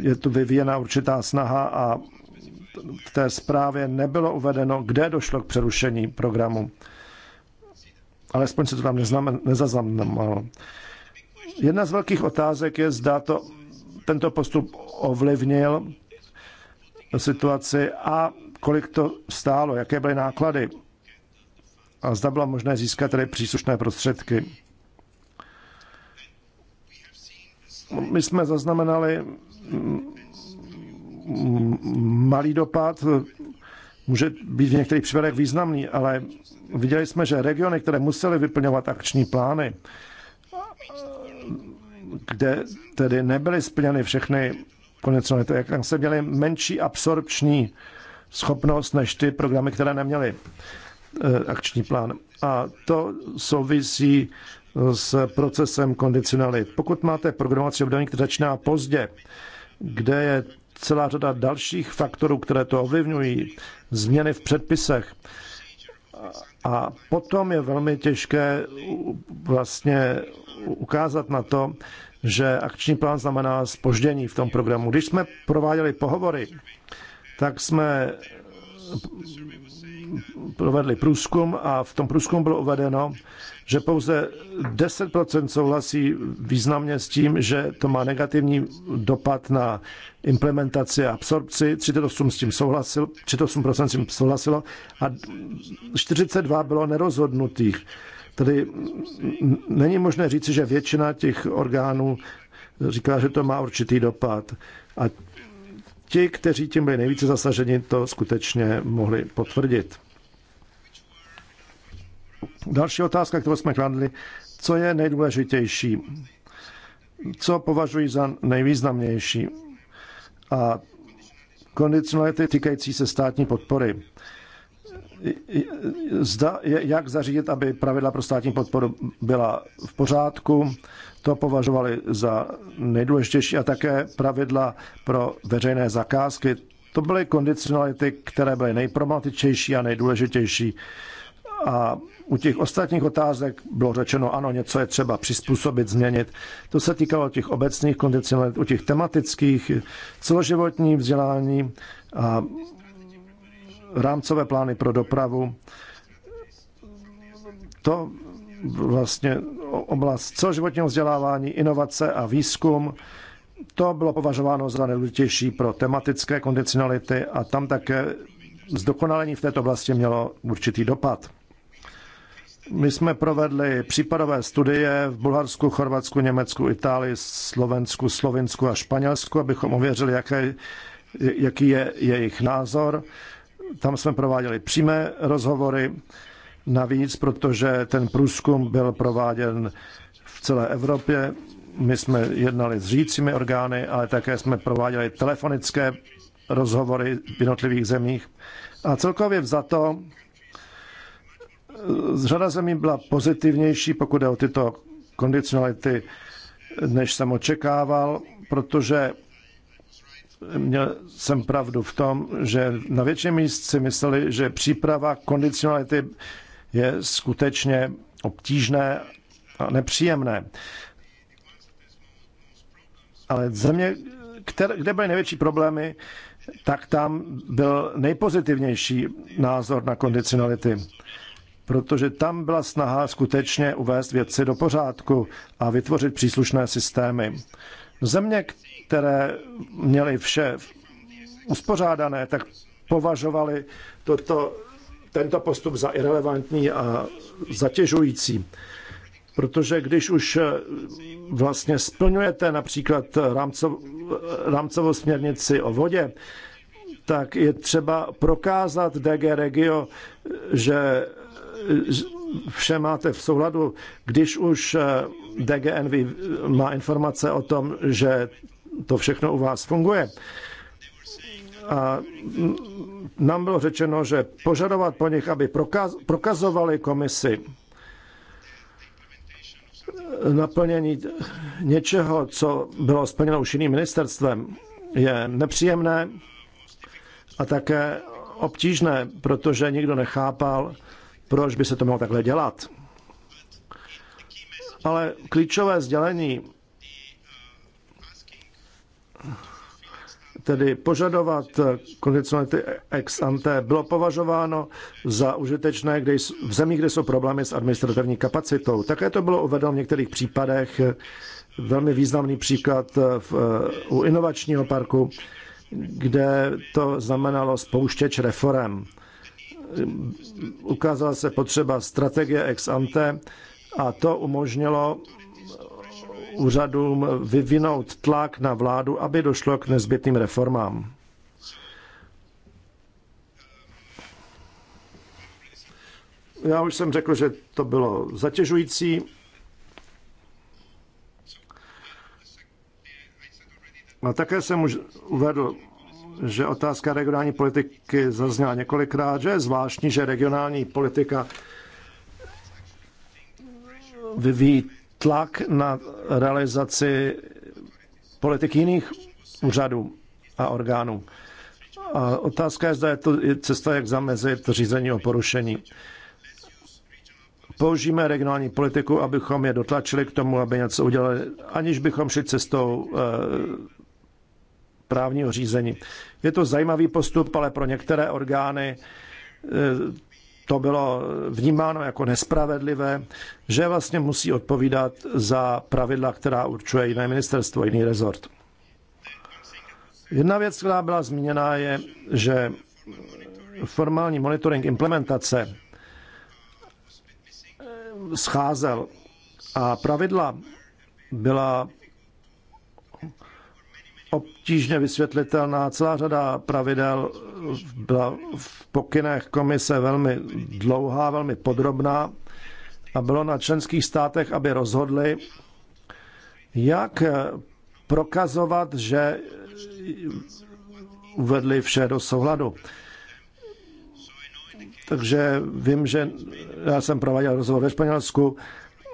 Je tu vyvíjena určitá snaha a v té zprávě nebylo uvedeno, kde došlo k přerušení programu. Alespoň se to tam nezaznamenalo. Jedna z velkých otázek je, zda to, tento postup ovlivnil situaci a kolik to stálo, jaké byly náklady a zda bylo možné získat tedy příslušné prostředky. My jsme zaznamenali malý dopad, může být v některých případech významný, ale viděli jsme, že regiony, které musely vyplňovat akční plány, kde tedy nebyly splněny všechny to, jak se měly menší absorpční schopnost než ty programy, které neměly eh, akční plán. A to souvisí s procesem kondicionalit. Pokud máte programovací období, které začíná pozdě, kde je celá řada dalších faktorů, které to ovlivňují, změny v předpisech, a potom je velmi těžké vlastně ukázat na to, že akční plán znamená spoždění v tom programu. Když jsme prováděli pohovory, tak jsme provedli průzkum a v tom průzkumu bylo uvedeno, že pouze 10% souhlasí významně s tím, že to má negativní dopad na implementaci a absorpci, 38% s tím souhlasilo, 38% s tím souhlasilo a 42% bylo nerozhodnutých. Tedy není možné říci, že většina těch orgánů říká, že to má určitý dopad. A ti, kteří tím byli nejvíce zasaženi, to skutečně mohli potvrdit. Další otázka, kterou jsme kladli, co je nejdůležitější, co považuji za nejvýznamnější a kondicionality týkající se státní podpory zda, jak zařídit, aby pravidla pro státní podporu byla v pořádku. To považovali za nejdůležitější a také pravidla pro veřejné zakázky. To byly kondicionality, které byly nejproblematičtější a nejdůležitější. A u těch ostatních otázek bylo řečeno, ano, něco je třeba přizpůsobit, změnit. To se týkalo těch obecných kondicionalit, u těch tematických, celoživotní vzdělání a rámcové plány pro dopravu. To vlastně oblast celoživotního vzdělávání, inovace a výzkum. To bylo považováno za nejdůležitější pro tematické kondicionality a tam také zdokonalení v této oblasti mělo určitý dopad. My jsme provedli případové studie v Bulharsku, Chorvatsku, Německu, Itálii, Slovensku, Slovinsku a Španělsku, abychom ověřili, jaké, jaký je jejich názor tam jsme prováděli přímé rozhovory navíc, protože ten průzkum byl prováděn v celé Evropě. My jsme jednali s řídícími orgány, ale také jsme prováděli telefonické rozhovory v jednotlivých zemích. A celkově to eh, řada zemí byla pozitivnější, pokud jde o tyto kondicionality, než jsem očekával, protože měl jsem pravdu v tom, že na většině míst si mysleli, že příprava kondicionality je skutečně obtížné a nepříjemné. Ale země, které, kde byly největší problémy, tak tam byl nejpozitivnější názor na kondicionality. Protože tam byla snaha skutečně uvést věci do pořádku a vytvořit příslušné systémy. Země, které měly vše uspořádané, tak považovali toto, tento postup za irrelevantní a zatěžující. Protože když už eh, vlastně splňujete například rámcov, rámcovou směrnici o vodě, tak je třeba prokázat DG Regio, že eh, vše máte v souladu. Když už eh, DGNV má informace o tom, že to všechno u vás funguje. A nám bylo řečeno, že požadovat po nich, aby prokaz, prokazovali komisi naplnění něčeho, co bylo splněno už jiným ministerstvem, je nepříjemné a také obtížné, protože nikdo nechápal, proč by se to mělo takhle dělat. Ale klíčové sdělení tedy požadovat kondicionality ex ante bylo považováno za užitečné kde v zemích, kde jsou problémy s administrativní kapacitou. Také to bylo uvedeno v některých případech. Velmi významný příklad v, u inovačního parku, kde to znamenalo spouštěč reform. Ukázala se potřeba strategie ex ante a to umožnilo úřadům vyvinout tlak na vládu, aby došlo k nezbytným reformám. Já už jsem řekl, že to bylo zatěžující. A také jsem už uvedl, že otázka regionální politiky zazněla několikrát, že je zvláštní, že regionální politika vyvíjí tlak na realizaci politik jiných úřadů a orgánů. A otázka je, zda je to cesta, jak zamezit řízení o porušení. Použijeme regionální politiku, abychom je dotlačili k tomu, aby něco udělali, aniž bychom šli cestou eh, právního řízení. Je to zajímavý postup, ale pro některé orgány eh, to bylo vnímáno jako nespravedlivé, že vlastně musí odpovídat za pravidla, která určuje jiné ministerstvo, jiný rezort. Jedna věc, která byla zmíněna, je, že formální monitoring implementace eh, scházel a pravidla byla obtížně vysvětlitelná. Celá řada pravidel byla v pokynech komise velmi dlouhá, velmi podrobná a bylo na členských státech, aby rozhodli, jak prokazovat, že uvedli vše do souhladu. Takže vím, že já jsem prováděl rozhovor ve Španělsku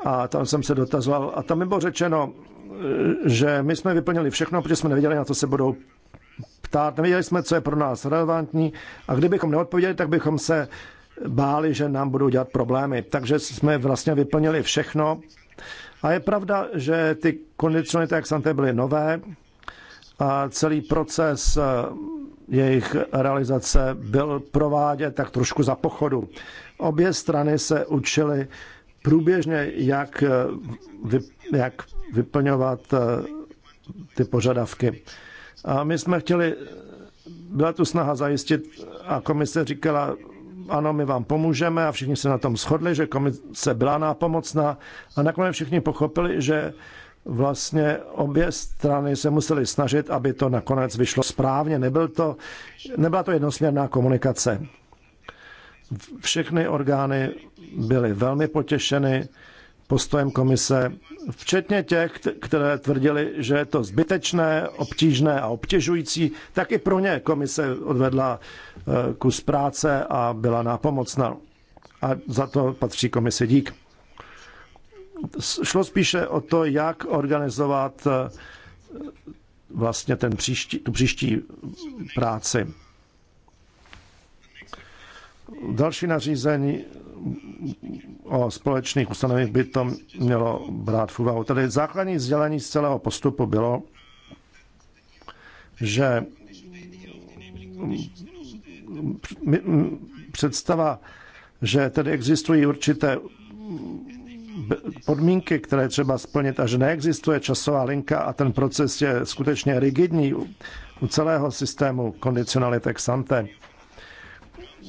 a tam jsem se dotazoval a tam mi bylo řečeno, že my jsme vyplnili všechno, protože jsme nevěděli, na co se budou ptát, nevěděli jsme, co je pro nás relevantní a kdybychom neodpověděli, tak bychom se báli, že nám budou dělat problémy. Takže jsme vlastně vyplnili všechno a je pravda, že ty kondicionality jak ante byly nové a celý proces eh, jejich realizace byl provádět tak trošku za pochodu. Obě strany se učily průběžně, jak eh, jak vyplňovat eh, ty požadavky. A my jsme chtěli, byla tu snaha zajistit, a komise říkala, ano, my vám pomůžeme a všichni se na tom shodli, že komise byla nápomocná a nakonec všichni pochopili, že vlastně obě strany se museli snažit, aby to nakonec vyšlo správně. Nebyl to, nebyla to jednosměrná komunikace. Všechny orgány byly velmi potěšeny postojem komise včetně těch, které tvrdili, že je to zbytečné, obtížné a obtěžující, tak i pro ně komise odvedla eh, kus práce a byla nápomocná. A za to patří komise dík. Šlo spíše o to, jak organizovat eh, vlastně ten příští, tu příští práci. Další nařízení o společných ustanoveních by to mělo brát v úvahu. Tedy základní vzdělení z celého postupu bylo, že představa, že tedy existují určité podmínky, které třeba splnit a že neexistuje časová linka a ten proces je skutečně rigidní u celého systému kondicionality ex ante,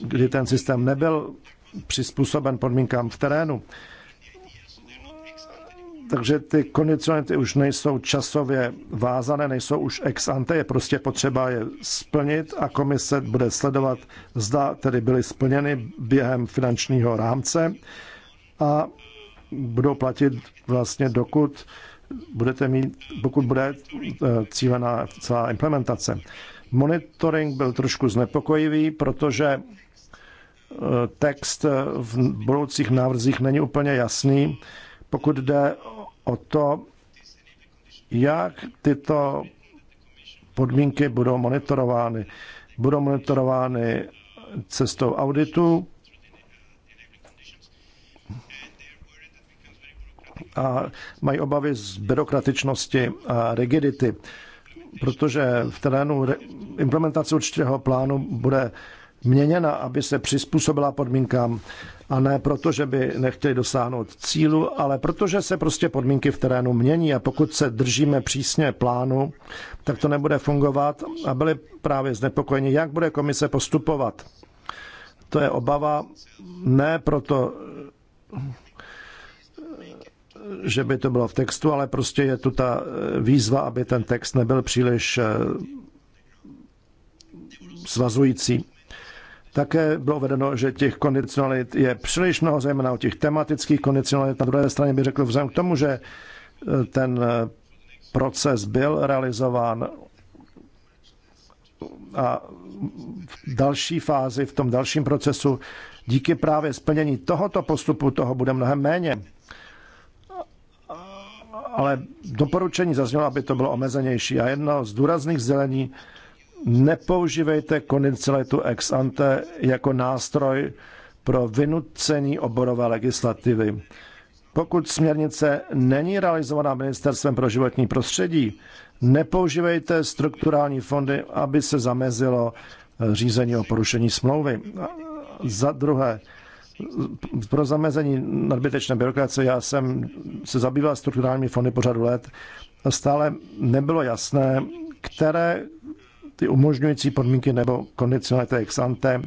kdy ten systém nebyl přizpůsoben podmínkám v terénu. Takže ty kondicionality už nejsou časově vázané, nejsou už ex ante, je prostě potřeba je splnit a komise bude sledovat, zda tedy byly splněny během finančního rámce a budou platit vlastně dokud budete mít, pokud bude eh, cílená celá implementace. Monitoring byl trošku znepokojivý, protože text v budoucích návrzích není úplně jasný, pokud jde o to, jak tyto podmínky budou monitorovány. Budou monitorovány cestou auditu a mají obavy z byrokratičnosti a rigidity, protože v terénu implementace určitého plánu bude měněna, aby se přizpůsobila podmínkám a ne proto, že by nechtěli dosáhnout cílu, ale protože se prostě podmínky v terénu mění a pokud se držíme přísně plánu, tak to nebude fungovat a byli právě znepokojeni, jak bude komise postupovat. To je obava ne proto, že by to bylo v textu, ale prostě je tu ta výzva, aby ten text nebyl příliš eh, svazující. Také bylo vedeno, že těch kondicionalit je příliš mnoho, zejména o těch tematických kondicionalit. Na druhé straně bych řekl vzhledem k tomu, že e, ten e, proces byl realizován a v další fázi, v tom dalším procesu, díky právě splnění tohoto postupu toho bude mnohem méně. Ale doporučení zaznělo, aby to bylo omezenější. A jedno z důrazných zelení nepoužívejte kondicionalitu ex ante jako nástroj pro vynucení oborové legislativy. Pokud směrnice není realizovaná Ministerstvem pro životní prostředí, nepoužívejte strukturální fondy, aby se zamezilo řízení o porušení smlouvy. Za druhé, pro zamezení nadbytečné byrokracie, já jsem se zabýval strukturálními fondy po řadu let, stále nebylo jasné, které ty umožňující podmínky nebo kondicionality ex ante,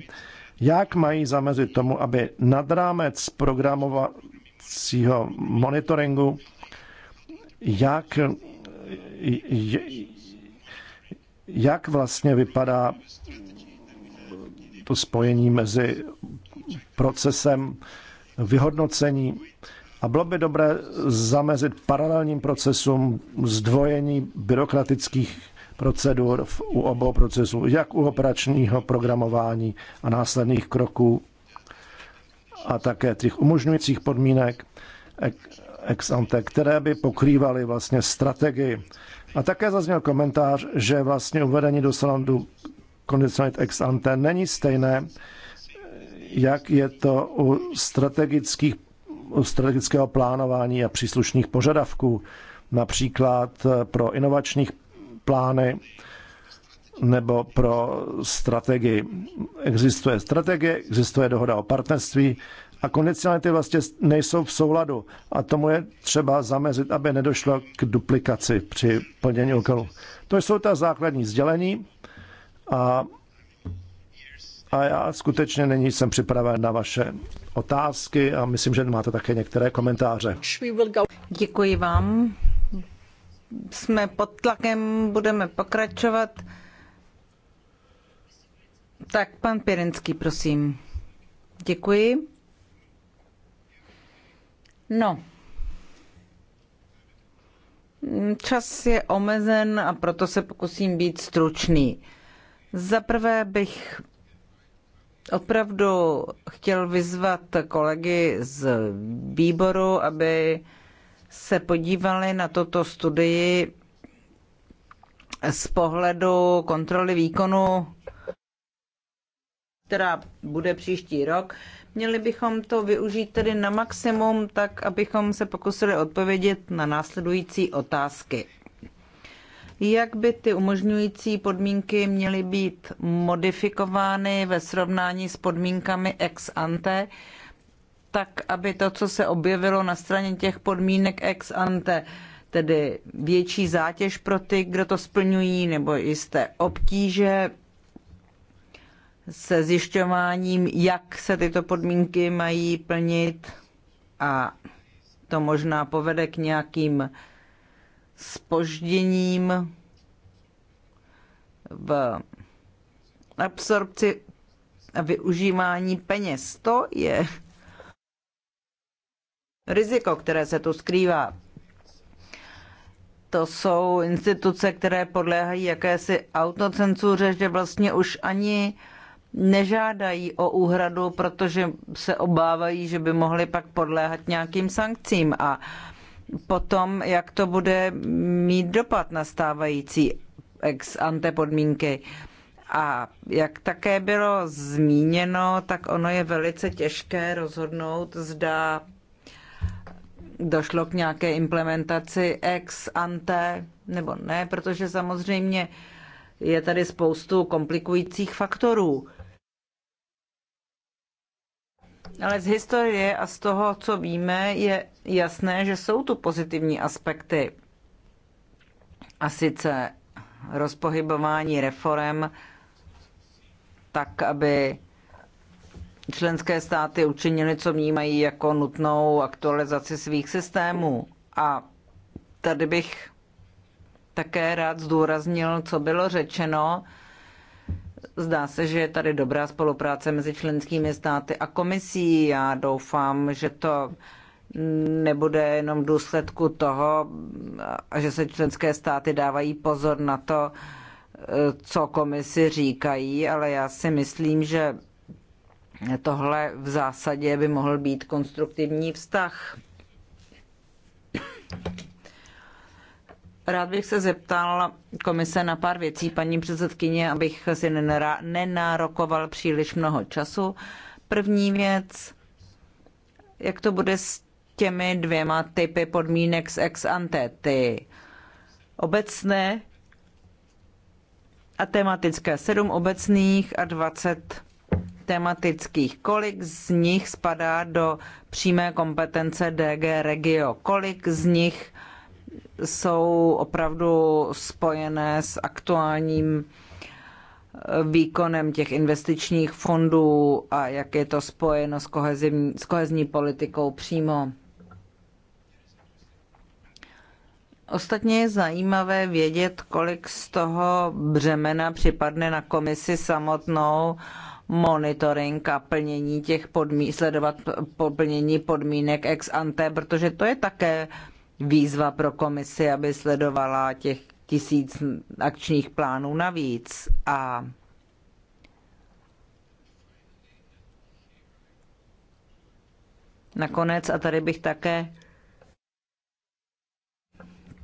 jak mají zamezit tomu, aby nad rámec programovacího monitoringu, jak, jak vlastně vypadá to spojení mezi procesem vyhodnocení a bylo by dobré zamezit paralelním procesům zdvojení byrokratických procedur v, u obou procesů, jak u operačního programování a následných kroků a také těch umožňujících podmínek ex ante, které by pokrývaly vlastně strategii. A také zazněl komentář, že vlastně uvedení do salonu kondicionalit ex ante není stejné, jak je to u, strategických, u strategického plánování a příslušných požadavků, například pro inovačních plány nebo pro strategii. Existuje strategie, existuje dohoda o partnerství a kondicionality vlastně nejsou v souladu a tomu je třeba zamezit, aby nedošlo k duplikaci při plnění úkolů. To jsou ta základní sdělení a, a já skutečně není, jsem připraven na vaše otázky a myslím, že máte také některé komentáře.
Děkuji vám jsme pod tlakem, budeme pokračovat. Tak, pan Pěrenský, prosím. Děkuji. No. Čas je omezen a proto se pokusím být stručný. Za prvé bych opravdu chtěl vyzvat kolegy z výboru, aby se podívali na toto studii z pohledu kontroly výkonu, která bude příští rok, měli bychom to využít tedy na maximum, tak abychom se pokusili odpovědět na následující otázky. Jak by ty umožňující podmínky měly být modifikovány ve srovnání s podmínkami ex ante? tak, aby to, co se objevilo na straně těch podmínek ex ante, tedy větší zátěž pro ty, kdo to splňují, nebo jisté obtíže se zjišťováním, jak se tyto podmínky mají plnit a to možná povede k nějakým spožděním v absorpci a využívání peněz. To je riziko, které se tu skrývá. To jsou instituce, které podléhají jakési autocenzuře, že vlastně už ani nežádají o úhradu, protože se obávají, že by mohli pak podléhat nějakým sankcím. A potom, jak to bude mít dopad na stávající ex ante podmínky. A jak také bylo zmíněno, tak ono je velice těžké rozhodnout, zda došlo k nějaké implementaci ex ante nebo ne, protože samozřejmě je tady spoustu komplikujících faktorů. Ale z historie a z toho, co víme, je jasné, že jsou tu pozitivní aspekty. A sice rozpohybování reform tak, aby členské státy učinily, co vnímají jako nutnou aktualizaci svých systémů. A tady bych také rád zdůraznil, co bylo řečeno. Zdá se, že je tady dobrá spolupráce mezi členskými státy a komisí. Já doufám, že to nebude jenom v důsledku toho, že se členské státy dávají pozor na to, co komisi říkají, ale já si myslím, že Tohle v zásadě by mohl být konstruktivní vztah. Rád bych se zeptal komise na pár věcí, paní předsedkyně, abych si nenárokoval příliš mnoho času. První věc, jak to bude s těmi dvěma typy podmínek z ex ante, ty obecné a tematické, sedm obecných a dvacet tematických. Kolik z nich spadá do přímé kompetence DG Regio? Kolik z nich jsou opravdu spojené s aktuálním eh, výkonem těch investičních fondů a jak je to spojeno s, kohezivní, s kohezní politikou přímo. Ostatně je zajímavé vědět, kolik z toho břemena připadne na komisi samotnou monitoring a plnění těch sledovat plnění podmínek ex ante, protože to je také výzva pro komisi, aby sledovala těch tisíc akčních plánů navíc. A nakonec, a tady bych také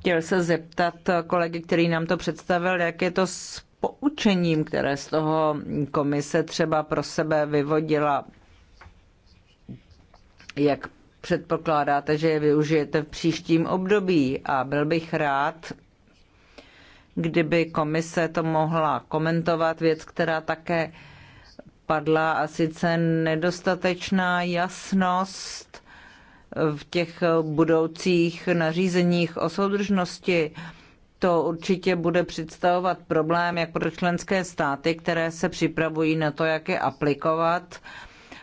chtěl se zeptat kolegy, který nám to představil, jak je to s poučením, které z toho komise třeba pro sebe vyvodila. Jak předpokládáte, že je využijete v příštím období? A byl bych rád, kdyby komise to mohla komentovat, věc, která také padla, a sice nedostatečná jasnost v těch budoucích nařízeních o soudržnosti to určitě bude představovat problém jak pro členské státy, které se připravují na to, jak je aplikovat.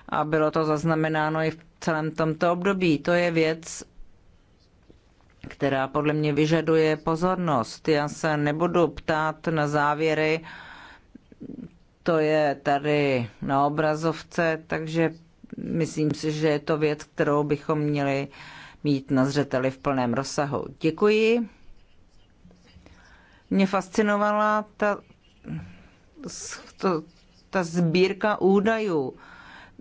A bylo to zaznamenáno i v celém tomto období. To je věc, která podle mě vyžaduje pozornost. Já se nebudu ptát na závěry, to je tady na obrazovce, takže myslím si, že je to věc, kterou bychom měli mít na zřeteli v plném rozsahu. Děkuji mě fascinovala ta, to, ta sbírka údajů.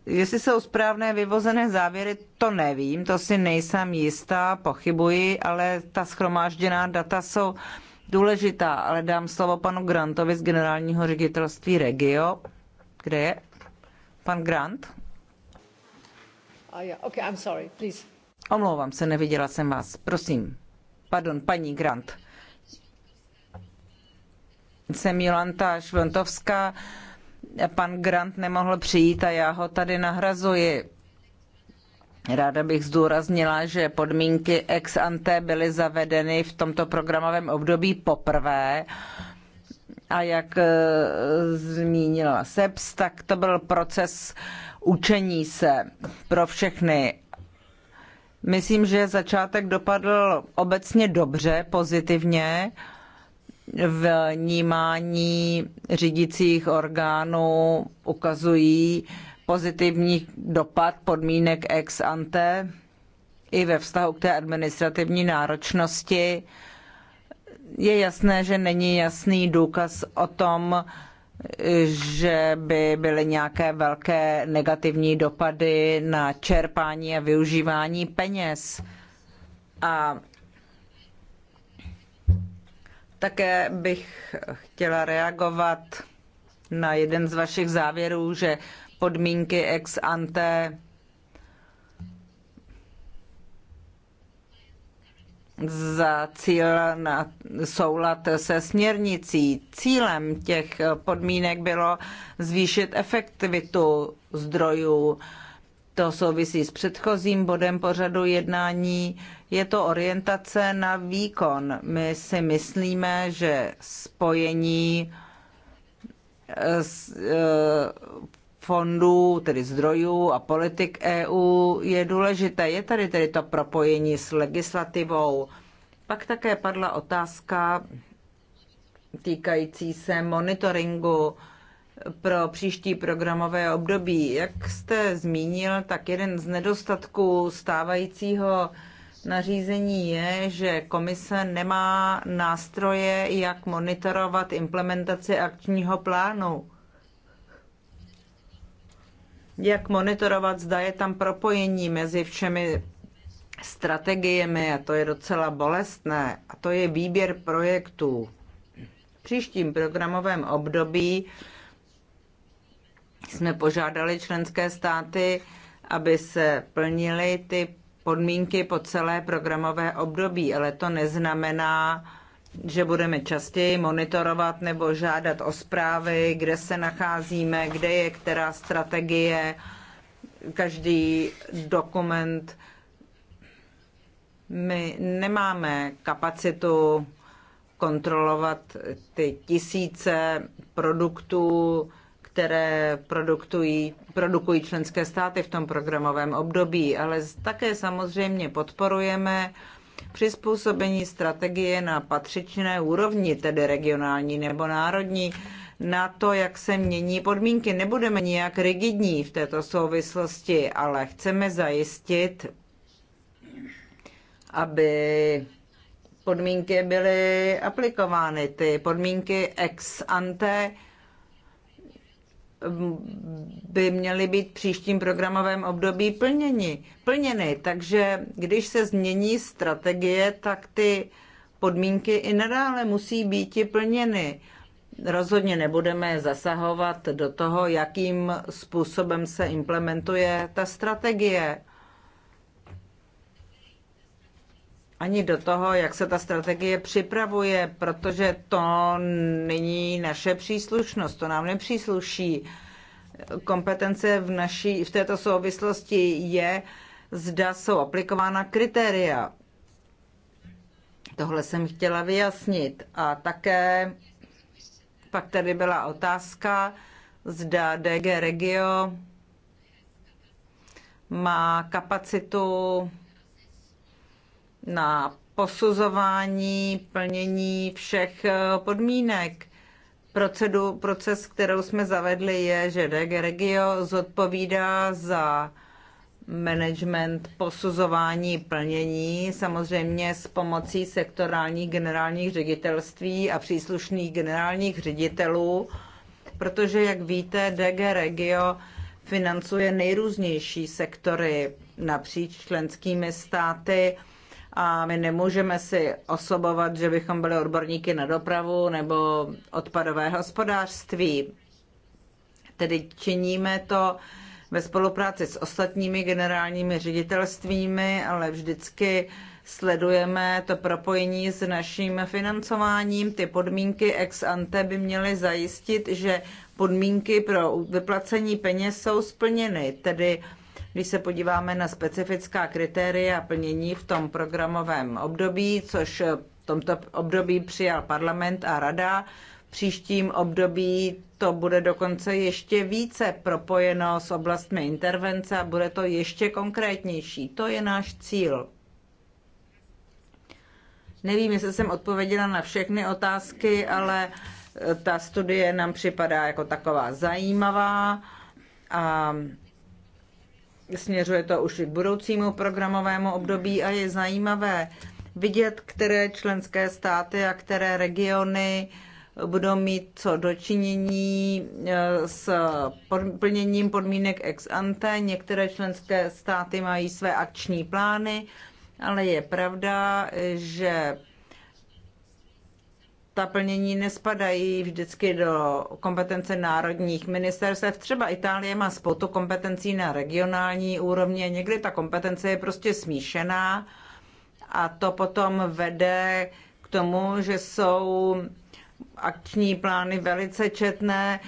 Jestli jsou správné vyvozené závěry, to nevím, to si nejsem jistá, pochybuji, ale ta schromážděná data jsou důležitá. Ale dám slovo panu Grantovi z generálního ředitelství Regio. Kde je? Pan Grant?
Oh, yeah. okay, I'm sorry. Please.
Omlouvám se, neviděla jsem vás. Prosím. Pardon, paní Grant poslankynice Milanta Šventovská. Pan Grant nemohl přijít a já ho tady nahrazuji. Ráda bych zdůraznila, že podmínky ex ante byly zavedeny v tomto programovém období poprvé a jak e, zmínila SEPS, tak to byl proces učení se pro všechny. Myslím, že začátek dopadl obecně dobře, pozitivně vnímání řídících orgánů ukazují pozitivní dopad podmínek ex ante i ve vztahu k té administrativní náročnosti. Je jasné, že není jasný důkaz o tom, že by byly nějaké velké negativní dopady na čerpání a využívání peněz. A také bych chtěla reagovat na jeden z vašich závěrů, že podmínky ex ante za cíl na soulad se směrnicí. Cílem těch podmínek bylo zvýšit efektivitu zdrojů to souvisí s předchozím bodem pořadu jednání. Je to orientace na výkon. My si myslíme, že spojení eh, eh, fondů, tedy zdrojů a politik EU je důležité. Je tady tedy to propojení s legislativou. Pak také padla otázka týkající se monitoringu pro příští programové období. Jak jste zmínil, tak jeden z nedostatků stávajícího nařízení je, že komise nemá nástroje, jak monitorovat implementaci akčního plánu. Jak monitorovat, zda je tam propojení mezi všemi strategiemi a to je docela bolestné. A to je výběr projektů. V příštím programovém období jsme požádali členské státy, aby se plnily ty podmínky po celé programové období, ale to neznamená, že budeme častěji monitorovat nebo žádat o zprávy, kde se nacházíme, kde je která strategie, každý dokument. My nemáme kapacitu kontrolovat ty tisíce produktů, které produktují, produkují členské státy v tom programovém období, ale také samozřejmě podporujeme přizpůsobení strategie na patřičné úrovni, tedy regionální nebo národní, na to, jak se mění podmínky. Nebudeme nijak rigidní v této souvislosti, ale chceme zajistit, aby podmínky byly aplikovány. Ty podmínky ex ante by měly být příštím programovém období plněni, plněny. Takže když se změní strategie, tak ty podmínky i nadále musí být plněny. Rozhodně nebudeme zasahovat do toho, jakým způsobem se implementuje ta strategie. ani do toho, jak se ta strategie připravuje, protože to není naše příslušnost, to nám nepřísluší. Kompetence v, naší, v této souvislosti je, zda jsou aplikována kritéria. Tohle jsem chtěla vyjasnit. A také pak tady byla otázka, zda DG Regio má kapacitu na posuzování plnění všech eh, podmínek. Procedu, proces, kterou jsme zavedli, je, že DG Regio zodpovídá za management posuzování plnění, samozřejmě s pomocí sektorálních generálních ředitelství a příslušných generálních ředitelů, protože, jak víte, DG Regio financuje nejrůznější sektory napříč členskými státy, a my nemůžeme si osobovat, že bychom byli odborníky na dopravu nebo odpadové hospodářství. Tedy činíme to ve spolupráci s ostatními generálními ředitelstvími, ale vždycky sledujeme to propojení s naším financováním. Ty podmínky ex ante by měly zajistit, že podmínky pro vyplacení peněz jsou splněny. Tedy když se podíváme na specifická kritéria plnění v tom programovém období, což v tomto období přijal parlament a rada, v příštím období to bude dokonce ještě více propojeno s oblastmi intervence a bude to ještě konkrétnější. To je náš cíl. Nevím, jestli jsem odpověděla na všechny otázky, ale eh, ta studie nám připadá jako taková zajímavá a Směřuje to už k budoucímu programovému období a je zajímavé vidět, které členské státy a které regiony budou mít co dočinění eh, s plněním podmínek ex ante. Některé členské státy mají své akční plány, ale je pravda, že ta plnění nespadají vždycky do kompetence národních ministerstev. Třeba Itálie má spoutu kompetencí na regionální úrovni, někdy ta kompetence je prostě smíšená a to potom vede k tomu, že jsou akční plány velice četné.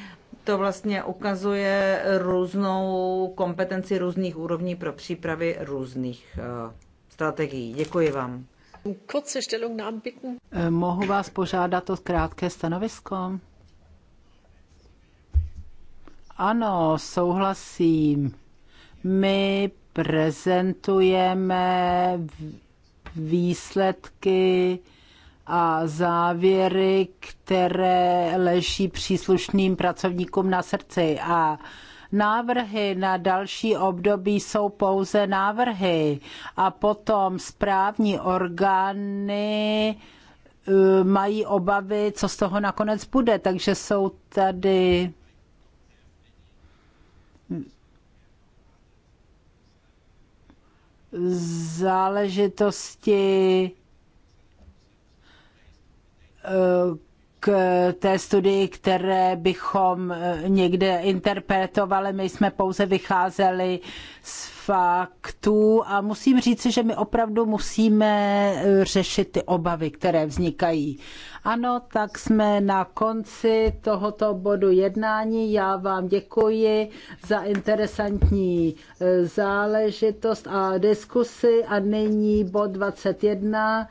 To vlastně ukazuje různou kompetenci různých úrovní pro přípravy různých eh, strategií. Děkuji vám. Um
eh, mohu vás požádat o krátké stanovisko? Ano, souhlasím. My prezentujeme výsledky a závěry, které leží příslušným pracovníkům na srdci. A Návrhy na další období jsou pouze návrhy a potom správní orgány eh, mají obavy, co z toho nakonec bude. Takže jsou tady eh, záležitosti, eh, k eh, té studii, které bychom eh, někde interpretovali. My jsme pouze vycházeli z faktů a musím říci, že my opravdu musíme eh, řešit ty obavy, které vznikají. Ano, tak jsme na konci tohoto bodu jednání. Já vám děkuji za interesantní eh, záležitost a diskusy a nyní bod 21,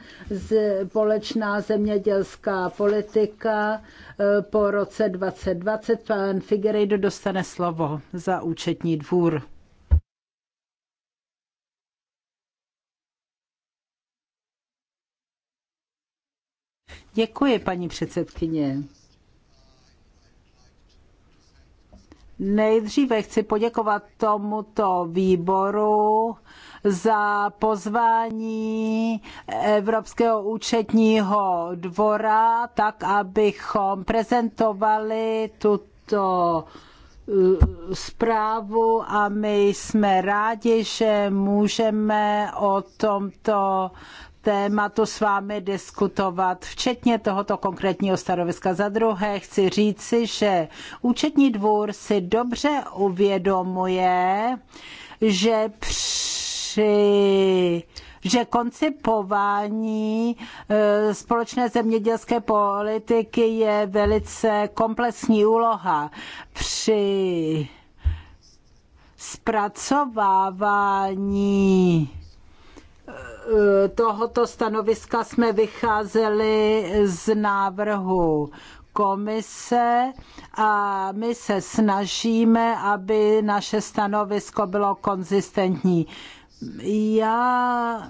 společná zemědělská politika eh, po roce 2020. Pan Figueiredo dostane slovo za účetní dvůr. Děkuji, paní předsedkyně. Nejdříve chci poděkovat tomuto výboru za pozvání Evropského účetního dvora, tak abychom prezentovali tuto uh, zprávu a my jsme rádi, že můžeme o tomto tématu s vámi diskutovat, včetně tohoto konkrétního stanoviska. Za druhé chci říci, že účetní dvůr si dobře uvědomuje, že při že koncipování e, společné zemědělské politiky je velice komplexní úloha. Při zpracovávání Eh, tohoto stanoviska jsme vycházeli z návrhu komise a my se snažíme, aby naše stanovisko bylo konzistentní. Já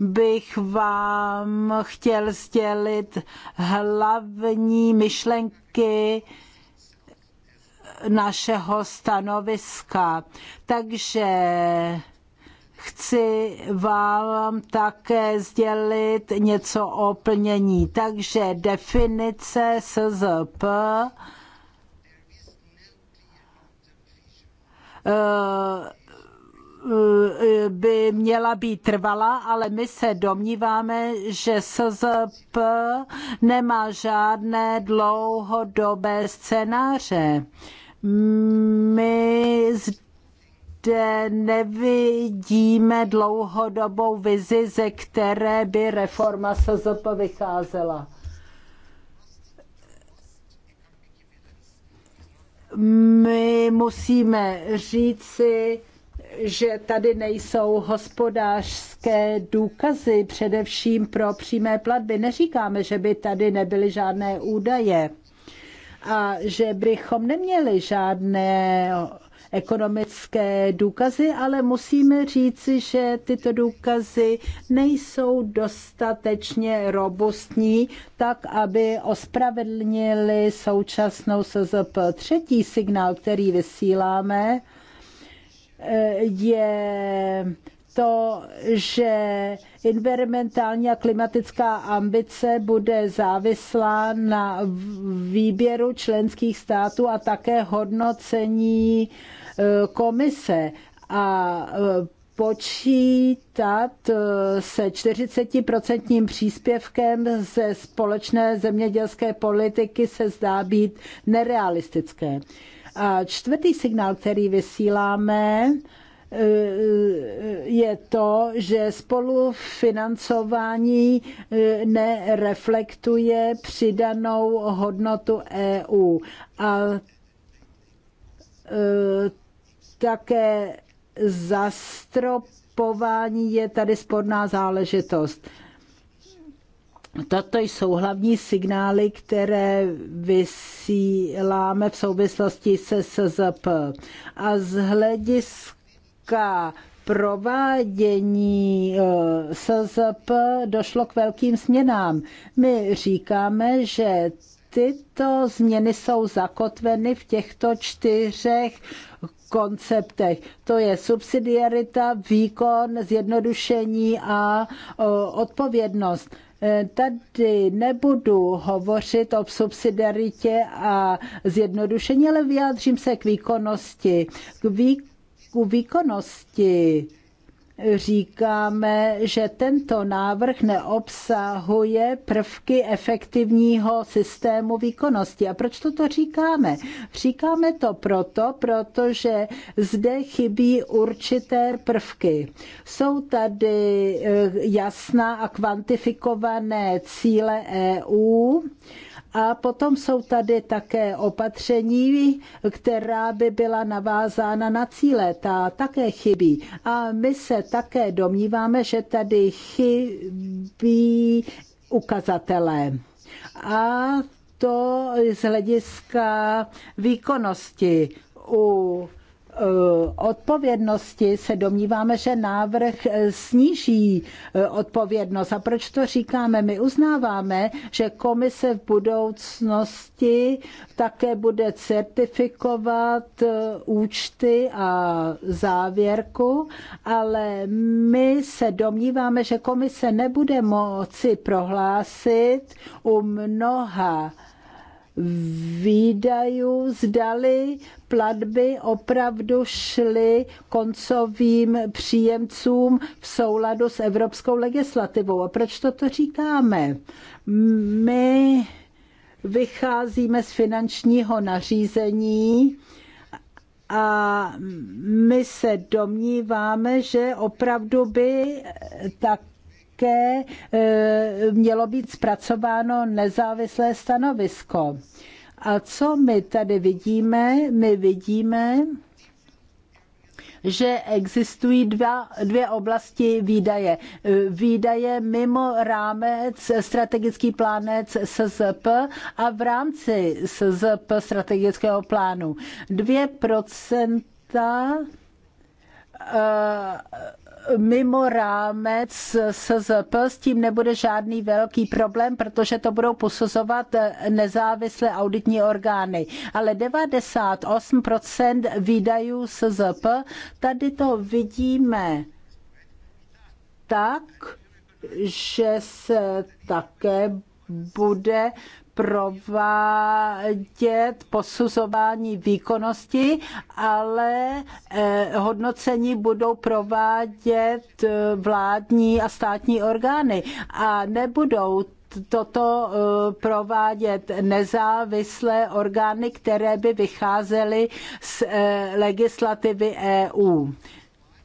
bych vám chtěl sdělit hlavní myšlenky, našeho stanoviska. Takže chci vám také sdělit něco o plnění. Takže definice SZP eh, by měla být trvalá, ale my se domníváme, že SZP nemá žádné dlouhodobé scénáře my zde nevidíme dlouhodobou vizi, ze které by reforma SZP vycházela. My musíme říci, že tady nejsou hospodářské důkazy, především pro přímé platby. Neříkáme, že by tady nebyly žádné údaje a že bychom neměli žádné ekonomické důkazy, ale musíme říci, že tyto důkazy nejsou dostatečně robustní, tak aby ospravedlnili současnou SZP. Třetí signál, který vysíláme, je to, že environmentální a klimatická ambice bude závislá na výběru členských států a také hodnocení eh, komise. A eh, počítat eh, se 40% příspěvkem ze společné zemědělské politiky se zdá být nerealistické. A čtvrtý signál, který vysíláme, Eh, je to, že spolufinancování eh, nereflektuje přidanou hodnotu EU. A eh, také zastropování je tady sporná záležitost. Toto jsou hlavní signály, které vysíláme v souvislosti se SZP. A z hlediska týká provádění eh, SZP došlo k velkým změnám. My říkáme, že tyto změny jsou zakotveny v těchto čtyřech konceptech. To je subsidiarita, výkon, zjednodušení a odpovědnost. Eh, tady nebudu hovořit o subsidiaritě a zjednodušení, ale vyjádřím se k výkonnosti. K výkon otázku výkonnosti říkáme, že tento návrh neobsahuje prvky efektivního systému výkonnosti. A proč toto říkáme? Říkáme to proto, protože zde chybí určité prvky. Jsou tady eh, jasná a kvantifikované cíle EU, a potom jsou tady také opatření, která by byla navázána na cíle. Ta také chybí. A my se také domníváme, že tady chybí ukazatele. A to z hlediska výkonnosti u Eh, odpovědnosti se domníváme, že návrh eh, sníží eh, odpovědnost. A proč to říkáme? My uznáváme, že komise v budoucnosti také bude certifikovat účty a závěrku, ale my se domníváme, že komise nebude moci prohlásit u mnoha výdajů, zdali platby opravdu šly koncovým příjemcům v souladu s evropskou legislativou. A proč toto říkáme? My vycházíme z finančního nařízení, a my se domníváme, že opravdu by tak také eh, mělo být zpracováno nezávislé stanovisko. A co my tady vidíme? My vidíme, že existují dva, dvě oblasti výdaje. Eh, výdaje mimo rámec strategický plánec SZP a v rámci SZP strategického plánu. 2 procenta uh, mimo rámec SZP s tím nebude žádný velký problém, protože to budou posuzovat nezávislé auditní orgány. Ale 98% výdajů SZP, tady to vidíme tak, že se také bude provádět posuzování výkonnosti, ale eh, hodnocení budou provádět eh, vládní a státní orgány a nebudou toto eh, provádět nezávislé orgány, které by vycházely z legislativy EU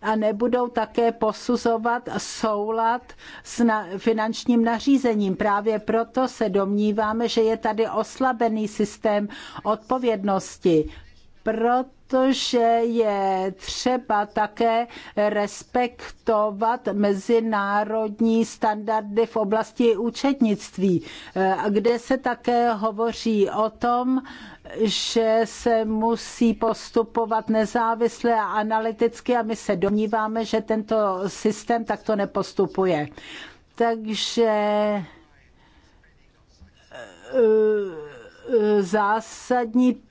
a nebudou také posuzovat soulad s finančním nařízením. Právě proto se domníváme, že je tady oslabený systém odpovědnosti protože je třeba také respektovat mezinárodní standardy v oblasti účetnictví, eh, kde se také hovoří o tom, že se musí postupovat nezávisle a analyticky a my se domníváme, že tento systém takto nepostupuje. Takže eh, eh, zásadní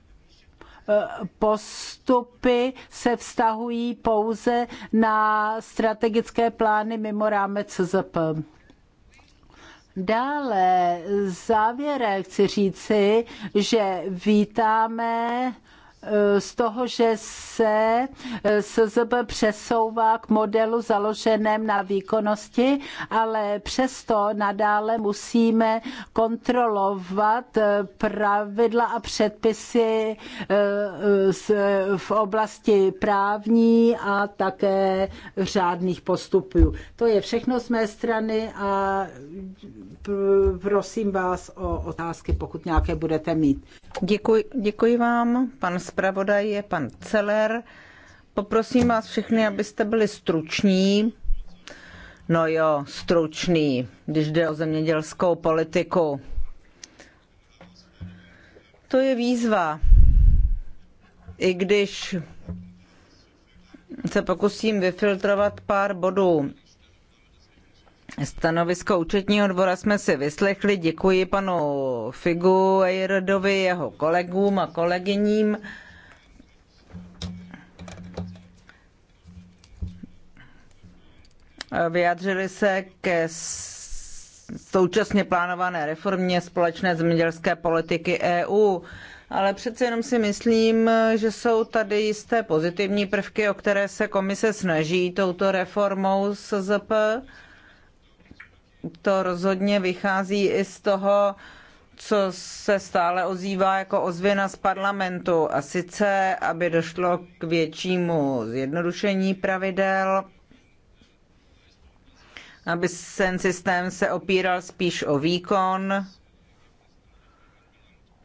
eh, postupy se vztahují pouze na strategické plány mimo rámec ZP. Dále závěrem chci říci, že vítáme Eh, z toho, že se eh, SZB přesouvá k modelu založeném na výkonnosti, ale přesto nadále musíme kontrolovat eh, pravidla a předpisy v oblasti právní a také řádných postupů. To je všechno z mé strany a
prosím vás o otázky, pokud nějaké budete mít. Děkuji, děkuji vám, pan Spravodaj je pan Celer. Poprosím vás všechny, abyste byli struční. No jo, stručný, když jde o zemědělskou politiku. To je výzva. I když se pokusím vyfiltrovat pár bodů. Stanovisko účetního dvora jsme si vyslechli. Děkuji panu Figueiredovi, jeho kolegům a kolegyním. Vyjádřili se ke současně plánované reformě společné zemědělské politiky EU. Ale přece jenom si myslím, že jsou tady jisté pozitivní prvky, o které se komise snaží touto reformou SZP to rozhodně vychází i z toho, co se stále ozývá jako ozvěna z parlamentu, a sice, aby došlo k většímu zjednodušení pravidel, aby ten systém se opíral spíš o výkon,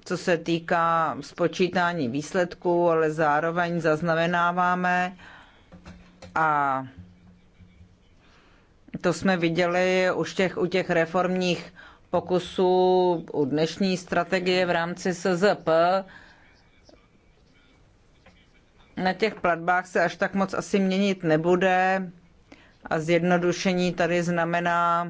co se týká spočítání výsledků, ale zároveň zaznamenáváme a to jsme viděli už těch, u těch reformních pokusů u dnešní strategie v rámci SZP. Na těch platbách se až tak moc asi měnit nebude a zjednodušení tady znamená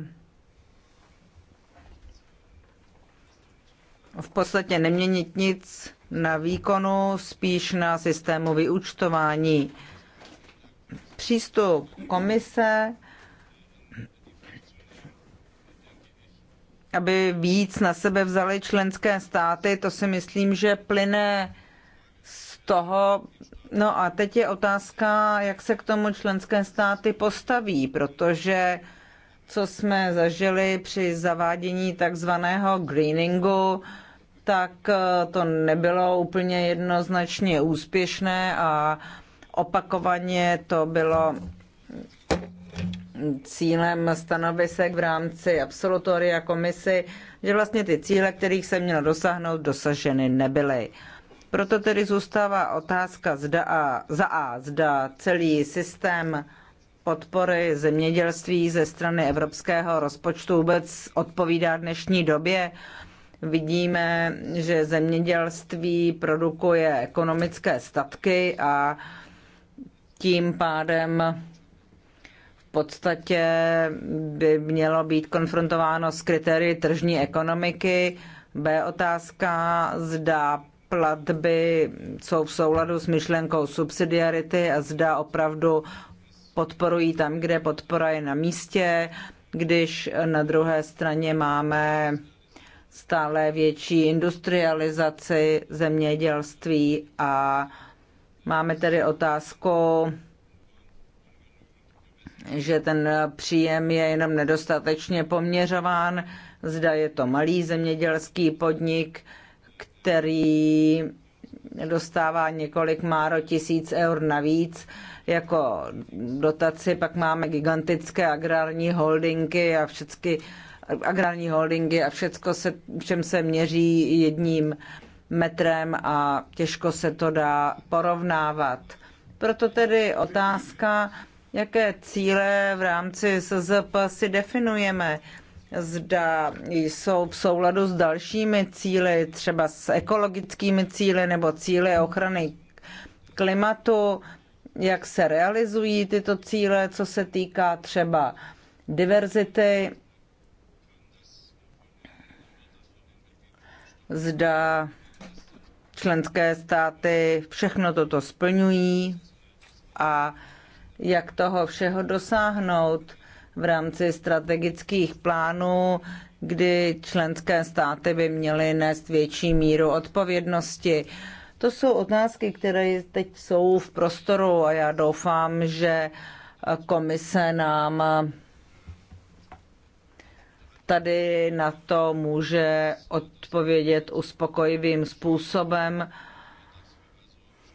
v podstatě neměnit nic na výkonu, spíš na systému vyúčtování. Přístup komise aby víc na sebe vzaly členské státy, to si myslím, že plyne z toho. No a teď je otázka, jak se k tomu členské státy postaví, protože co jsme zažili při zavádění takzvaného greeningu, tak eh, to nebylo úplně jednoznačně úspěšné a opakovaně to bylo cílem stanovisek v rámci absolutoria komisi, že vlastně ty cíle, kterých se mělo dosáhnout, dosaženy nebyly. Proto tedy zůstává otázka zda a, za A, zda celý systém podpory zemědělství ze strany evropského rozpočtu vůbec odpovídá dnešní době. Vidíme, že zemědělství produkuje ekonomické statky a tím pádem podstatě by mělo být konfrontováno s kritérii tržní ekonomiky. B otázka, zda platby jsou v souladu s myšlenkou subsidiarity a zda opravdu podporují tam, kde podpora je na místě, když na druhé straně máme stále větší industrializaci zemědělství a máme tedy otázku, že ten příjem je jenom nedostatečně poměřován, zda je to malý zemědělský podnik, který dostává několik máro tisíc eur navíc jako dotaci, pak máme gigantické agrární holdingy a všechny agrární holdingy a všecko se, všem se měří jedním metrem a těžko se to dá porovnávat. Proto tedy otázka, jaké cíle v rámci SZP si definujeme. Zda jsou v souladu s dalšími cíly, třeba s ekologickými cíly nebo cíly ochrany klimatu, jak se realizují tyto cíle, co se týká třeba diverzity, zda členské státy všechno toto splňují a jak toho všeho dosáhnout v rámci strategických plánů, kdy členské státy by měly nést větší míru odpovědnosti. To jsou otázky, které teď jsou v prostoru a já doufám, že komise nám tady na to může odpovědět uspokojivým způsobem,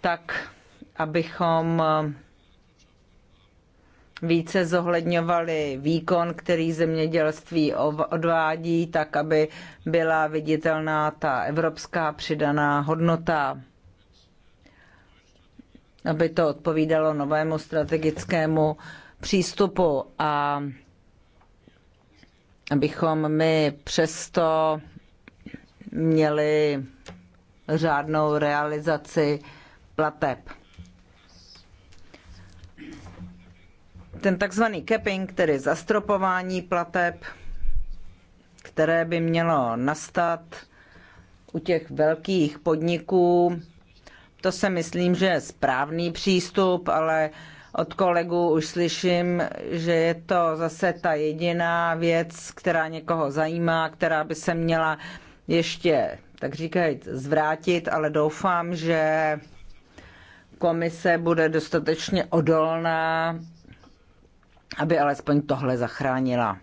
tak abychom více zohledňovali výkon, který zemědělství odvádí, tak aby byla viditelná ta evropská přidaná hodnota, aby to odpovídalo novému strategickému přístupu a abychom my přesto měli řádnou realizaci plateb. ten takzvaný capping, tedy zastropování plateb, které by mělo nastat u těch velkých podniků, to se myslím, že je správný přístup, ale od kolegů už slyším, že je to zase ta jediná věc, která někoho zajímá, která by se měla ještě, tak říkají, zvrátit, ale doufám, že komise bude dostatečně odolná aby alespoň tohle zachránila.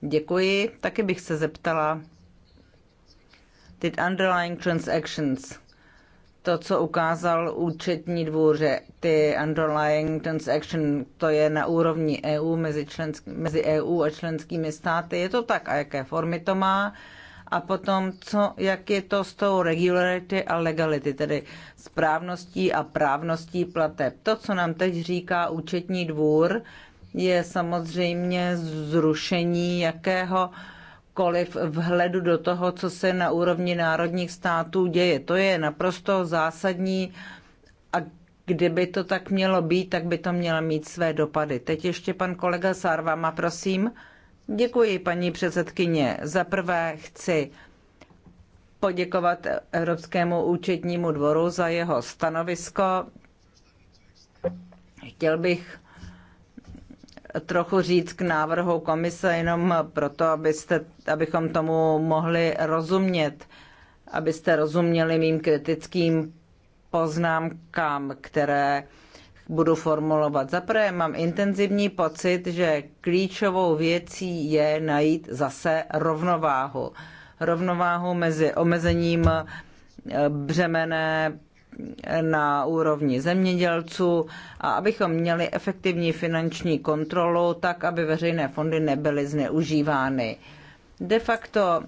Děkuji. Taky bych se zeptala, ty underlying transactions, to, co ukázal účetní dvůře, ty underlying transaction, to je na úrovni EU mezi, člensk- mezi EU a členskými státy. Je to tak a jaké formy to má? A potom, co, jak je to s tou regularity a legality, tedy správností a právností plateb. To, co nám teď říká účetní dvůr, je samozřejmě zrušení jakého jakkoliv vhledu do toho, co se na úrovni národních států děje. To je naprosto zásadní a kdyby to tak mělo být, tak by to mělo mít své dopady. Teď ještě pan kolega Sarvama, prosím. Děkuji, paní předsedkyně. Za prvé chci poděkovat Evropskému účetnímu dvoru za jeho stanovisko. Chtěl bych trochu říct k návrhu komise jenom proto, abyste, abychom tomu mohli rozumět, abyste rozuměli mým kritickým poznámkám, které budu formulovat. Zaprvé mám intenzivní pocit, že klíčovou věcí je najít zase rovnováhu. Rovnováhu mezi omezením břemene na úrovni zemědělců a abychom měli efektivní finanční kontrolu, tak aby veřejné fondy nebyly zneužívány. De facto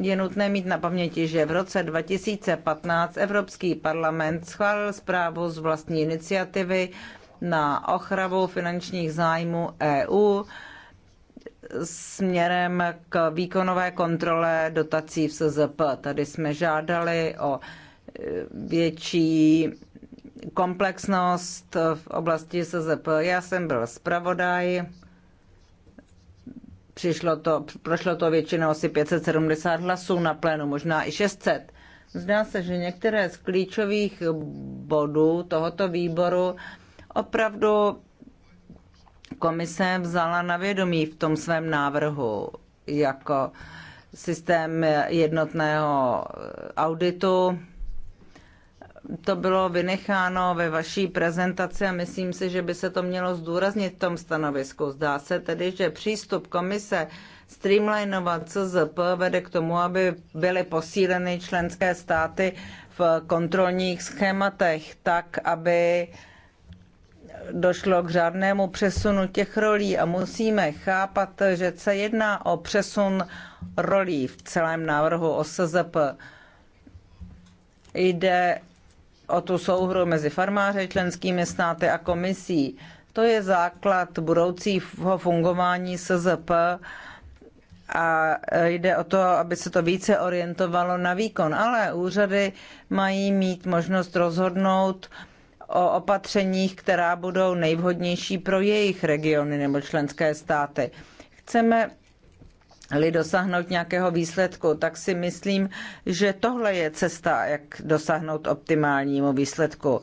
je nutné mít na paměti, že v roce 2015 Evropský parlament schválil zprávu z vlastní iniciativy na ochranu finančních zájmů EU směrem k výkonové kontrole dotací v SZP. Tady jsme žádali o větší komplexnost v oblasti SZP. Já jsem byl zpravodaj, přišlo to, prošlo to většinou asi 570 hlasů na plénu, možná i 600. Zdá se, že některé z klíčových bodů tohoto výboru opravdu komise vzala na vědomí v tom svém návrhu jako systém jednotného auditu, to bylo vynecháno ve vaší prezentaci a myslím si, že by se to mělo zdůraznit v tom stanovisku. Zdá se tedy, že přístup komise streamlinovat CZP vede k tomu, aby byly posíleny členské státy v kontrolních schématech tak, aby došlo k řádnému přesunu těch rolí a musíme chápat, že se jedná o přesun rolí v celém návrhu o SZP. Jde o tu souhru mezi farmáři, členskými státy a komisí. To je základ budoucího fungování SZP a jde o to, aby se to více orientovalo na výkon. Ale úřady mají mít možnost rozhodnout o opatřeních, která budou nejvhodnější pro jejich regiony nebo členské státy. Chceme li dosáhnout nějakého výsledku, tak si myslím, že tohle je cesta, jak dosáhnout optimálnímu výsledku.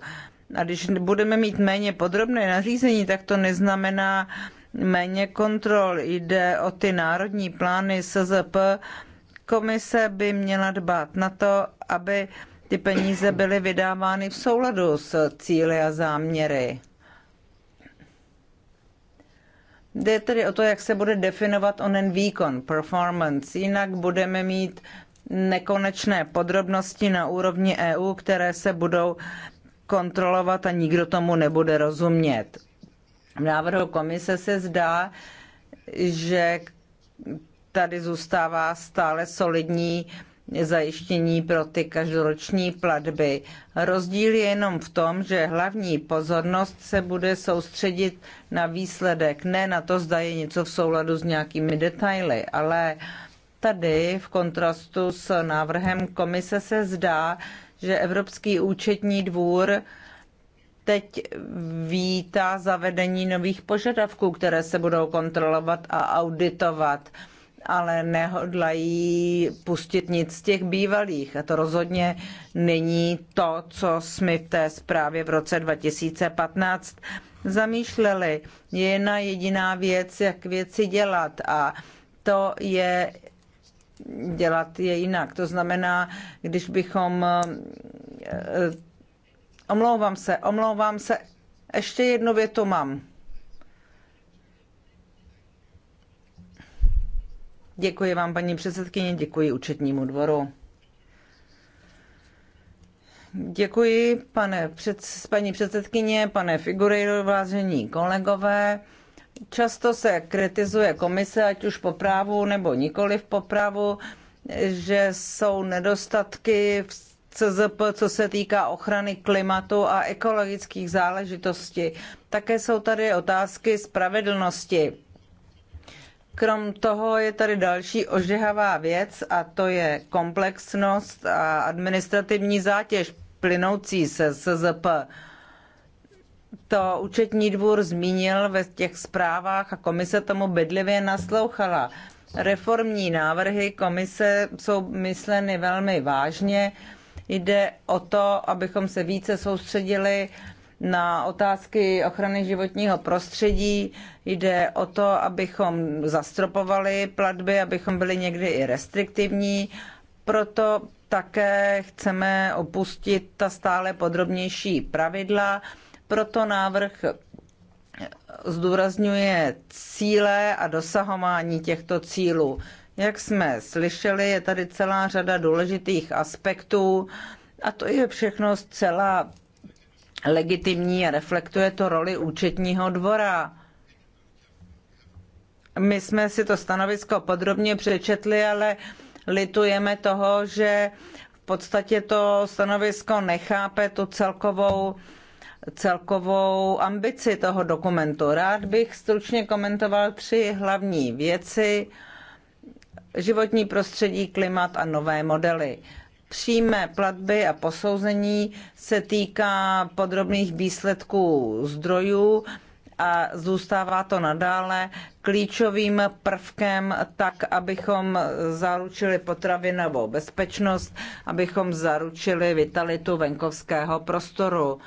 A když budeme mít méně podrobné nařízení, tak to neznamená méně kontrol. Jde o ty národní plány SZP. Komise by měla dbát na to, aby ty peníze byly vydávány v souladu s cíly a záměry. Jde tedy o to, jak se bude definovat onen výkon, performance. Jinak budeme mít nekonečné podrobnosti na úrovni EU, které se budou kontrolovat a nikdo tomu nebude rozumět. V návrhu komise se zdá, že tady zůstává stále solidní zajištění pro ty každoroční platby. Rozdíl je jenom v tom, že hlavní pozornost se bude soustředit na výsledek, ne na to, zda je něco v souladu s nějakými detaily, ale tady v kontrastu s návrhem komise se zdá, že Evropský účetní dvůr teď vítá zavedení nových požadavků, které se budou kontrolovat a auditovat ale nehodlají pustit nic z těch bývalých. A to rozhodně není to, co jsme v té zprávě v roce 2015 zamýšleli. Je jedna jediná věc, jak věci dělat a to je dělat je jinak. To znamená, když bychom... Eh, eh, omlouvám se, omlouvám se, ještě jednu větu mám. Děkuji vám, paní předsedkyně, děkuji účetnímu dvoru. Děkuji, pane před, paní předsedkyně, pane Figurejdo, vážení kolegové. Často se kritizuje komise, ať už po právu nebo nikoli v popravu, že jsou nedostatky v CZP, co se týká ochrany klimatu a ekologických záležitostí. Také jsou tady otázky spravedlnosti Krom toho je tady další ožehavá věc a to je komplexnost a administrativní zátěž plynoucí se SZP. To účetní dvůr zmínil ve těch zprávách a komise tomu bedlivě naslouchala. Reformní návrhy komise jsou mysleny velmi vážně. Jde o to, abychom se více soustředili na otázky ochrany životního prostředí. Jde o to, abychom zastropovali platby, abychom byli někdy i restriktivní. Proto také chceme opustit ta stále podrobnější pravidla. Proto návrh zdůrazňuje cíle a dosahování těchto cílů. Jak jsme slyšeli, je tady celá řada důležitých aspektů a to je všechno zcela legitimní a reflektuje to roli účetního dvora. My jsme si to stanovisko podrobně přečetli, ale litujeme toho, že v podstatě to stanovisko nechápe tu celkovou, celkovou ambici toho dokumentu. Rád bych stručně komentoval tři hlavní věci životní prostředí, klimat a nové modely přímé platby a posouzení se týká podrobných výsledků zdrojů a zůstává to nadále klíčovým prvkem tak, abychom zaručili potravinovou bezpečnost, abychom zaručili vitalitu venkovského prostoru.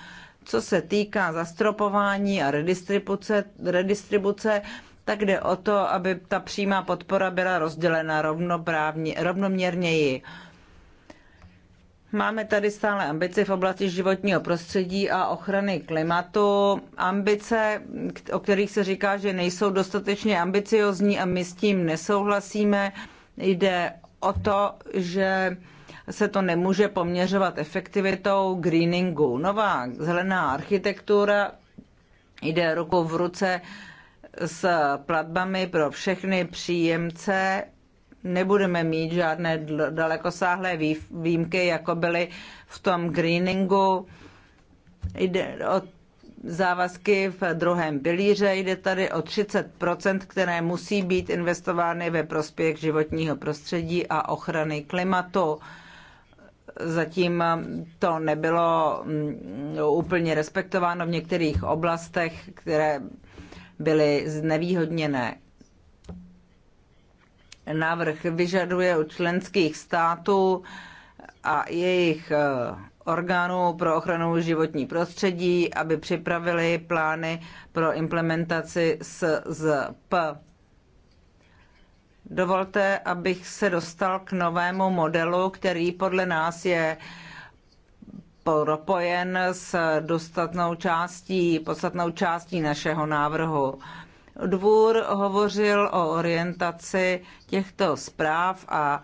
Co se týká zastropování a redistribuce, redistribuce tak jde o to, aby ta přímá podpora byla rozdělena rovnoměrněji. Máme tady stále ambice v oblasti životního prostředí a ochrany klimatu. Ambice, o kterých se říká, že nejsou dostatečně ambiciozní a my s tím nesouhlasíme. Jde o to, že se to nemůže poměřovat efektivitou greeningu. Nová zelená architektura jde ruku v ruce s platbami pro všechny příjemce nebudeme mít žádné dalekosáhlé výjimky, jako byly v tom greeningu. Jde o závazky v druhém pilíře, jde tady o 30 které musí být investovány ve prospěch životního prostředí a ochrany klimatu. Zatím to nebylo mm, úplně respektováno v některých oblastech, které byly znevýhodněné návrh vyžaduje od členských států a jejich eh, orgánů pro ochranu životní prostředí, aby připravili plány pro implementaci SZP. Dovolte, abych se dostal k novému modelu, který podle nás je propojen s dostatnou částí, podstatnou částí našeho návrhu. Dvůr hovořil o orientaci těchto zpráv a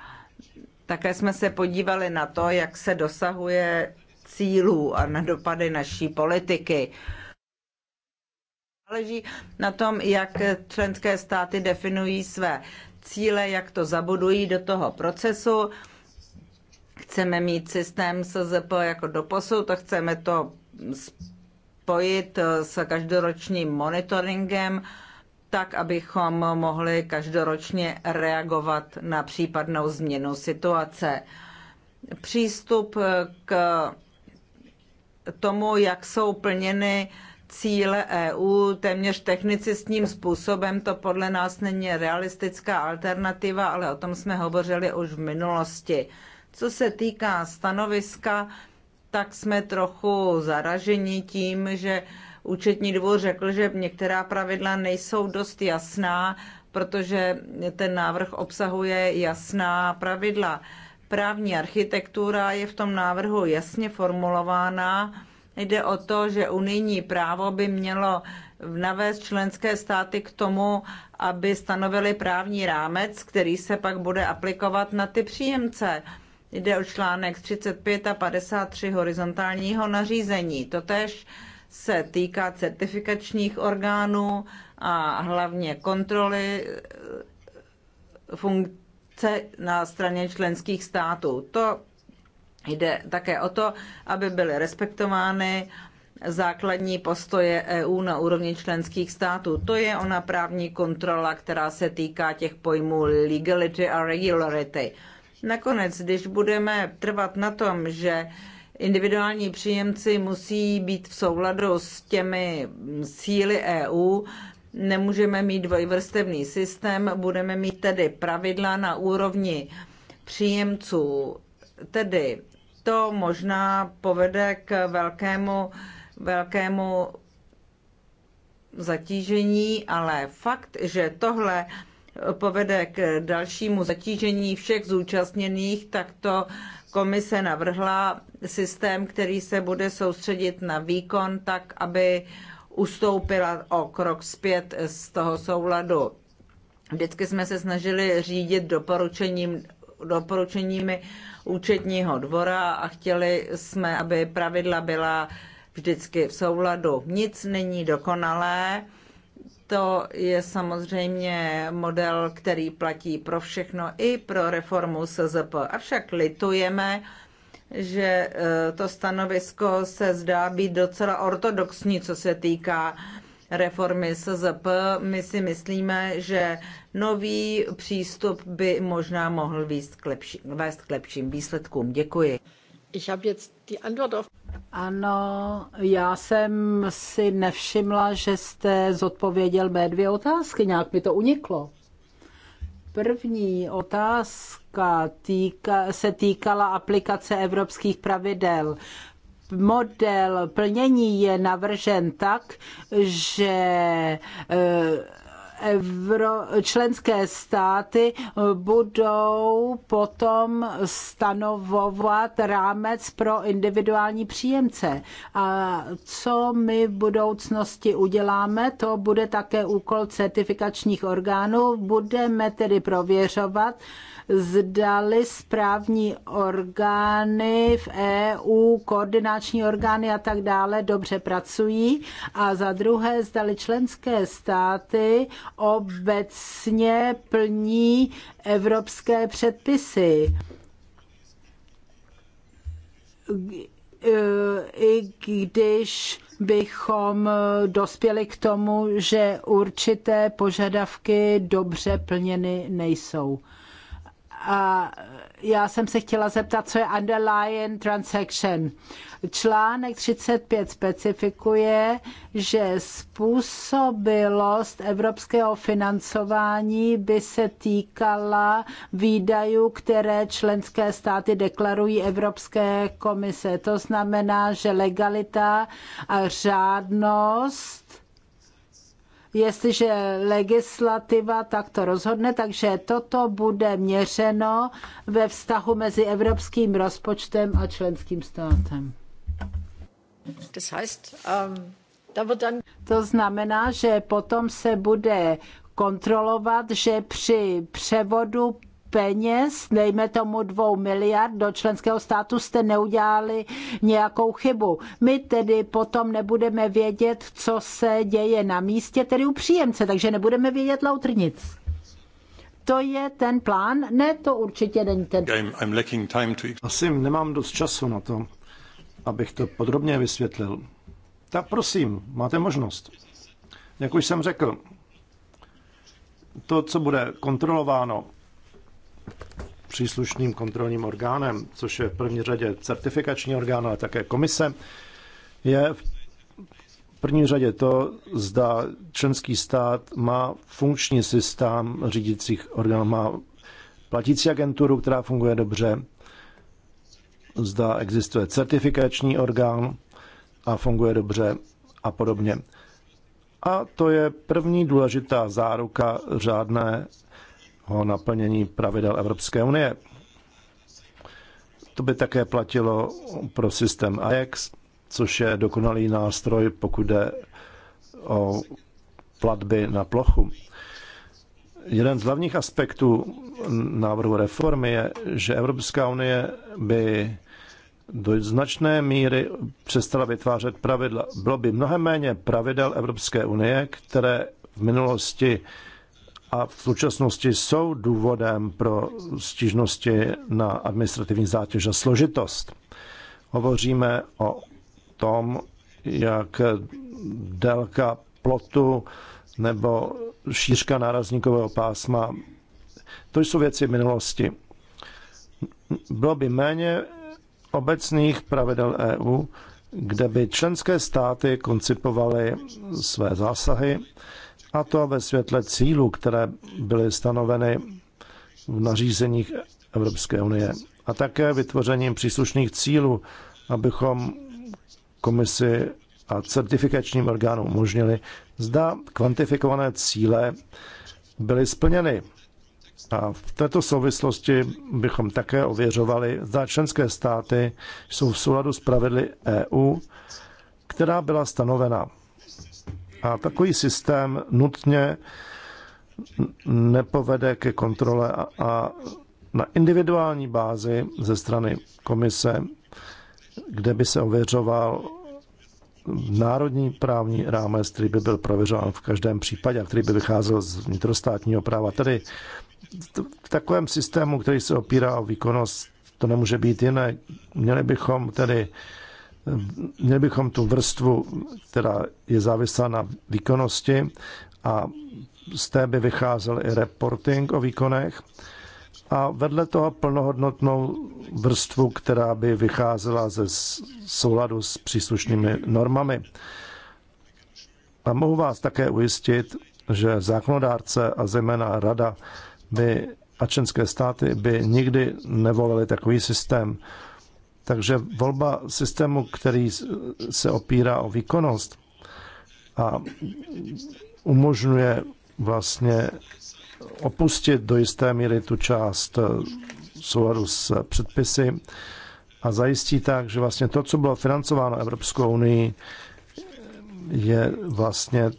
také jsme se podívali na to, jak se dosahuje cílů a na dopady naší politiky. Záleží na tom, jak členské státy definují své cíle, jak to zabudují do toho procesu. Chceme mít systém SZP jako doposud, to chceme to spojit s každoročním monitoringem tak, abychom mohli každoročně reagovat na případnou změnu situace. Přístup k tomu, jak jsou plněny cíle EU téměř technicistním způsobem, to podle nás není realistická alternativa, ale o tom jsme hovořili už v minulosti. Co se týká stanoviska, tak jsme trochu zaraženi tím, že účetní dvůr řekl, že některá pravidla nejsou dost jasná, protože ten návrh obsahuje jasná pravidla. Právní architektura je v tom návrhu jasně formulována. Jde o to, že unijní právo by mělo navést členské státy k tomu, aby stanovili právní rámec, který se pak bude aplikovat na ty příjemce. Jde o článek 35 a 53 horizontálního nařízení. Totež se týká certifikačních orgánů a hlavně kontroly eh, funkce na straně členských států. To jde také o to, aby byly respektovány základní postoje EU na úrovni členských států. To je ona právní kontrola, která se týká těch pojmů legality a regularity. Nakonec, když budeme trvat na tom, že individuální příjemci musí být v souladu s těmi síly EU. Nemůžeme mít dvojvrstevný systém, budeme mít tedy pravidla na úrovni příjemců. Tedy to možná povede k velkému, velkému zatížení, ale fakt, že tohle povede k dalšímu zatížení všech zúčastněných, tak to komise navrhla systém, který se bude soustředit na výkon, tak aby ustoupila o krok zpět z toho souladu. Vždycky jsme se snažili řídit doporučením, doporučeními účetního dvora a chtěli jsme, aby pravidla byla vždycky v souladu. Nic není dokonalé. To je samozřejmě model, který platí pro všechno i pro reformu SZP. Avšak litujeme, že eh, to stanovisko se zdá být docela ortodoxní, co se týká reformy SZP. My si myslíme, že nový přístup by možná mohl vést k, lepší, vést k lepším výsledkům. Děkuji. Ich habe jetzt die Antwort auf
ano, já jsem si nevšimla, že jste zodpověděl mé dvě otázky, nějak mi to uniklo. První otázka týka, se týkala aplikace evropských pravidel. Model plnění je navržen tak, že eh, Evro, členské státy budou potom stanovovat rámec pro individuální příjemce. A co my v budoucnosti uděláme, to bude také úkol certifikačních orgánů. Budeme tedy prověřovat, zdali správní orgány v EU, koordinační orgány a tak dále dobře pracují a za druhé zdali členské státy obecně plní evropské předpisy i když bychom dospěli k tomu, že určité požadavky dobře plněny nejsou. A já jsem se chtěla zeptat, co je underlying transaction. Článek 35 specifikuje, že způsobilost evropského financování by se týkala výdajů, které členské státy deklarují Evropské komise. To znamená, že legalita a řádnost jestliže legislativa takto rozhodne, takže toto bude měřeno ve vztahu mezi evropským rozpočtem a členským státem. Das heißt, um, da wird dann... To znamená, že potom se bude kontrolovat, že při převodu peněz, dejme tomu dvou miliard, do členského státu jste neudělali nějakou chybu. My tedy potom nebudeme vědět, co se děje na místě, tedy u příjemce, takže nebudeme vědět lautr nic. To je ten plán? Ne, to určitě není
ten. plán. Asi nemám dost času na to, abych to podrobně vysvětlil. Tak prosím, máte možnost. Jak už jsem řekl, to, co bude kontrolováno, příslušným kontrolním orgánem, což je v první řadě certifikační orgán, ale také komise, je v první řadě to, zda členský stát má funkční systém řídících orgánů, má platící agenturu, která funguje dobře, zda existuje certifikační orgán a funguje dobře a podobně. A to je první důležitá záruka řádné o naplnění pravidel Evropské unie. To by také platilo pro systém AJAX, což je dokonalý nástroj, pokud jde o platby na plochu. Jeden z hlavních aspektů návrhu reformy je, že Evropská unie by do značné míry přestala vytvářet pravidla. Bylo by mnohem méně pravidel Evropské unie, které v minulosti a v současnosti jsou důvodem pro stížnosti na administrativní zátěž a složitost. Hovoříme o tom, jak délka plotu nebo šířka nárazníkového pásma. To jsou věci minulosti. Bylo by méně obecných pravidel EU, kde by členské státy koncipovaly své zásahy a to ve světle cílů, které byly stanoveny v nařízeních Evropské unie. A také vytvořením příslušných cílů, abychom komisi a certifikačním orgánům umožnili, zda kvantifikované cíle byly splněny. A v této souvislosti bychom také ověřovali, zda členské státy jsou v souladu s pravidly EU, která byla stanovena a takový systém nutně nepovede ke kontrole a na individuální bázi ze strany komise, kde by se ověřoval národní právní rámec, který by byl prověřován v každém případě a který by vycházel z vnitrostátního práva. Tedy v takovém systému, který se opírá o výkonnost, to nemůže být jiné. Měli bychom tedy Měli bychom tu vrstvu, která je závislá na výkonnosti a z té by vycházel i reporting o výkonech a vedle toho plnohodnotnou vrstvu, která by vycházela ze souladu s příslušnými normami. A mohu vás také ujistit, že zákonodárce a zejména rada by a členské státy by nikdy nevolili takový systém, takže volba systému, který se opírá o výkonnost a umožňuje vlastně opustit do jisté míry tu část eh, souladu s předpisy a zajistí tak, že vlastně to, co bylo financováno Evropskou unii, je vlastně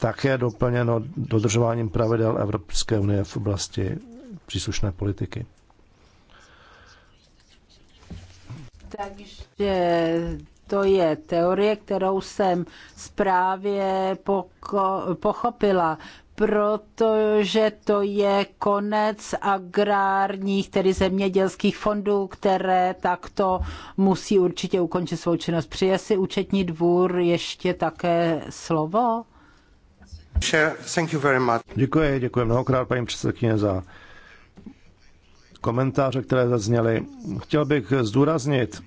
také doplněno dodržováním pravidel Evropské unie v oblasti příslušné politiky.
Takže to je teorie, kterou jsem zprávě pochopila protože to je konec agrárních, tedy zemědělských fondů, které takto musí určitě ukončit svou činnost. Přije si účetní dvůr ještě také slovo?
Děkuji, děkuji mnohokrát paní předsedkyně za komentáře, které zazněly. Chtěl bych zdůraznit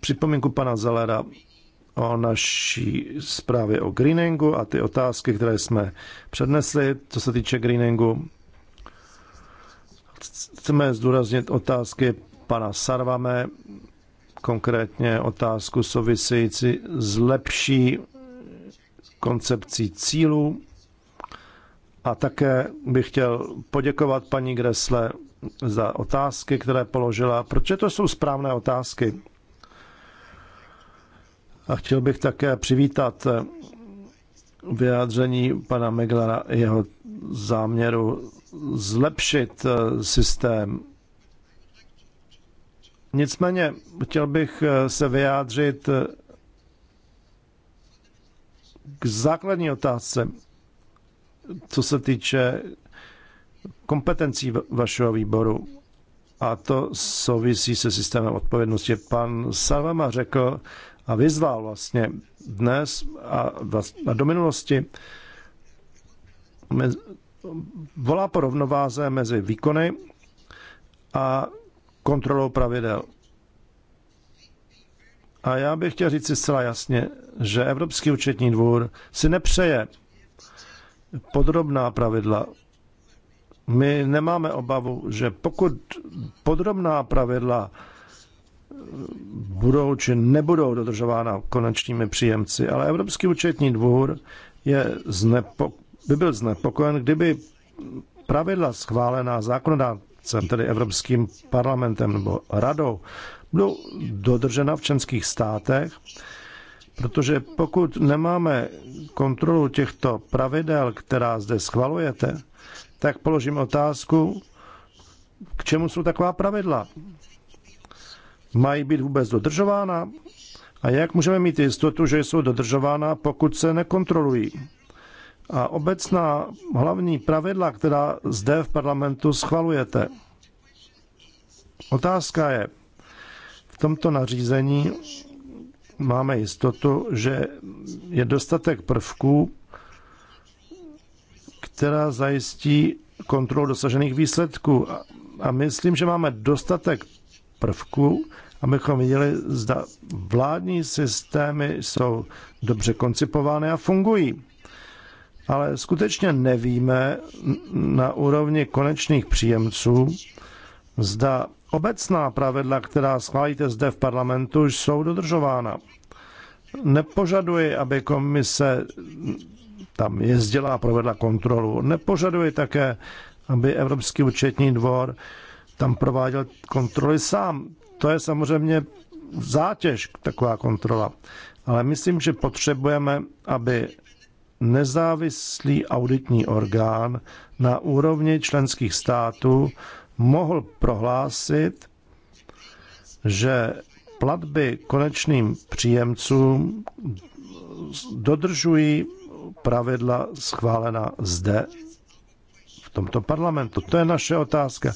připomínku pana Zelera o naší zprávě o greeningu a ty otázky, které jsme přednesli, co se týče greeningu. Chceme zdůraznit otázky pana Sarvame, konkrétně otázku související s lepší koncepcí cílů a také bych chtěl poděkovat paní Gresle za otázky, které položila, protože to jsou správné otázky. A chtěl bych také přivítat vyjádření pana Meglera jeho záměru zlepšit eh, systém. Nicméně chtěl bych eh, se vyjádřit eh, k základní otázce co se týče kompetencí vašeho výboru, a to souvisí se systémem odpovědnosti. Pan Salvama řekl a vyzval vlastně dnes a, a do minulosti volá po rovnováze mezi výkony a kontrolou pravidel. A já bych chtěl říct si zcela jasně, že Evropský účetní dvůr si nepřeje podrobná pravidla. My nemáme obavu, že pokud podrobná pravidla eh, budou či nebudou dodržována konečními příjemci, ale Evropský účetní dvůr je znepo, by byl znepokojen, kdyby pravidla schválená zákonodárcem, tedy Evropským parlamentem nebo radou, budou dodržena v členských státech Protože pokud nemáme kontrolu těchto pravidel, která zde schvalujete, tak položím otázku, k čemu jsou taková pravidla? Mají být vůbec dodržována? A jak můžeme mít jistotu, že jsou dodržována, pokud se nekontrolují? A obecná hlavní pravidla, která zde v parlamentu schvalujete. Otázka je, v tomto nařízení máme jistotu, že je dostatek prvků, která zajistí kontrolu dosažených výsledků. A myslím, že máme dostatek prvků, abychom viděli, zda vládní systémy jsou dobře koncipovány a fungují. Ale skutečně nevíme na úrovni konečných příjemců, zda obecná pravidla, která schválíte zde v parlamentu, jsou dodržována. Nepožaduji, aby komise tam jezdila a provedla kontrolu. Nepožaduji také, aby Evropský účetní dvor tam prováděl kontroly sám. To je samozřejmě zátěž, taková kontrola. Ale myslím, že potřebujeme, aby nezávislý auditní orgán na úrovni členských států mohl prohlásit, že platby konečným příjemcům dodržují pravidla schválena zde v tomto parlamentu. To je naše otázka.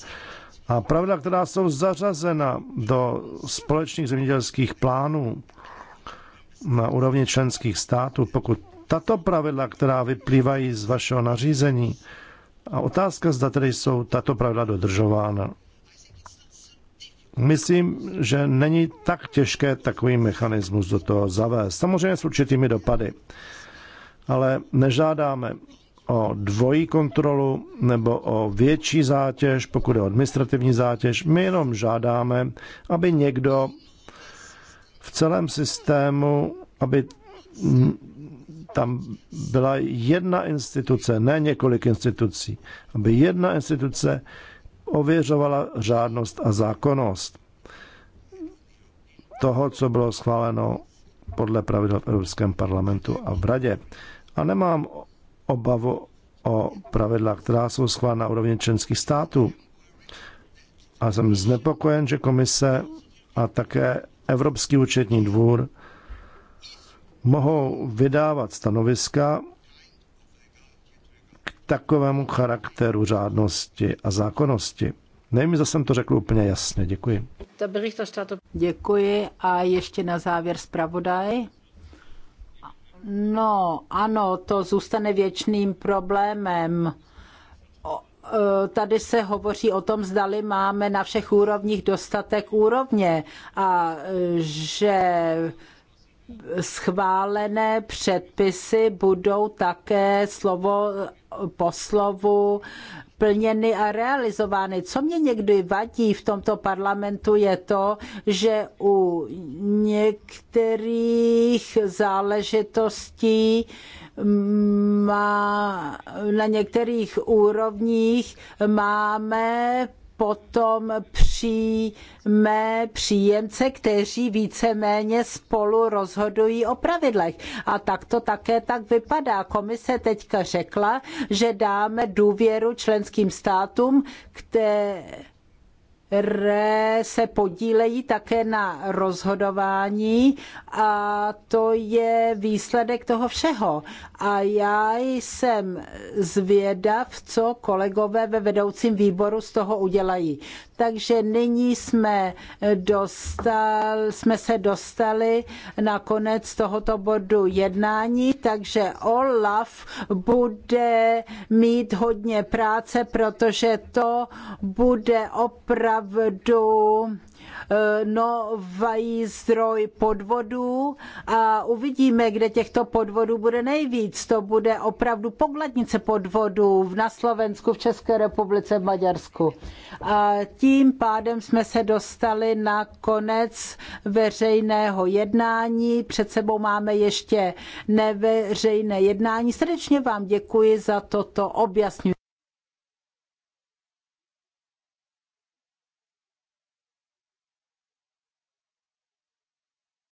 A pravidla, která jsou zařazena do společných zemědělských plánů na úrovni členských států, pokud tato pravidla, která vyplývají z vašeho nařízení, a otázka, zda tedy jsou tato pravda dodržována. Myslím, že není tak těžké takový mechanismus do toho zavést. Samozřejmě s určitými dopady. Ale nežádáme o dvojí kontrolu nebo o větší zátěž, pokud je o administrativní zátěž. My jenom žádáme, aby někdo v celém systému, aby tam byla jedna instituce, ne několik institucí, aby jedna instituce ověřovala řádnost a zákonnost toho, co bylo schváleno podle pravidel v Evropském parlamentu a v Radě. A nemám obavu o pravidla, která jsou schválena na úrovni členských států. A jsem znepokojen, že komise a také Evropský účetní dvůr mohou vydávat stanoviska k takovému charakteru řádnosti a zákonnosti. Nevím, zase jsem to řekl úplně jasně. Děkuji.
Děkuji a ještě na závěr zpravodaj. No, ano, to zůstane věčným problémem e, tady se hovoří o tom, zdali máme na všech úrovních dostatek úrovně a e, že schválené předpisy budou také slovo po slovu plněny a realizovány. Co mě někdy vadí v tomto parlamentu je to, že u některých záležitostí má, na některých úrovních máme potom přijme příjemce, kteří víceméně spolu rozhodují o pravidlech. A tak to také tak vypadá. Komise teďka řekla, že dáme důvěru členským státům, které které se podílejí také na rozhodování a to je výsledek toho všeho. A já jsem zvědav, co kolegové ve vedoucím výboru z toho udělají. Takže nyní jsme, dostal, jsme se dostali na konec tohoto bodu jednání, takže Olaf bude mít hodně práce, protože to bude opravdu nový zdroj podvodů a uvidíme, kde těchto podvodů bude nejvíc. To bude opravdu pokladnice podvodů na Slovensku, v České republice, v Maďarsku. A tím pádem jsme se dostali na konec veřejného jednání. Před sebou máme ještě neveřejné jednání. Srdečně vám děkuji za toto objasňování